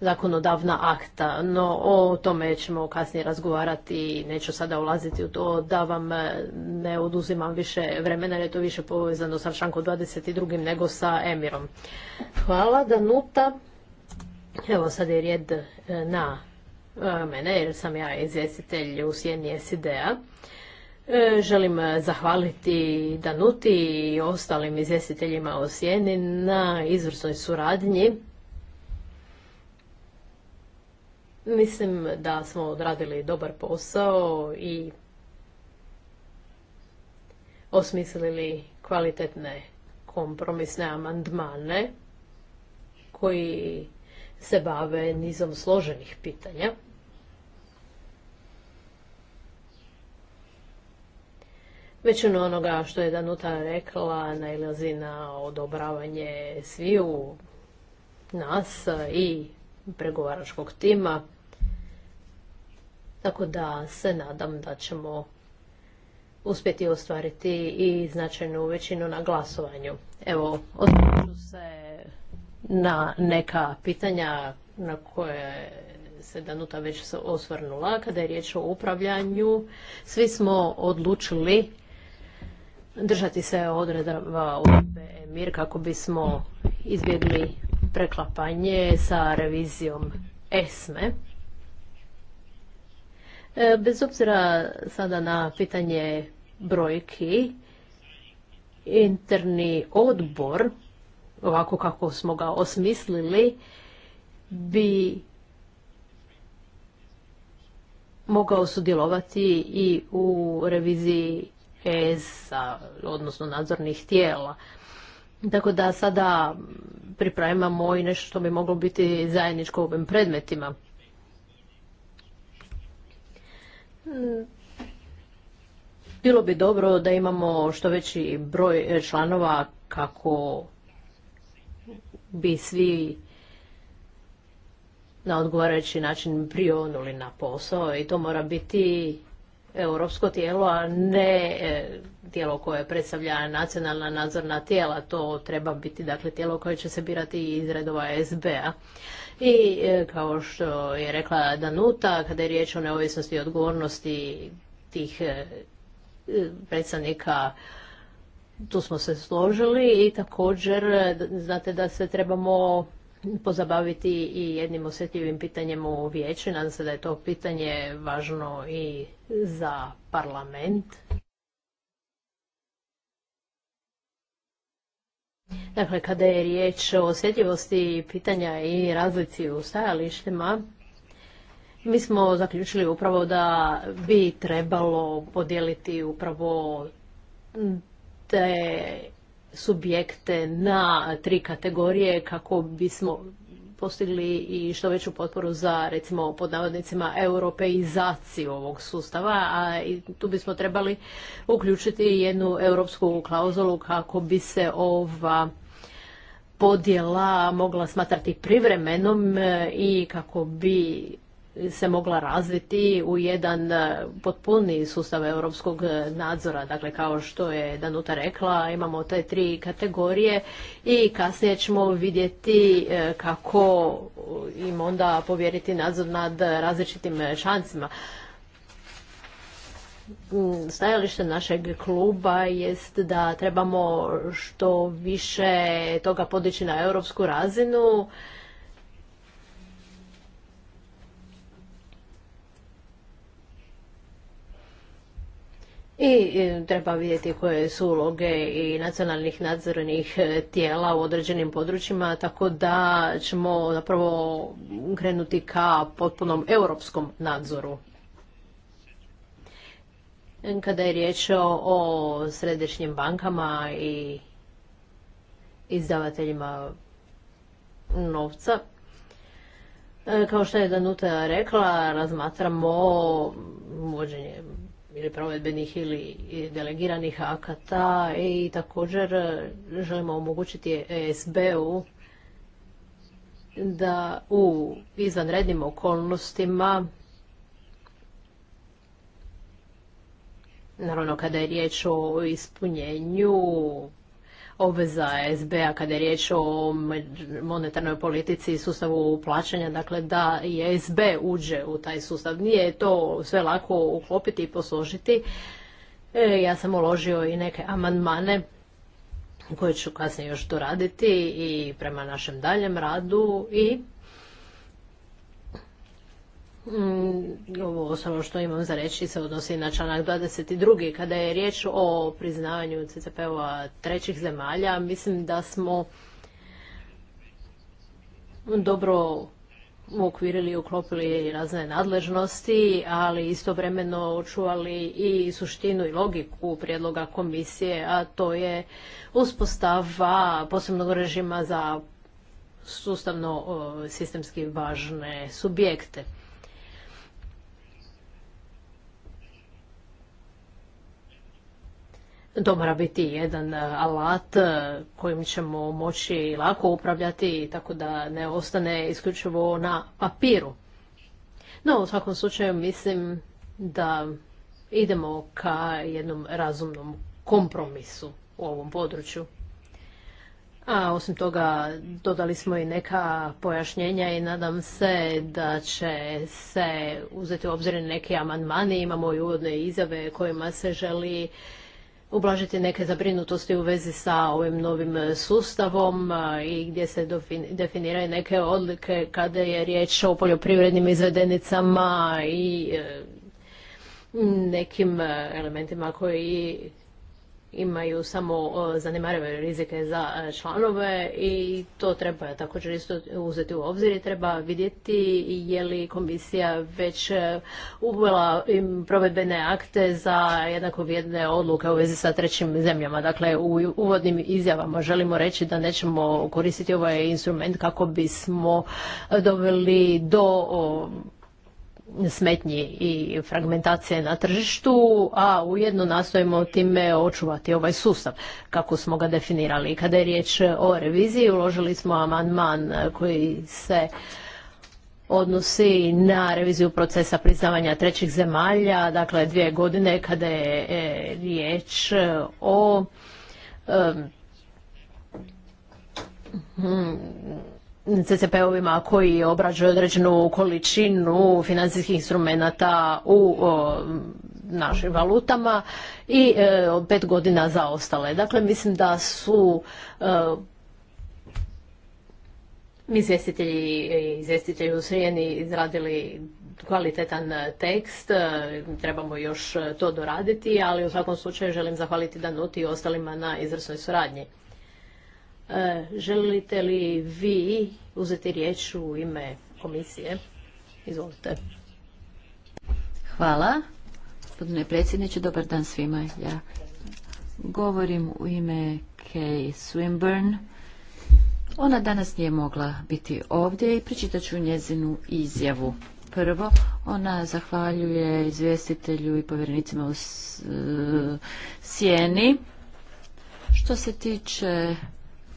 zakonodavna akta, no o tome ćemo kasnije razgovarati, i neću sada ulaziti u to da vam e, ne oduzimam više vremena, jer je to više povezano sa člankom 22. nego sa Emirom. Hvala Danuta. Evo sad je red e, na mene, jer sam ja izvjestitelj u sjeni SID-a. E, želim e, zahvaliti Danuti i ostalim izvjestiteljima o Sjeni na izvrsnoj suradnji. Mislim da smo odradili dobar posao i osmislili kvalitetne kompromisne amandmane koji se bave nizom složenih pitanja. Većinu onoga što je Danuta rekla nailazi na odobravanje sviju nas i pregovaračkog tima. Tako da se nadam da ćemo uspjeti ostvariti i značajnu većinu na glasovanju. Evo, osvrću se na neka pitanja na koje se Danuta već osvrnula. Kada je riječ o upravljanju, svi smo odlučili držati se odredaba uredbe Mir kako bismo izbjegli preklapanje sa revizijom ESME. E, bez obzira sada na pitanje brojki, interni odbor, ovako kako smo ga osmislili, bi mogao sudjelovati i u reviziji ESA, odnosno nadzornih tijela. Tako da sada pripremamo i nešto što bi moglo biti zajedničko u ovim predmetima. Bilo bi dobro da imamo što veći broj članova kako bi svi na odgovarajući način prionuli na posao i to mora biti europsko tijelo, a ne e, tijelo koje predstavlja nacionalna nadzorna tijela. To treba biti dakle tijelo koje će se birati iz redova SB-a. I e, kao što je rekla Danuta, kada je riječ o neovisnosti i odgovornosti tih e, predstavnika tu smo se složili i također znate da se trebamo pozabaviti i jednim osjetljivim pitanjem u vijeću. Nadam se da je to pitanje važno i za parlament. Dakle, kada je riječ o osjetljivosti pitanja i razlici u stajalištima, mi smo zaključili upravo da bi trebalo podijeliti upravo te subjekte na tri kategorije kako bismo postigli i što veću potporu za recimo pod navodnicima europeizaciju ovog sustava, a i tu bismo trebali uključiti jednu europsku klauzulu kako bi se ova podjela mogla smatrati privremenom e, i kako bi se mogla razviti u jedan e, potpuni sustav europskog e, nadzora. Dakle, kao što je Danuta rekla, imamo te tri kategorije i kasnije ćemo vidjeti e, kako im onda povjeriti nadzor nad različitim šancima. Mm, stajalište našeg kluba jest da trebamo što više toga podići na europsku razinu I e, treba vidjeti koje su uloge i nacionalnih nadzornih e, tijela u određenim područjima, tako da ćemo napravo krenuti ka potpunom europskom nadzoru. Kada je riječ o središnjim bankama i izdavateljima novca, e, kao što je Danuta rekla, razmatramo uvođenje ili provedbenih ili delegiranih akata i također e, želimo omogućiti e sb u da u izvanrednim okolnostima naravno kada je riječ o ispunjenju obveza SB-a kada je riječ o monetarnoj politici i sustavu plaćanja, dakle da i SB uđe u taj sustav. Nije to sve lako uklopiti i posložiti. E, ja sam uložio i neke amandmane koje ću kasnije još doraditi i prema našem daljem radu i Mm, ovo osnovno što imam za reći se odnosi na članak 22. Kada je riječ o priznavanju CCP-ova trećih zemalja, mislim da smo dobro uokvirili i uklopili razne nadležnosti, ali istovremeno očuvali i suštinu i logiku prijedloga komisije, a to je uspostava posebnog režima za sustavno sistemski važne subjekte. To mora biti jedan e, alat e, kojim ćemo moći lako upravljati tako da ne ostane isključivo na papiru. No, u svakom slučaju mislim da idemo ka jednom razumnom kompromisu u ovom području. A osim toga dodali smo i neka pojašnjenja i nadam se da će se uzeti u obzir neke amandmani. Imamo i uvodne izjave kojima se želi ublažiti neke zabrinutosti u vezi sa ovim novim sustavom i gdje se definiraju neke odlike kada je riječ o poljoprivrednim izvedenicama i e, nekim e, elementima koji imaju samo e, zanemarive rizike za e, članove i to treba također isto uzeti u obzir i treba vidjeti je li komisija već e, uvela provedbene akte za jednako odluke u vezi sa trećim zemljama. Dakle, u uvodnim izjavama želimo reći da nećemo koristiti ovaj instrument kako bismo doveli do smetnji i fragmentacije na tržištu, a ujedno nastojimo time očuvati ovaj sustav kako smo ga definirali. Kada je riječ o reviziji, uložili smo amandman koji se odnosi na reviziju procesa priznavanja trećih zemalja, dakle dvije godine kada je e, riječ o hmm, CCP-ovima koji obrađuju određenu količinu financijskih instrumenata u našim valutama i e, pet godina za ostale. Dakle, mislim da su mi e, izvjestitelji i izvjestitelji u Srijeni izradili kvalitetan tekst, e, trebamo još to doraditi, ali u svakom slučaju želim zahvaliti Danuti i ostalima na izvrsnoj suradnji. E, želite li vi uzeti riječ u ime komisije? Izvolite. Hvala. Gospodine predsjedniče, dobar dan svima. Ja govorim u ime Kay Swinburne. Ona danas nije mogla biti ovdje i pričitat ću njezinu izjavu. Prvo, ona zahvaljuje izvjestitelju i povjerenicima u e, Sjeni. Što se tiče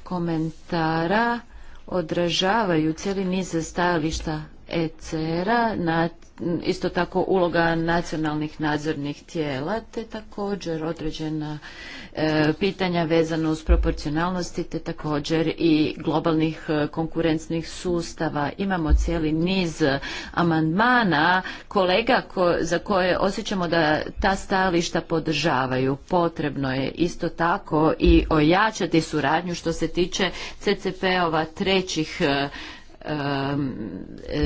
komentara odražavaju cijeli niz stajališta ECR-a, isto tako uloga nacionalnih nadzornih tijela te također određena e, pitanja vezana uz proporcionalnosti te također i globalnih e, konkurencnih sustava. Imamo cijeli niz amandmana kolega za koje osjećamo da ta stajališta podržavaju. Potrebno je isto tako i ojačati suradnju što se tiče CCP-ova trećih e,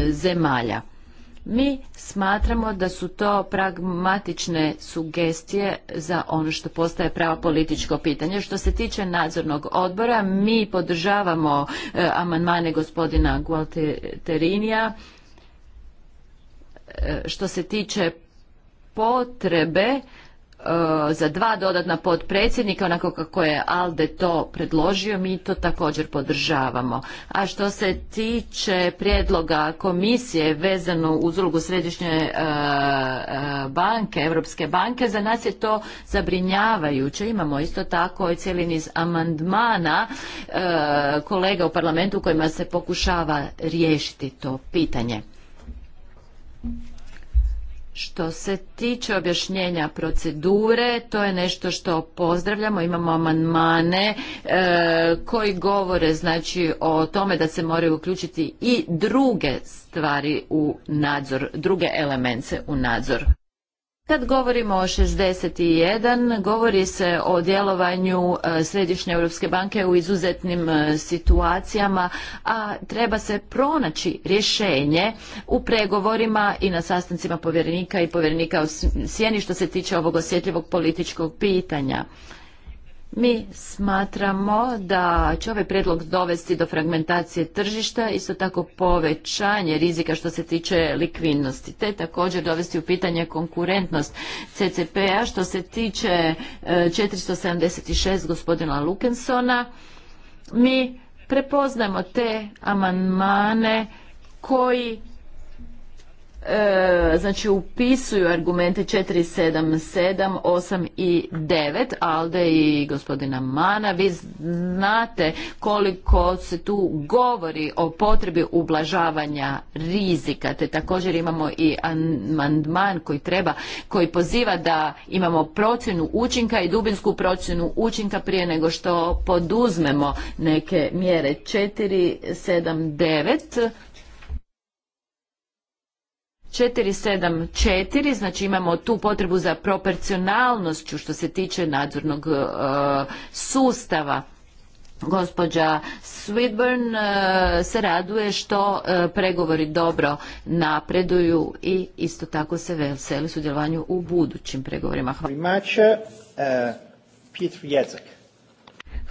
zemalja mi smatramo da su to pragmatične sugestije za ono što postaje pravo političko pitanje. Što se tiče nadzornog odbora, mi podržavamo amanmane eh, amandmane gospodina Gualterinija. Eh, što se tiče potrebe E, za dva dodatna potpredsjednika, onako kako je Alde to predložio, mi to također podržavamo. A što se tiče prijedloga komisije vezano uz ulogu središnje e, e, banke, Europske banke, za nas je to zabrinjavajuće. Imamo isto tako i cijeli niz amandmana kolega u parlamentu kojima se pokušava riješiti to pitanje. Što se tiče objašnjenja procedure, to je nešto što pozdravljamo, imamo amandmane e, koji govore znači o tome da se moraju uključiti i druge stvari u nadzor, druge elemente u nadzor. Kad govorimo o 61, govori se o djelovanju e, Središnje Europske banke u izuzetnim e, situacijama, a treba se pronaći rješenje u pregovorima i na sastancima povjerenika i povjerenika u sjeni što se tiče ovog osjetljivog političkog pitanja. Mi smatramo da će ovaj predlog dovesti do fragmentacije tržišta, isto tako povećanje rizika što se tiče likvidnosti, te također dovesti u pitanje konkurentnost CCP-a što se tiče 476 e, gospodina Lukensona. Mi prepoznajemo te amandmane koji E, znači upisuju argumente 4, 7, 7, 8 i 9 Alde i gospodina Mana vi znate koliko se tu govori o potrebi ublažavanja rizika te također imamo i amandman koji treba koji poziva da imamo procjenu učinka i dubinsku procjenu učinka prije nego što poduzmemo neke mjere 4, 7, 9 474, znači imamo tu potrebu za proporcionalnošću što se tiče nadzornog e, sustava. Gospođa Swidburn e, se raduje što e, pregovori dobro napreduju i isto tako se veseli sudjelovanju u budućim pregovorima. Hvala.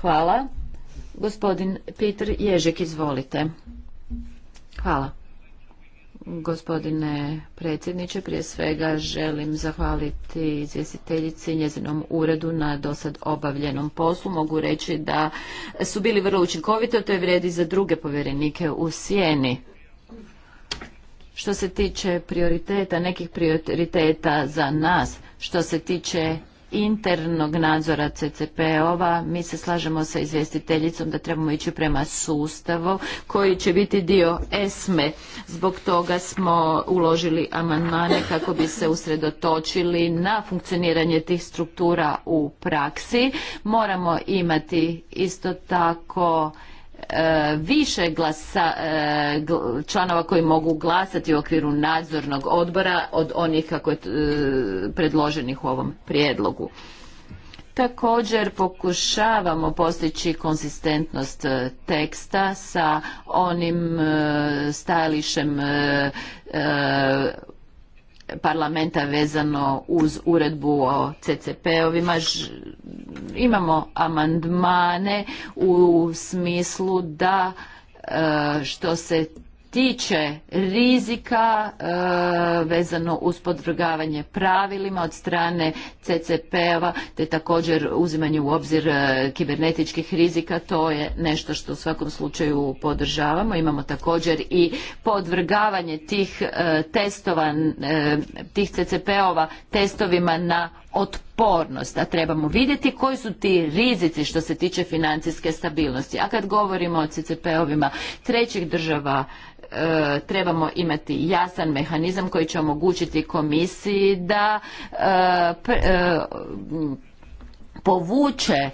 Hvala. Gospodin Peter Ježek, izvolite. Hvala. Gospodine predsjedniče, prije svega želim zahvaliti izvjestiteljici i njezinom uredu na dosad obavljenom poslu. Mogu reći da su bili vrlo učinkoviti, to je vredi za druge povjerenike u sjeni. Što se tiče prioriteta, nekih prioriteta za nas, što se tiče internog nadzora CCP-ova. Mi se slažemo sa izvjestiteljicom da trebamo ići prema sustavu koji će biti dio ESME. Zbog toga smo uložili amandmane kako bi se usredotočili na funkcioniranje tih struktura u praksi. Moramo imati isto tako E, više glasa, e, članova koji mogu glasati u okviru nadzornog odbora od onih kako je e, predloženih u ovom prijedlogu. Također pokušavamo postići konsistentnost teksta sa onim stajališem parlamenta vezano uz uredbu o CCP-ovima. Imamo amandmane u smislu da e, što se tiče rizika e, vezano uz podvrgavanje pravilima od strane ccp ova te također uzimanje u obzir e, kibernetičkih rizika to je nešto što u svakom slučaju podržavamo imamo također i podvrgavanje tih e, testova tih CCP-ova testovima na otpornost, a trebamo vidjeti koji su ti rizici što se tiče financijske stabilnosti. A kad govorimo o CCP-ovima trećih država, e, trebamo imati jasan mehanizam koji će omogućiti komisiji da e, e, povuče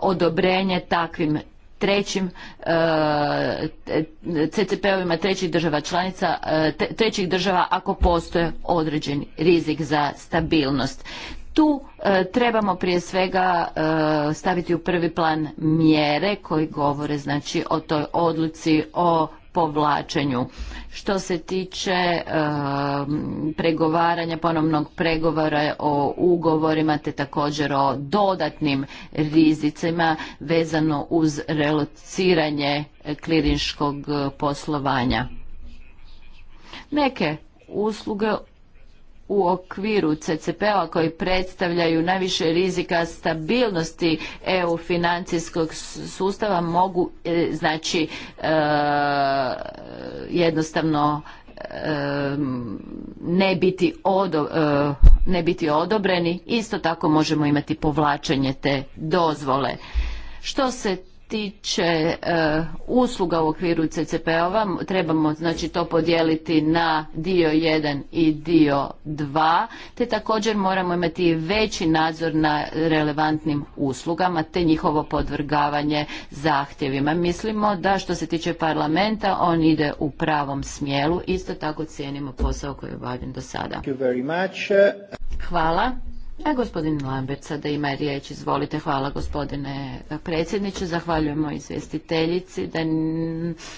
odobrenje takvim trećim e, CCP-ovima trećih država članica, e, trećih država ako postoje određeni rizik za stabilnost. Tu e, trebamo prije svega staviti u prvi plan mjere koji govore znači o toj odluci o povlačenju. Što se tiče pregovaranja, ponovnog pregovora o ugovorima te također o dodatnim rizicima vezano uz relociranje klirinškog poslovanja. Neke usluge u okviru CCP-a koji predstavljaju najviše rizika stabilnosti EU financijskog sustava mogu e, znači e, jednostavno e, ne biti, ne biti odobreni. Isto tako možemo imati povlačenje te dozvole. Što se tiče e, usluga u okviru CCP-ova, trebamo znači to podijeliti na dio 1 i dio 2, te također moramo imati veći nadzor na relevantnim uslugama, te njihovo podvrgavanje zahtjevima. Mislimo da što se tiče parlamenta, on ide u pravom smjelu. Isto tako cijenimo posao koji je obavljen do sada. Hvala. E, gospodin Lambert sada ima riječ, izvolite. Hvala gospodine predsjedniče, zahvaljujemo izvjestiteljici da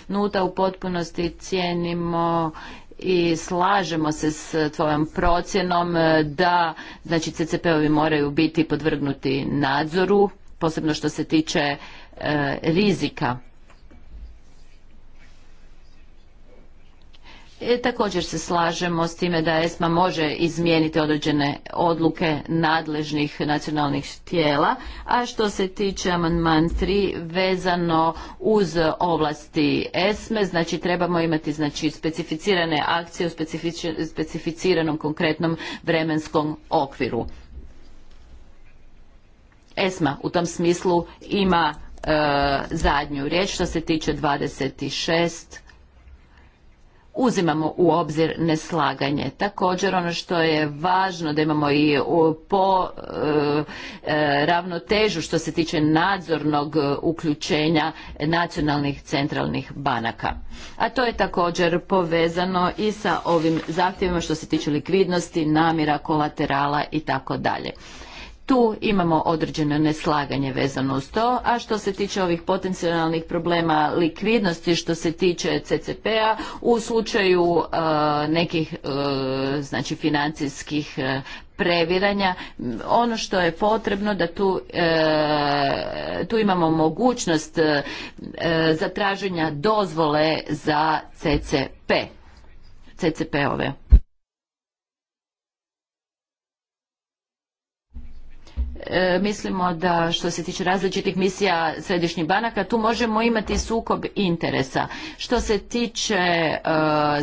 nuta u potpunosti cijenimo i slažemo se s tvojom procjenom da znači CCP-ovi moraju biti podvrgnuti nadzoru, posebno što se tiče e, rizika E, također se slažemo s time da ESMA može izmijeniti određene odluke nadležnih nacionalnih tijela, a što se tiče amandman 3 vezano uz ovlasti ESME, znači trebamo imati znači specificirane akcije u specificiranom konkretnom vremenskom okviru. ESMA u tom smislu ima e, zadnju riječ što se tiče 26 uzimamo u obzir neslaganje. Također ono što je važno da imamo i po e, e, ravnotežu što se tiče nadzornog uključenja nacionalnih centralnih banaka. A to je također povezano i sa ovim zahtjevima što se tiče likvidnosti, namira, kolaterala i tako dalje tu imamo određeno neslaganje vezano uz to, a što se tiče ovih potencijalnih problema likvidnosti, što se tiče CCP-a, u slučaju e, nekih e, znači financijskih e, previranja, ono što je potrebno da tu, tu imamo mogućnost zatraženja dozvole za CCP, CCP-ove. E, mislimo da što se tiče različitih misija središnjih banaka tu možemo imati sukob interesa. Što se tiče e,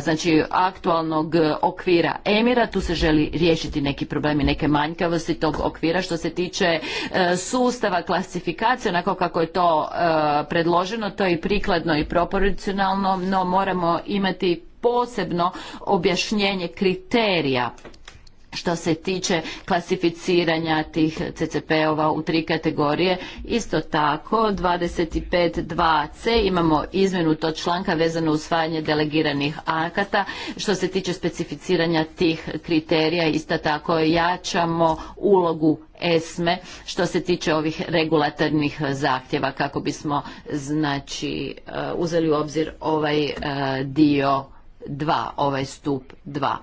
znači aktualnog okvira Emira, tu se želi riješiti neki problemi, neke manjkavosti tog okvira što se tiče e, sustava klasifikacije, onako kako je to predloženo, to je i prikladno i proporcionalno, no moramo imati posebno objašnjenje kriterija što se tiče klasificiranja tih CCP-ova u tri kategorije. Isto tako, 25.2c imamo izmenu tog članka vezano usvajanje delegiranih akata. Što se tiče specificiranja tih kriterija, isto tako jačamo ulogu ESME e što se tiče ovih regulatornih zahtjeva kako bismo znači e, uzeli u obzir ovaj e, dio 2, ovaj stup 2.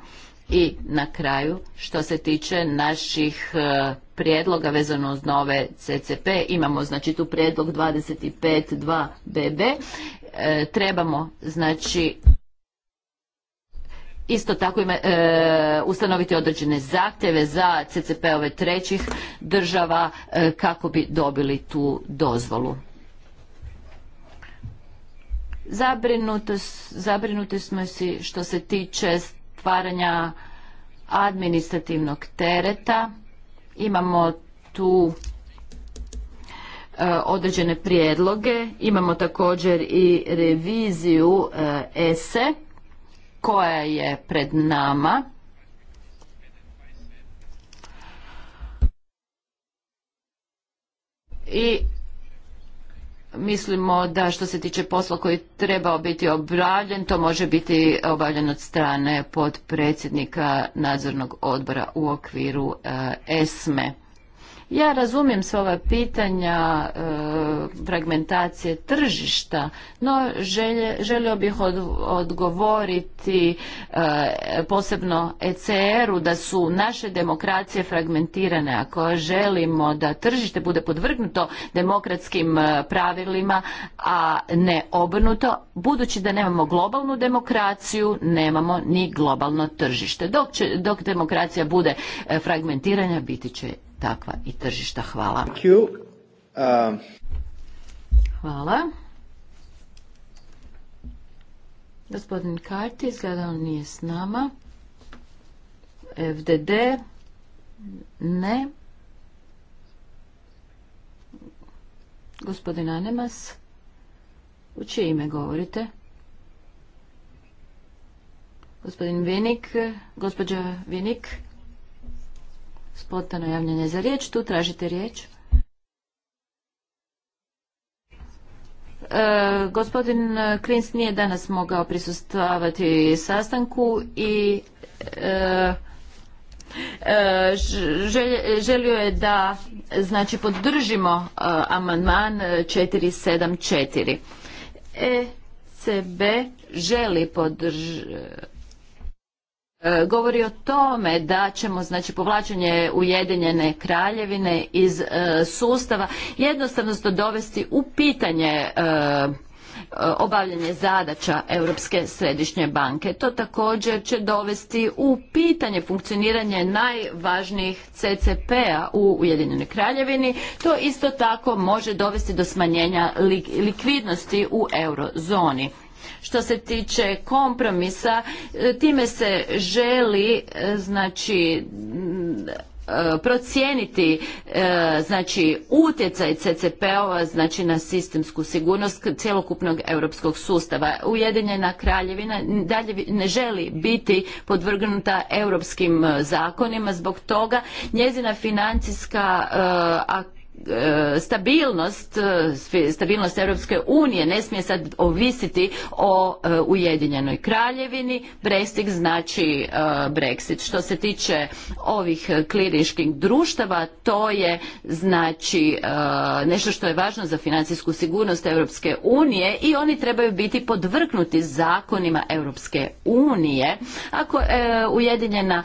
I na kraju, što se tiče naših e, prijedloga vezano uz nove CCP, imamo znači tu prijedlog 25.2bb, e, trebamo znači isto tako e, ustanoviti određene zahtjeve za CCP-ove trećih država kako bi dobili tu dozvolu. Zabrinuti smo si što se tiče stvaranja administrativnog tereta. Imamo tu e, određene prijedloge. Imamo također i reviziju e, ESE koja je pred nama. I mislimo da što se tiče posla koji trebao biti obavljen, to može biti obavljen od strane podpredsjednika nadzornog odbora u okviru e, ESME. Ja razumijem sva ova pitanja e, fragmentacije tržišta, no želje, želio bih odgovoriti e, posebno ECR-u da su naše demokracije fragmentirane. Ako želimo da tržište bude podvrgnuto demokratskim e, pravilima, a ne obrnuto, budući da nemamo globalnu demokraciju, nemamo ni globalno tržište. Dok, dok demokracija bude fragmentirana, biti će takva i tržišta. Hvala. Um, Hvala. Gospodin Karti, izgleda on nije s nama. FDD, ne. Gospodin Anemas, u čije ime govorite? Gospodin Vinik, gospođa Vinik spontano javljanje za riječ. Tu tražite riječ. E, gospodin Klinc nije danas mogao prisustavati sastanku i e, e, želio je da znači podržimo amandman 474. ECB želi podržati E, govori o tome da ćemo znači povlačenje Ujedinjene kraljevine iz e, sustava jednostavno dovesti u pitanje e, obavljanje zadaća Europske središnje banke. To također će dovesti u pitanje funkcioniranje najvažnijih CCP-a u Ujedinjenoj kraljevini. To isto tako može dovesti do smanjenja likvidnosti u eurozoni. Što se tiče kompromisa, e, time se želi e, znači e, procijeniti znači utjecaj CCP-ova znači na sistemsku sigurnost cjelokupnog europskog sustava. Ujedinjena kraljevina dalje ne želi biti podvrgnuta europskim zakonima zbog toga njezina financijska E, stabilnost e, stabilnost Europske unije ne smije sad ovisiti o e, Ujedinjenoj kraljevini Brexit znači Brexit što se tiče ovih kliriških društava to je znači nešto što je važno za financijsku sigurnost Europske unije i oni trebaju biti podvrknuti zakonima Europske unije ako Ujedinjena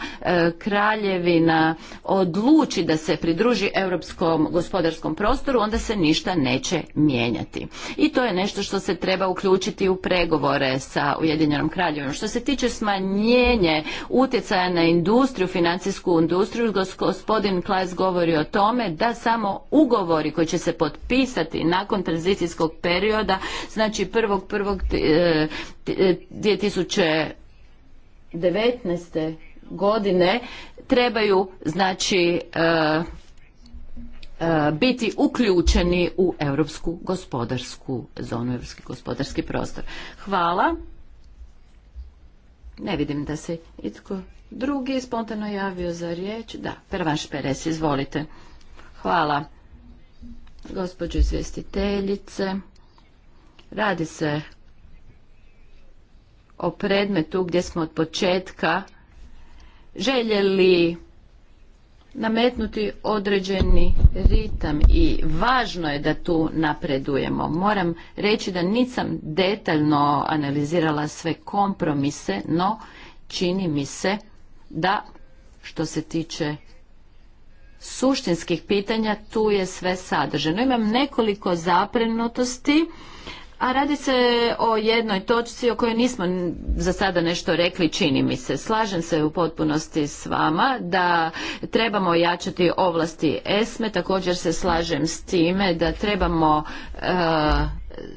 kraljevina odluči da se pridruži europskom gospodarskom prostoru, onda se ništa neće mijenjati. I to je nešto što se treba uključiti u pregovore sa Ujedinjenom kraljevom. Što se tiče smanjenje utjecaja na industriju, financijsku industriju, gospodin Klajs govori o tome da samo ugovori koji će se potpisati nakon tranzicijskog perioda, znači 1.1.2019. E, e, godine trebaju znači e, E, biti uključeni u europsku gospodarsku zonu, europski gospodarski prostor. Hvala. Ne vidim da se itko drugi spontano javio za riječ. Da, Prvaš Peres, izvolite. Hvala, gospođo izvjestiteljice. Radi se o predmetu gdje smo od početka željeli nametnuti određeni ritam i važno je da tu napredujemo. Moram reći da nisam detaljno analizirala sve kompromise, no čini mi se da što se tiče suštinskih pitanja tu je sve sadrženo. Imam nekoliko zaprenutosti a radi se o jednoj točci o kojoj nismo za sada nešto rekli, čini mi se. Slažem se u potpunosti s vama da trebamo jačati ovlasti ESME, također se slažem s time da trebamo e,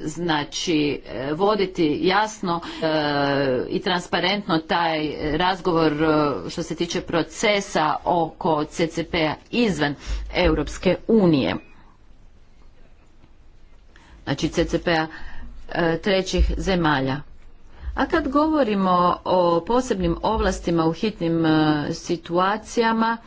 znači e, voditi jasno e, i transparentno taj razgovor što se tiče procesa oko CCP-a izvan Europske unije. Znači CCP-a E, trećih zemalja. A kad govorimo o posebnim ovlastima u hitnim e, situacijama,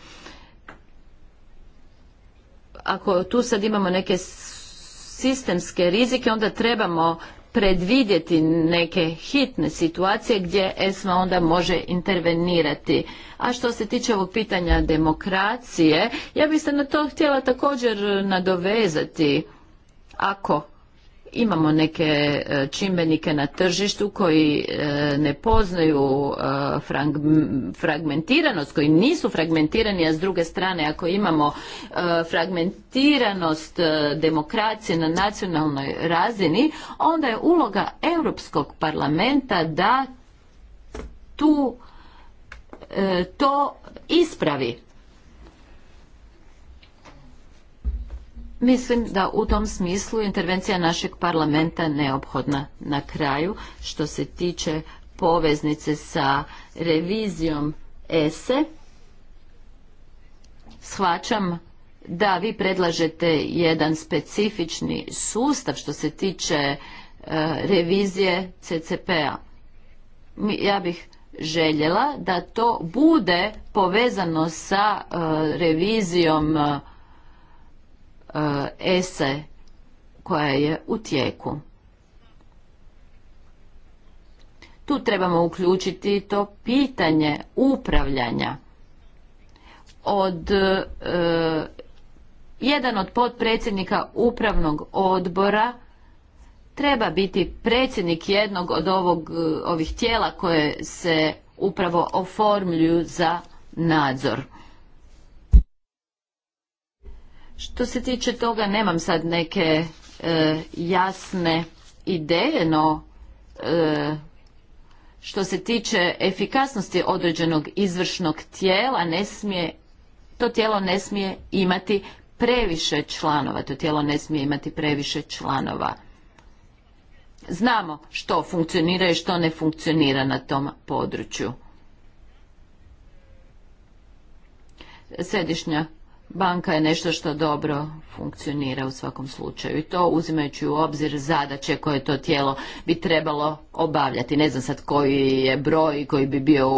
ako tu sad imamo neke sistemske rizike, onda trebamo predvidjeti neke hitne situacije gdje ESMA onda može intervenirati. A što se tiče ovog pitanja demokracije, ja bih se na to htjela također nadovezati. Ako imamo neke e, čimbenike na tržištu koji e, ne poznaju e, fragmentiranost, koji nisu fragmentirani, a s druge strane ako imamo fragmentiranost demokracije na nacionalnoj razini, onda je uloga Europskog parlamenta da tu to ispravi Mislim da u tom smislu intervencija našeg parlamenta neophodna na kraju što se tiče poveznice sa revizijom ESE. Shvaćam da vi predlažete jedan specifični sustav što se tiče e, revizije CCP-a. Ja bih željela da to bude povezano sa e, revizijom E, ESE koja je u tijeku. Tu trebamo uključiti to pitanje upravljanja. Od e, jedan od potpredsjednika upravnog odbora treba biti predsjednik jednog od ovog, e, ovih tijela koje se upravo oformljuju za nadzor. Što se tiče toga, nemam sad neke e, jasne ideje, no e, što se tiče efikasnosti određenog izvršnog tijela, ne smije, to tijelo ne smije imati previše članova, to tijelo ne smije imati previše članova. Znamo što funkcionira i što ne funkcionira na tom području. Središnja Banka je nešto što dobro funkcionira u svakom slučaju i to uzimajući u obzir zadaće koje to tijelo bi trebalo obavljati. Ne znam sad koji je broj koji bi bio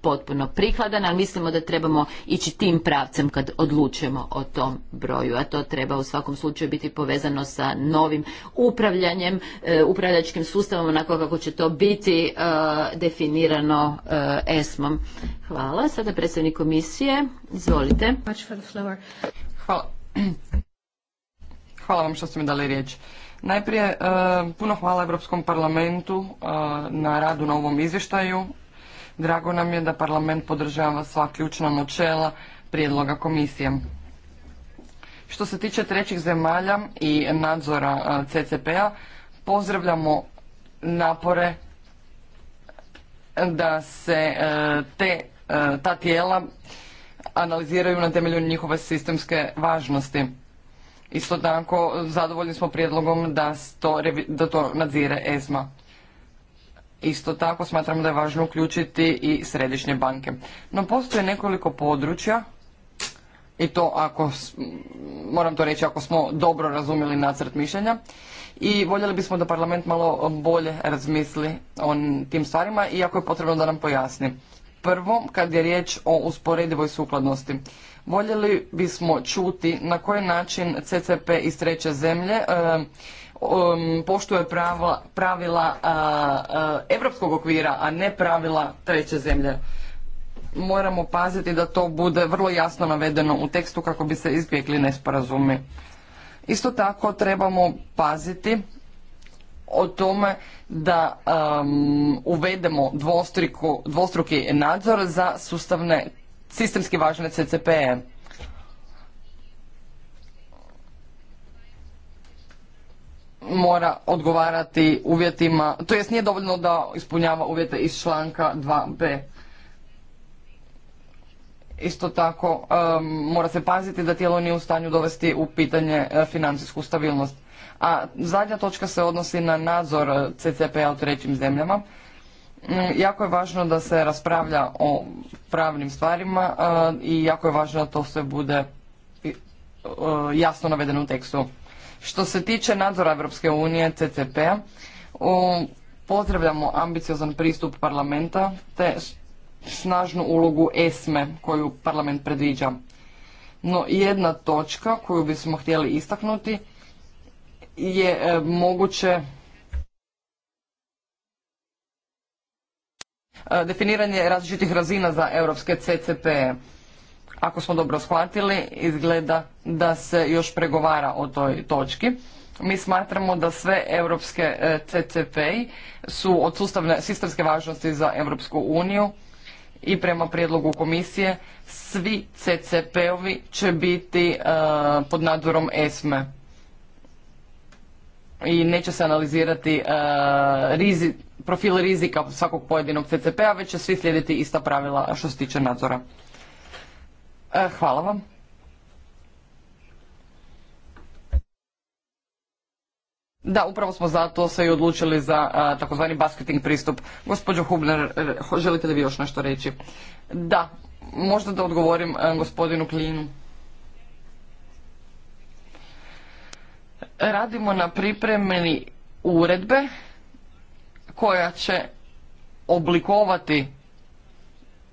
potpuno prikladan, ali mislimo da trebamo ići tim pravcem kad odlučujemo o tom broju, a to treba u svakom slučaju biti povezano sa novim upravljanjem, e, upravljačkim sustavom onako kako će to biti e, definirano e, ESMOM. Hvala. Sada predstavnik komisije. Izvolite. Hvala. Hvala vam što ste mi dali riječ. Najprije e, puno hvala Europskom parlamentu e, na radu na ovom izvještaju. Drago nam je da parlament podržava sva ključna načela prijedloga komisije. Što se tiče trećih zemalja i nadzora e, CCP-a, pozdravljamo napore da se te, ta tijela analiziraju na temelju njihove sistemske važnosti. Isto tako, zadovoljni smo prijedlogom da to, da to nadzire ESMA. Isto tako, smatramo da je važno uključiti i središnje banke. No, postoje nekoliko područja i to ako, moram to reći, ako smo dobro razumjeli nacrt mišljenja i voljeli bismo da parlament malo bolje razmisli o tim stvarima i ako je potrebno da nam pojasni. Prvo, kad je riječ o usporedivoj sukladnosti. Voljeli bismo čuti na koji način CCP iz treće zemlje e, um, poštuje pravila, pravila europskog okvira, a ne pravila treće zemlje. Moramo paziti da to bude vrlo jasno navedeno u tekstu kako bi se izbjegli nesporazumi. Isto tako trebamo paziti o tome da um, uvedemo dvostruki nadzor za sustavne, sistemski važne ccp e. mora odgovarati uvjetima, to jest nije dovoljno da ispunjava uvjete iz članka 2b. Isto tako um, mora se paziti da tijelo nije u stanju dovesti u pitanje uh, financijsku stabilnost. A zadnja točka se odnosi na nadzor CCP-a u trećim zemljama. Mm, jako je važno da se raspravlja o pravnim stvarima i jako je važno da to sve bude e, jasno navedeno u tekstu. Što se tiče nadzora Europske unije, CCP-a, pozdravljamo ambiciozan pristup parlamenta te snažnu ulogu ESME koju parlament predviđa. No jedna točka koju bismo htjeli istaknuti je e, moguće e, definiranje različitih razina za europske CCP. Ako smo dobro shvatili, izgleda da se još pregovara o toj točki. Mi smatramo da sve europske e, CCP su od sustavne sistemske važnosti za Europsku uniju i prema prijedlogu komisije svi CCP-ovi će biti pod nadzorom ESME i neće se analizirati e, profil rizika svakog pojedinog CCP-a, već će svi slijediti ista pravila što se tiče nadzora. E, hvala vam. Da, upravo smo zato se i odlučili za e, takozvani basketing pristup. Gospođo Hubner, želite li vi još nešto reći? Da, možda da odgovorim gospodinu Klinu. radimo na pripremi uredbe koja će oblikovati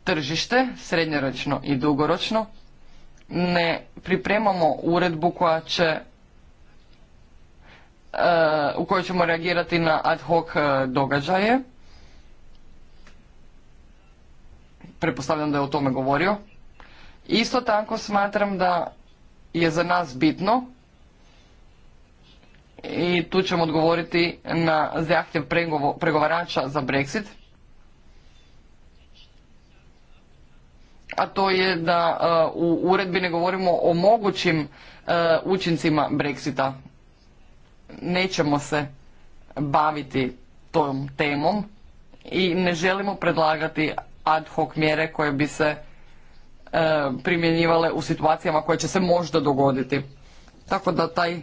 tržište srednjoročno i dugoročno. Ne pripremamo uredbu koja će e, u kojoj ćemo reagirati na ad hoc e, događaje. Pretpostavljam da je o tome govorio. Isto tako smatram da je za nas bitno i tu ćemo odgovoriti na zahtjev pregovarača za Brexit. A to je da e, u uredbi ne govorimo o mogućim e, učincima Brexita. Nećemo se baviti tom temom i ne želimo predlagati ad hoc mjere koje bi se e, primjenjivale u situacijama koje će se možda dogoditi. Tako da taj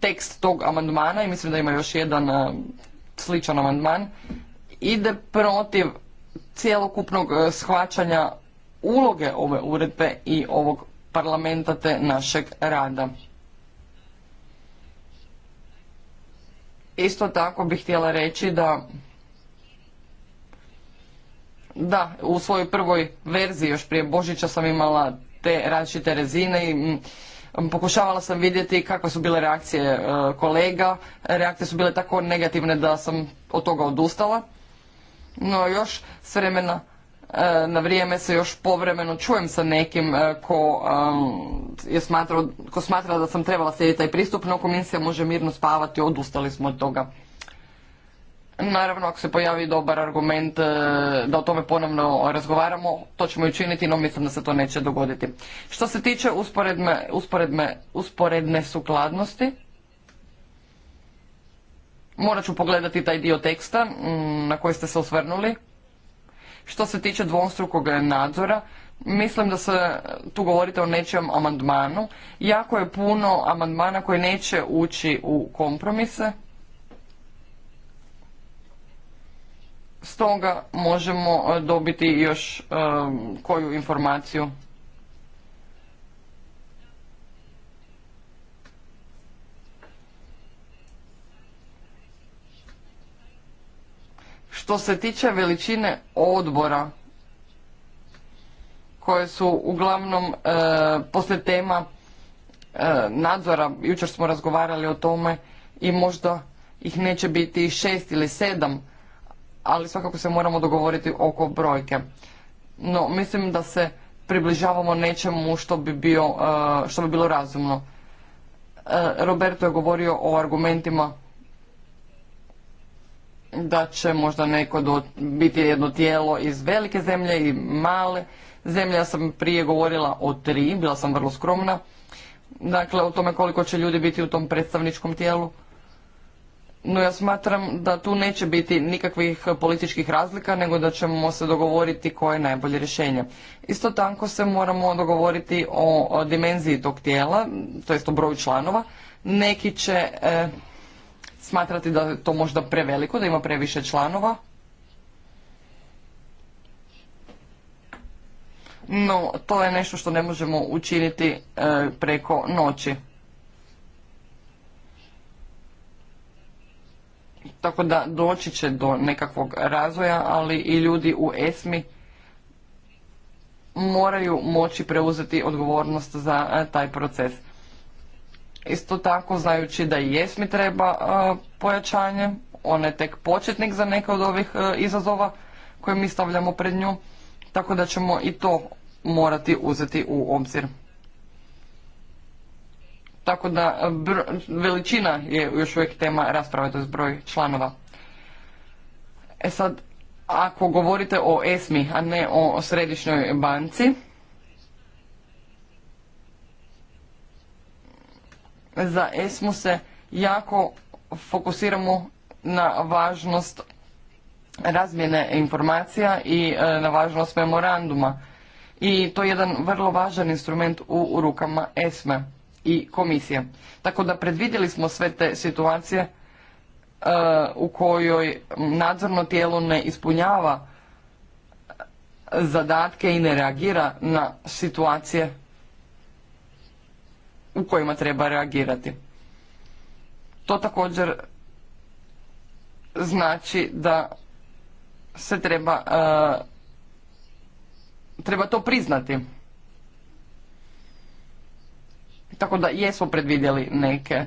tekst tog amandmana i mislim da ima još jedan e, sličan amandman ide protiv cjelokupnog e, shvaćanja uloge ove uredbe i ovog parlamenta te našeg rada. Isto tako bih htjela reći da da, u svojoj prvoj verziji još prije Božića sam imala te različite rezine i Ehm, pokušavala sam vidjeti kakve su bile reakcije eh, kolega. Reakcije su bile tako negativne da sam od toga odustala. No još s vremena eh, na vrijeme se još povremeno čujem sa nekim eh, ko, ehm, je smatrao, ko smatra da sam trebala slijediti taj pristup, no komisija može mirno spavati, odustali smo od toga. Naravno, ako se pojavi dobar argument e, da o tome ponovno razgovaramo, to ćemo i učiniti, no mislim da se to neće dogoditi. Što se tiče usporedne, usporedne sukladnosti, morat ću pogledati taj dio teksta mm, na koji ste se osvrnuli. Što se tiče dvostrukog nadzora, mislim da se tu govorite o nečijem amandmanu. Jako je puno amandmana koji neće ući u kompromise Stoga možemo e, dobiti još e, koju informaciju. Što se tiče veličine odbora koje su uglavnom e, poslije tema e, nadzora, jučer smo razgovarali o tome i možda ih neće biti šest ili sedam ali svakako se moramo dogovoriti oko brojke. No, mislim da se približavamo nečemu što bi, bio, e, što bi bilo razumno. E, Roberto je govorio o argumentima da će možda neko biti jedno tijelo iz velike zemlje i male zemlje. Ja sam prije govorila o tri, bila sam vrlo skromna. Dakle, o tome koliko će ljudi biti u tom predstavničkom tijelu no ja smatram da tu neće biti nikakvih političkih razlika, nego da ćemo se dogovoriti koje je najbolje rješenje. Isto tako se moramo dogovoriti o dimenziji tog tijela, to jest o broju članova. Neki će e, smatrati da je to možda preveliko, da ima previše članova. No, to je nešto što ne možemo učiniti e, preko noći. Tako da doći će do nekakvog razvoja, ali i ljudi u ESMI moraju moći preuzeti odgovornost za e, taj proces. Isto tako znajući da i jesmi treba e, pojačanje, on je tek početnik za neke od ovih e, izazova koje mi stavljamo pred nju, tako da ćemo i to morati uzeti u obzir. Tako da veličina je još uvijek tema rasprave, to je broj članova. E sad, ako govorite o ESMI, a ne o središnjoj banci, za ESMU se jako fokusiramo na važnost razmjene informacija i e, na važnost memoranduma. I to je jedan vrlo važan instrument u rukama ESME i komisije. Tako da predvidjeli smo sve te situacije e, u kojoj nadzorno tijelo ne ispunjava zadatke i ne reagira na situacije u kojima treba reagirati. To također znači da se treba, e, treba to priznati. Tako da jesmo predvidjeli neke e,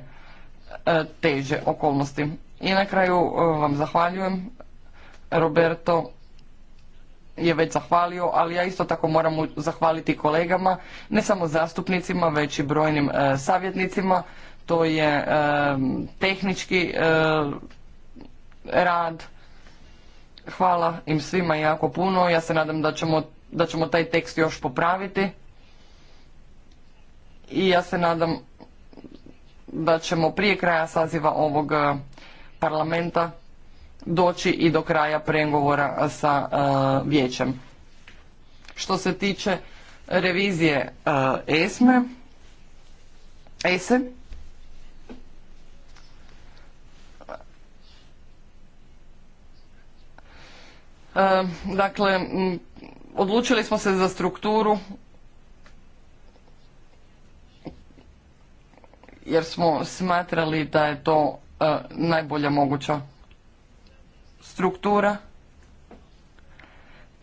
teže okolnosti. I na kraju e, vam zahvaljujem. Roberto je već zahvalio, ali ja isto tako moram zahvaliti kolegama, ne samo zastupnicima, već i brojnim e, savjetnicima. To je tehnički rad. Hvala im svima jako puno. Ja se nadam da ćemo, da ćemo taj tekst još popraviti i ja se nadam da ćemo prije kraja saziva ovog e, parlamenta doći i do kraja pregovora sa e, vijećem. Što se tiče revizije e, ESME, ESE, dakle, odlučili smo se za strukturu jer smo smatrali da je to e, najbolja moguća struktura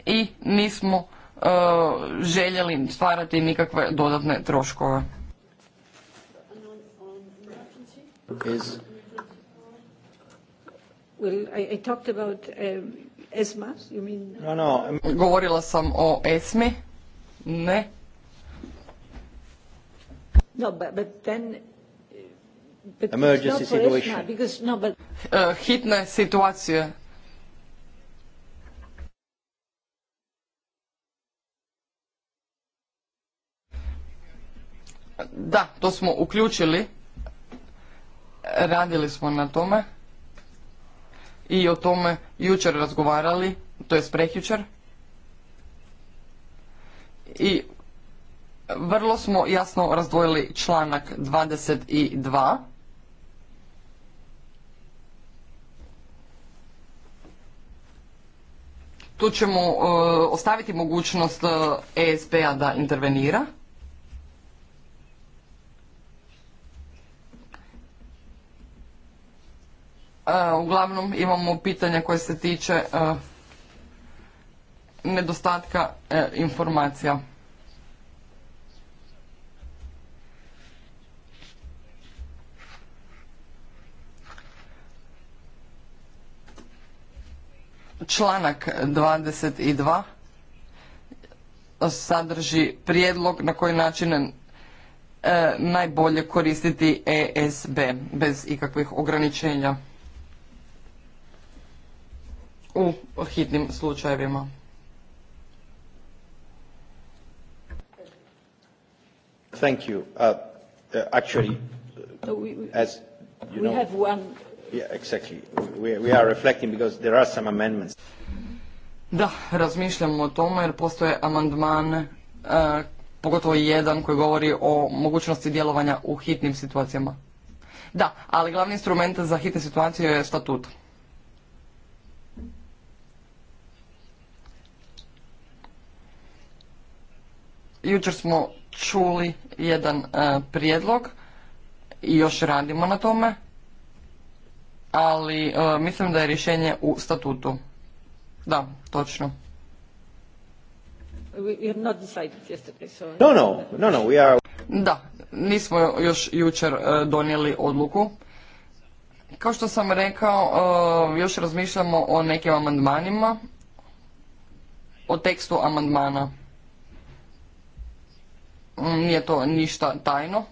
i nismo e, željeli stvarati nikakve dodatne troškove. ESMA, Govorila sam o ESMI. Ne. No, but then emergency situation. Because, eh, hitne situacije. Da, to smo uključili. Radili smo na tome. I o tome jučer razgovarali, to je prekjučer. I vrlo smo jasno razdvojili članak 22 tu ćemo e, ostaviti mogućnost ESP-a e da intervenira. E, uglavnom imamo pitanja koje se tiče nedostatka informacija. Članak 22 sadrži prijedlog na koji način e, najbolje koristiti ESB bez ikakvih ograničenja u hitnim slučajevima. Thank you. Uh, uh, actually, as you know... have one Yeah, Da, razmišljamo o tome jer postoje amandman, e, pogotovo jedan koji govori o mogućnosti djelovanja u hitnim situacijama. Da, ali glavni instrument za hitne situacije je statut. Jučer smo čuli jedan e, prijedlog i još radimo na tome ali e, mislim da je rješenje u statutu. Da, točno. No, no, no, no, we are... Da, nismo još jučer e, donijeli odluku. Kao što sam rekao, e, još razmišljamo o nekim amandmanima, o tekstu amandmana. Mm, nije to ništa tajno.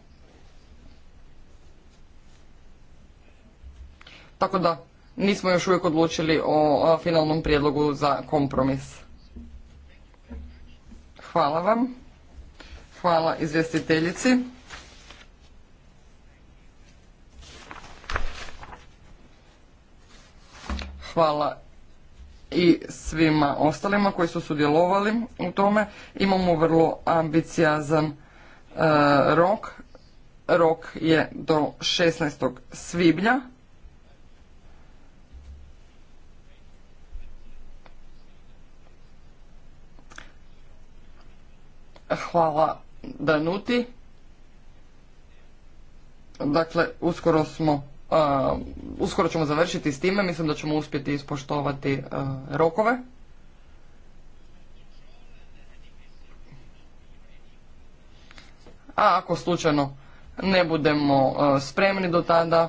Tako da nismo još uvijek odlučili o finalnom prijedlogu za kompromis. Hvala vam. Hvala izvjestiteljici. Hvala i svima ostalima koji su sudjelovali u tome. Imamo vrlo ambicijazan e, rok. Rok je do 16. svibnja. Hvala Danuti. Dakle, uskoro smo uskoro ćemo završiti s time, mislim da ćemo uspjeti ispoštovati rokove. A ako slučajno ne budemo spremni do tada,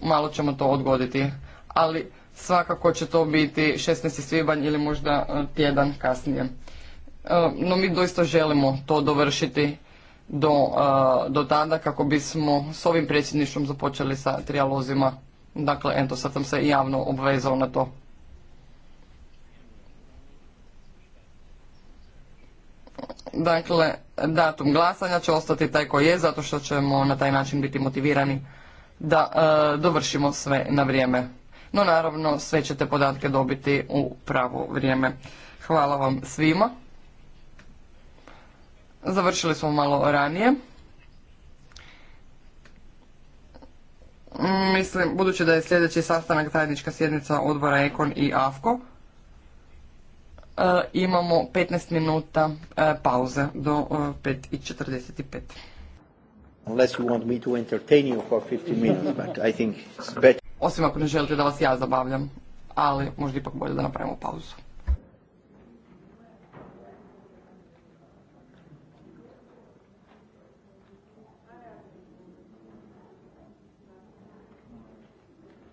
malo ćemo to odgoditi. Ali svakako će to biti 16. svibanj ili možda tjedan kasnije. E, no mi doista želimo to dovršiti do, e, do tada kako bismo s ovim predsjedništvom započeli sa trijalozima. Dakle, eto sad sam se javno obvezao na to. Dakle, datum glasanja će ostati taj koji je, zato što ćemo na taj način biti motivirani da e, dovršimo sve na vrijeme. No naravno, sve ćete podatke dobiti u pravo vrijeme. Hvala vam svima. Završili smo malo ranije. Mislim, budući da je sljedeći sastanak zajednička sjednica odbora Ekon i AFKO, e, imamo 15 minuta e, pauze do 5.45. E, I think Osim ako ne želite da vas ja zabavljam, ali možda ipak bolje da napravimo pauzu.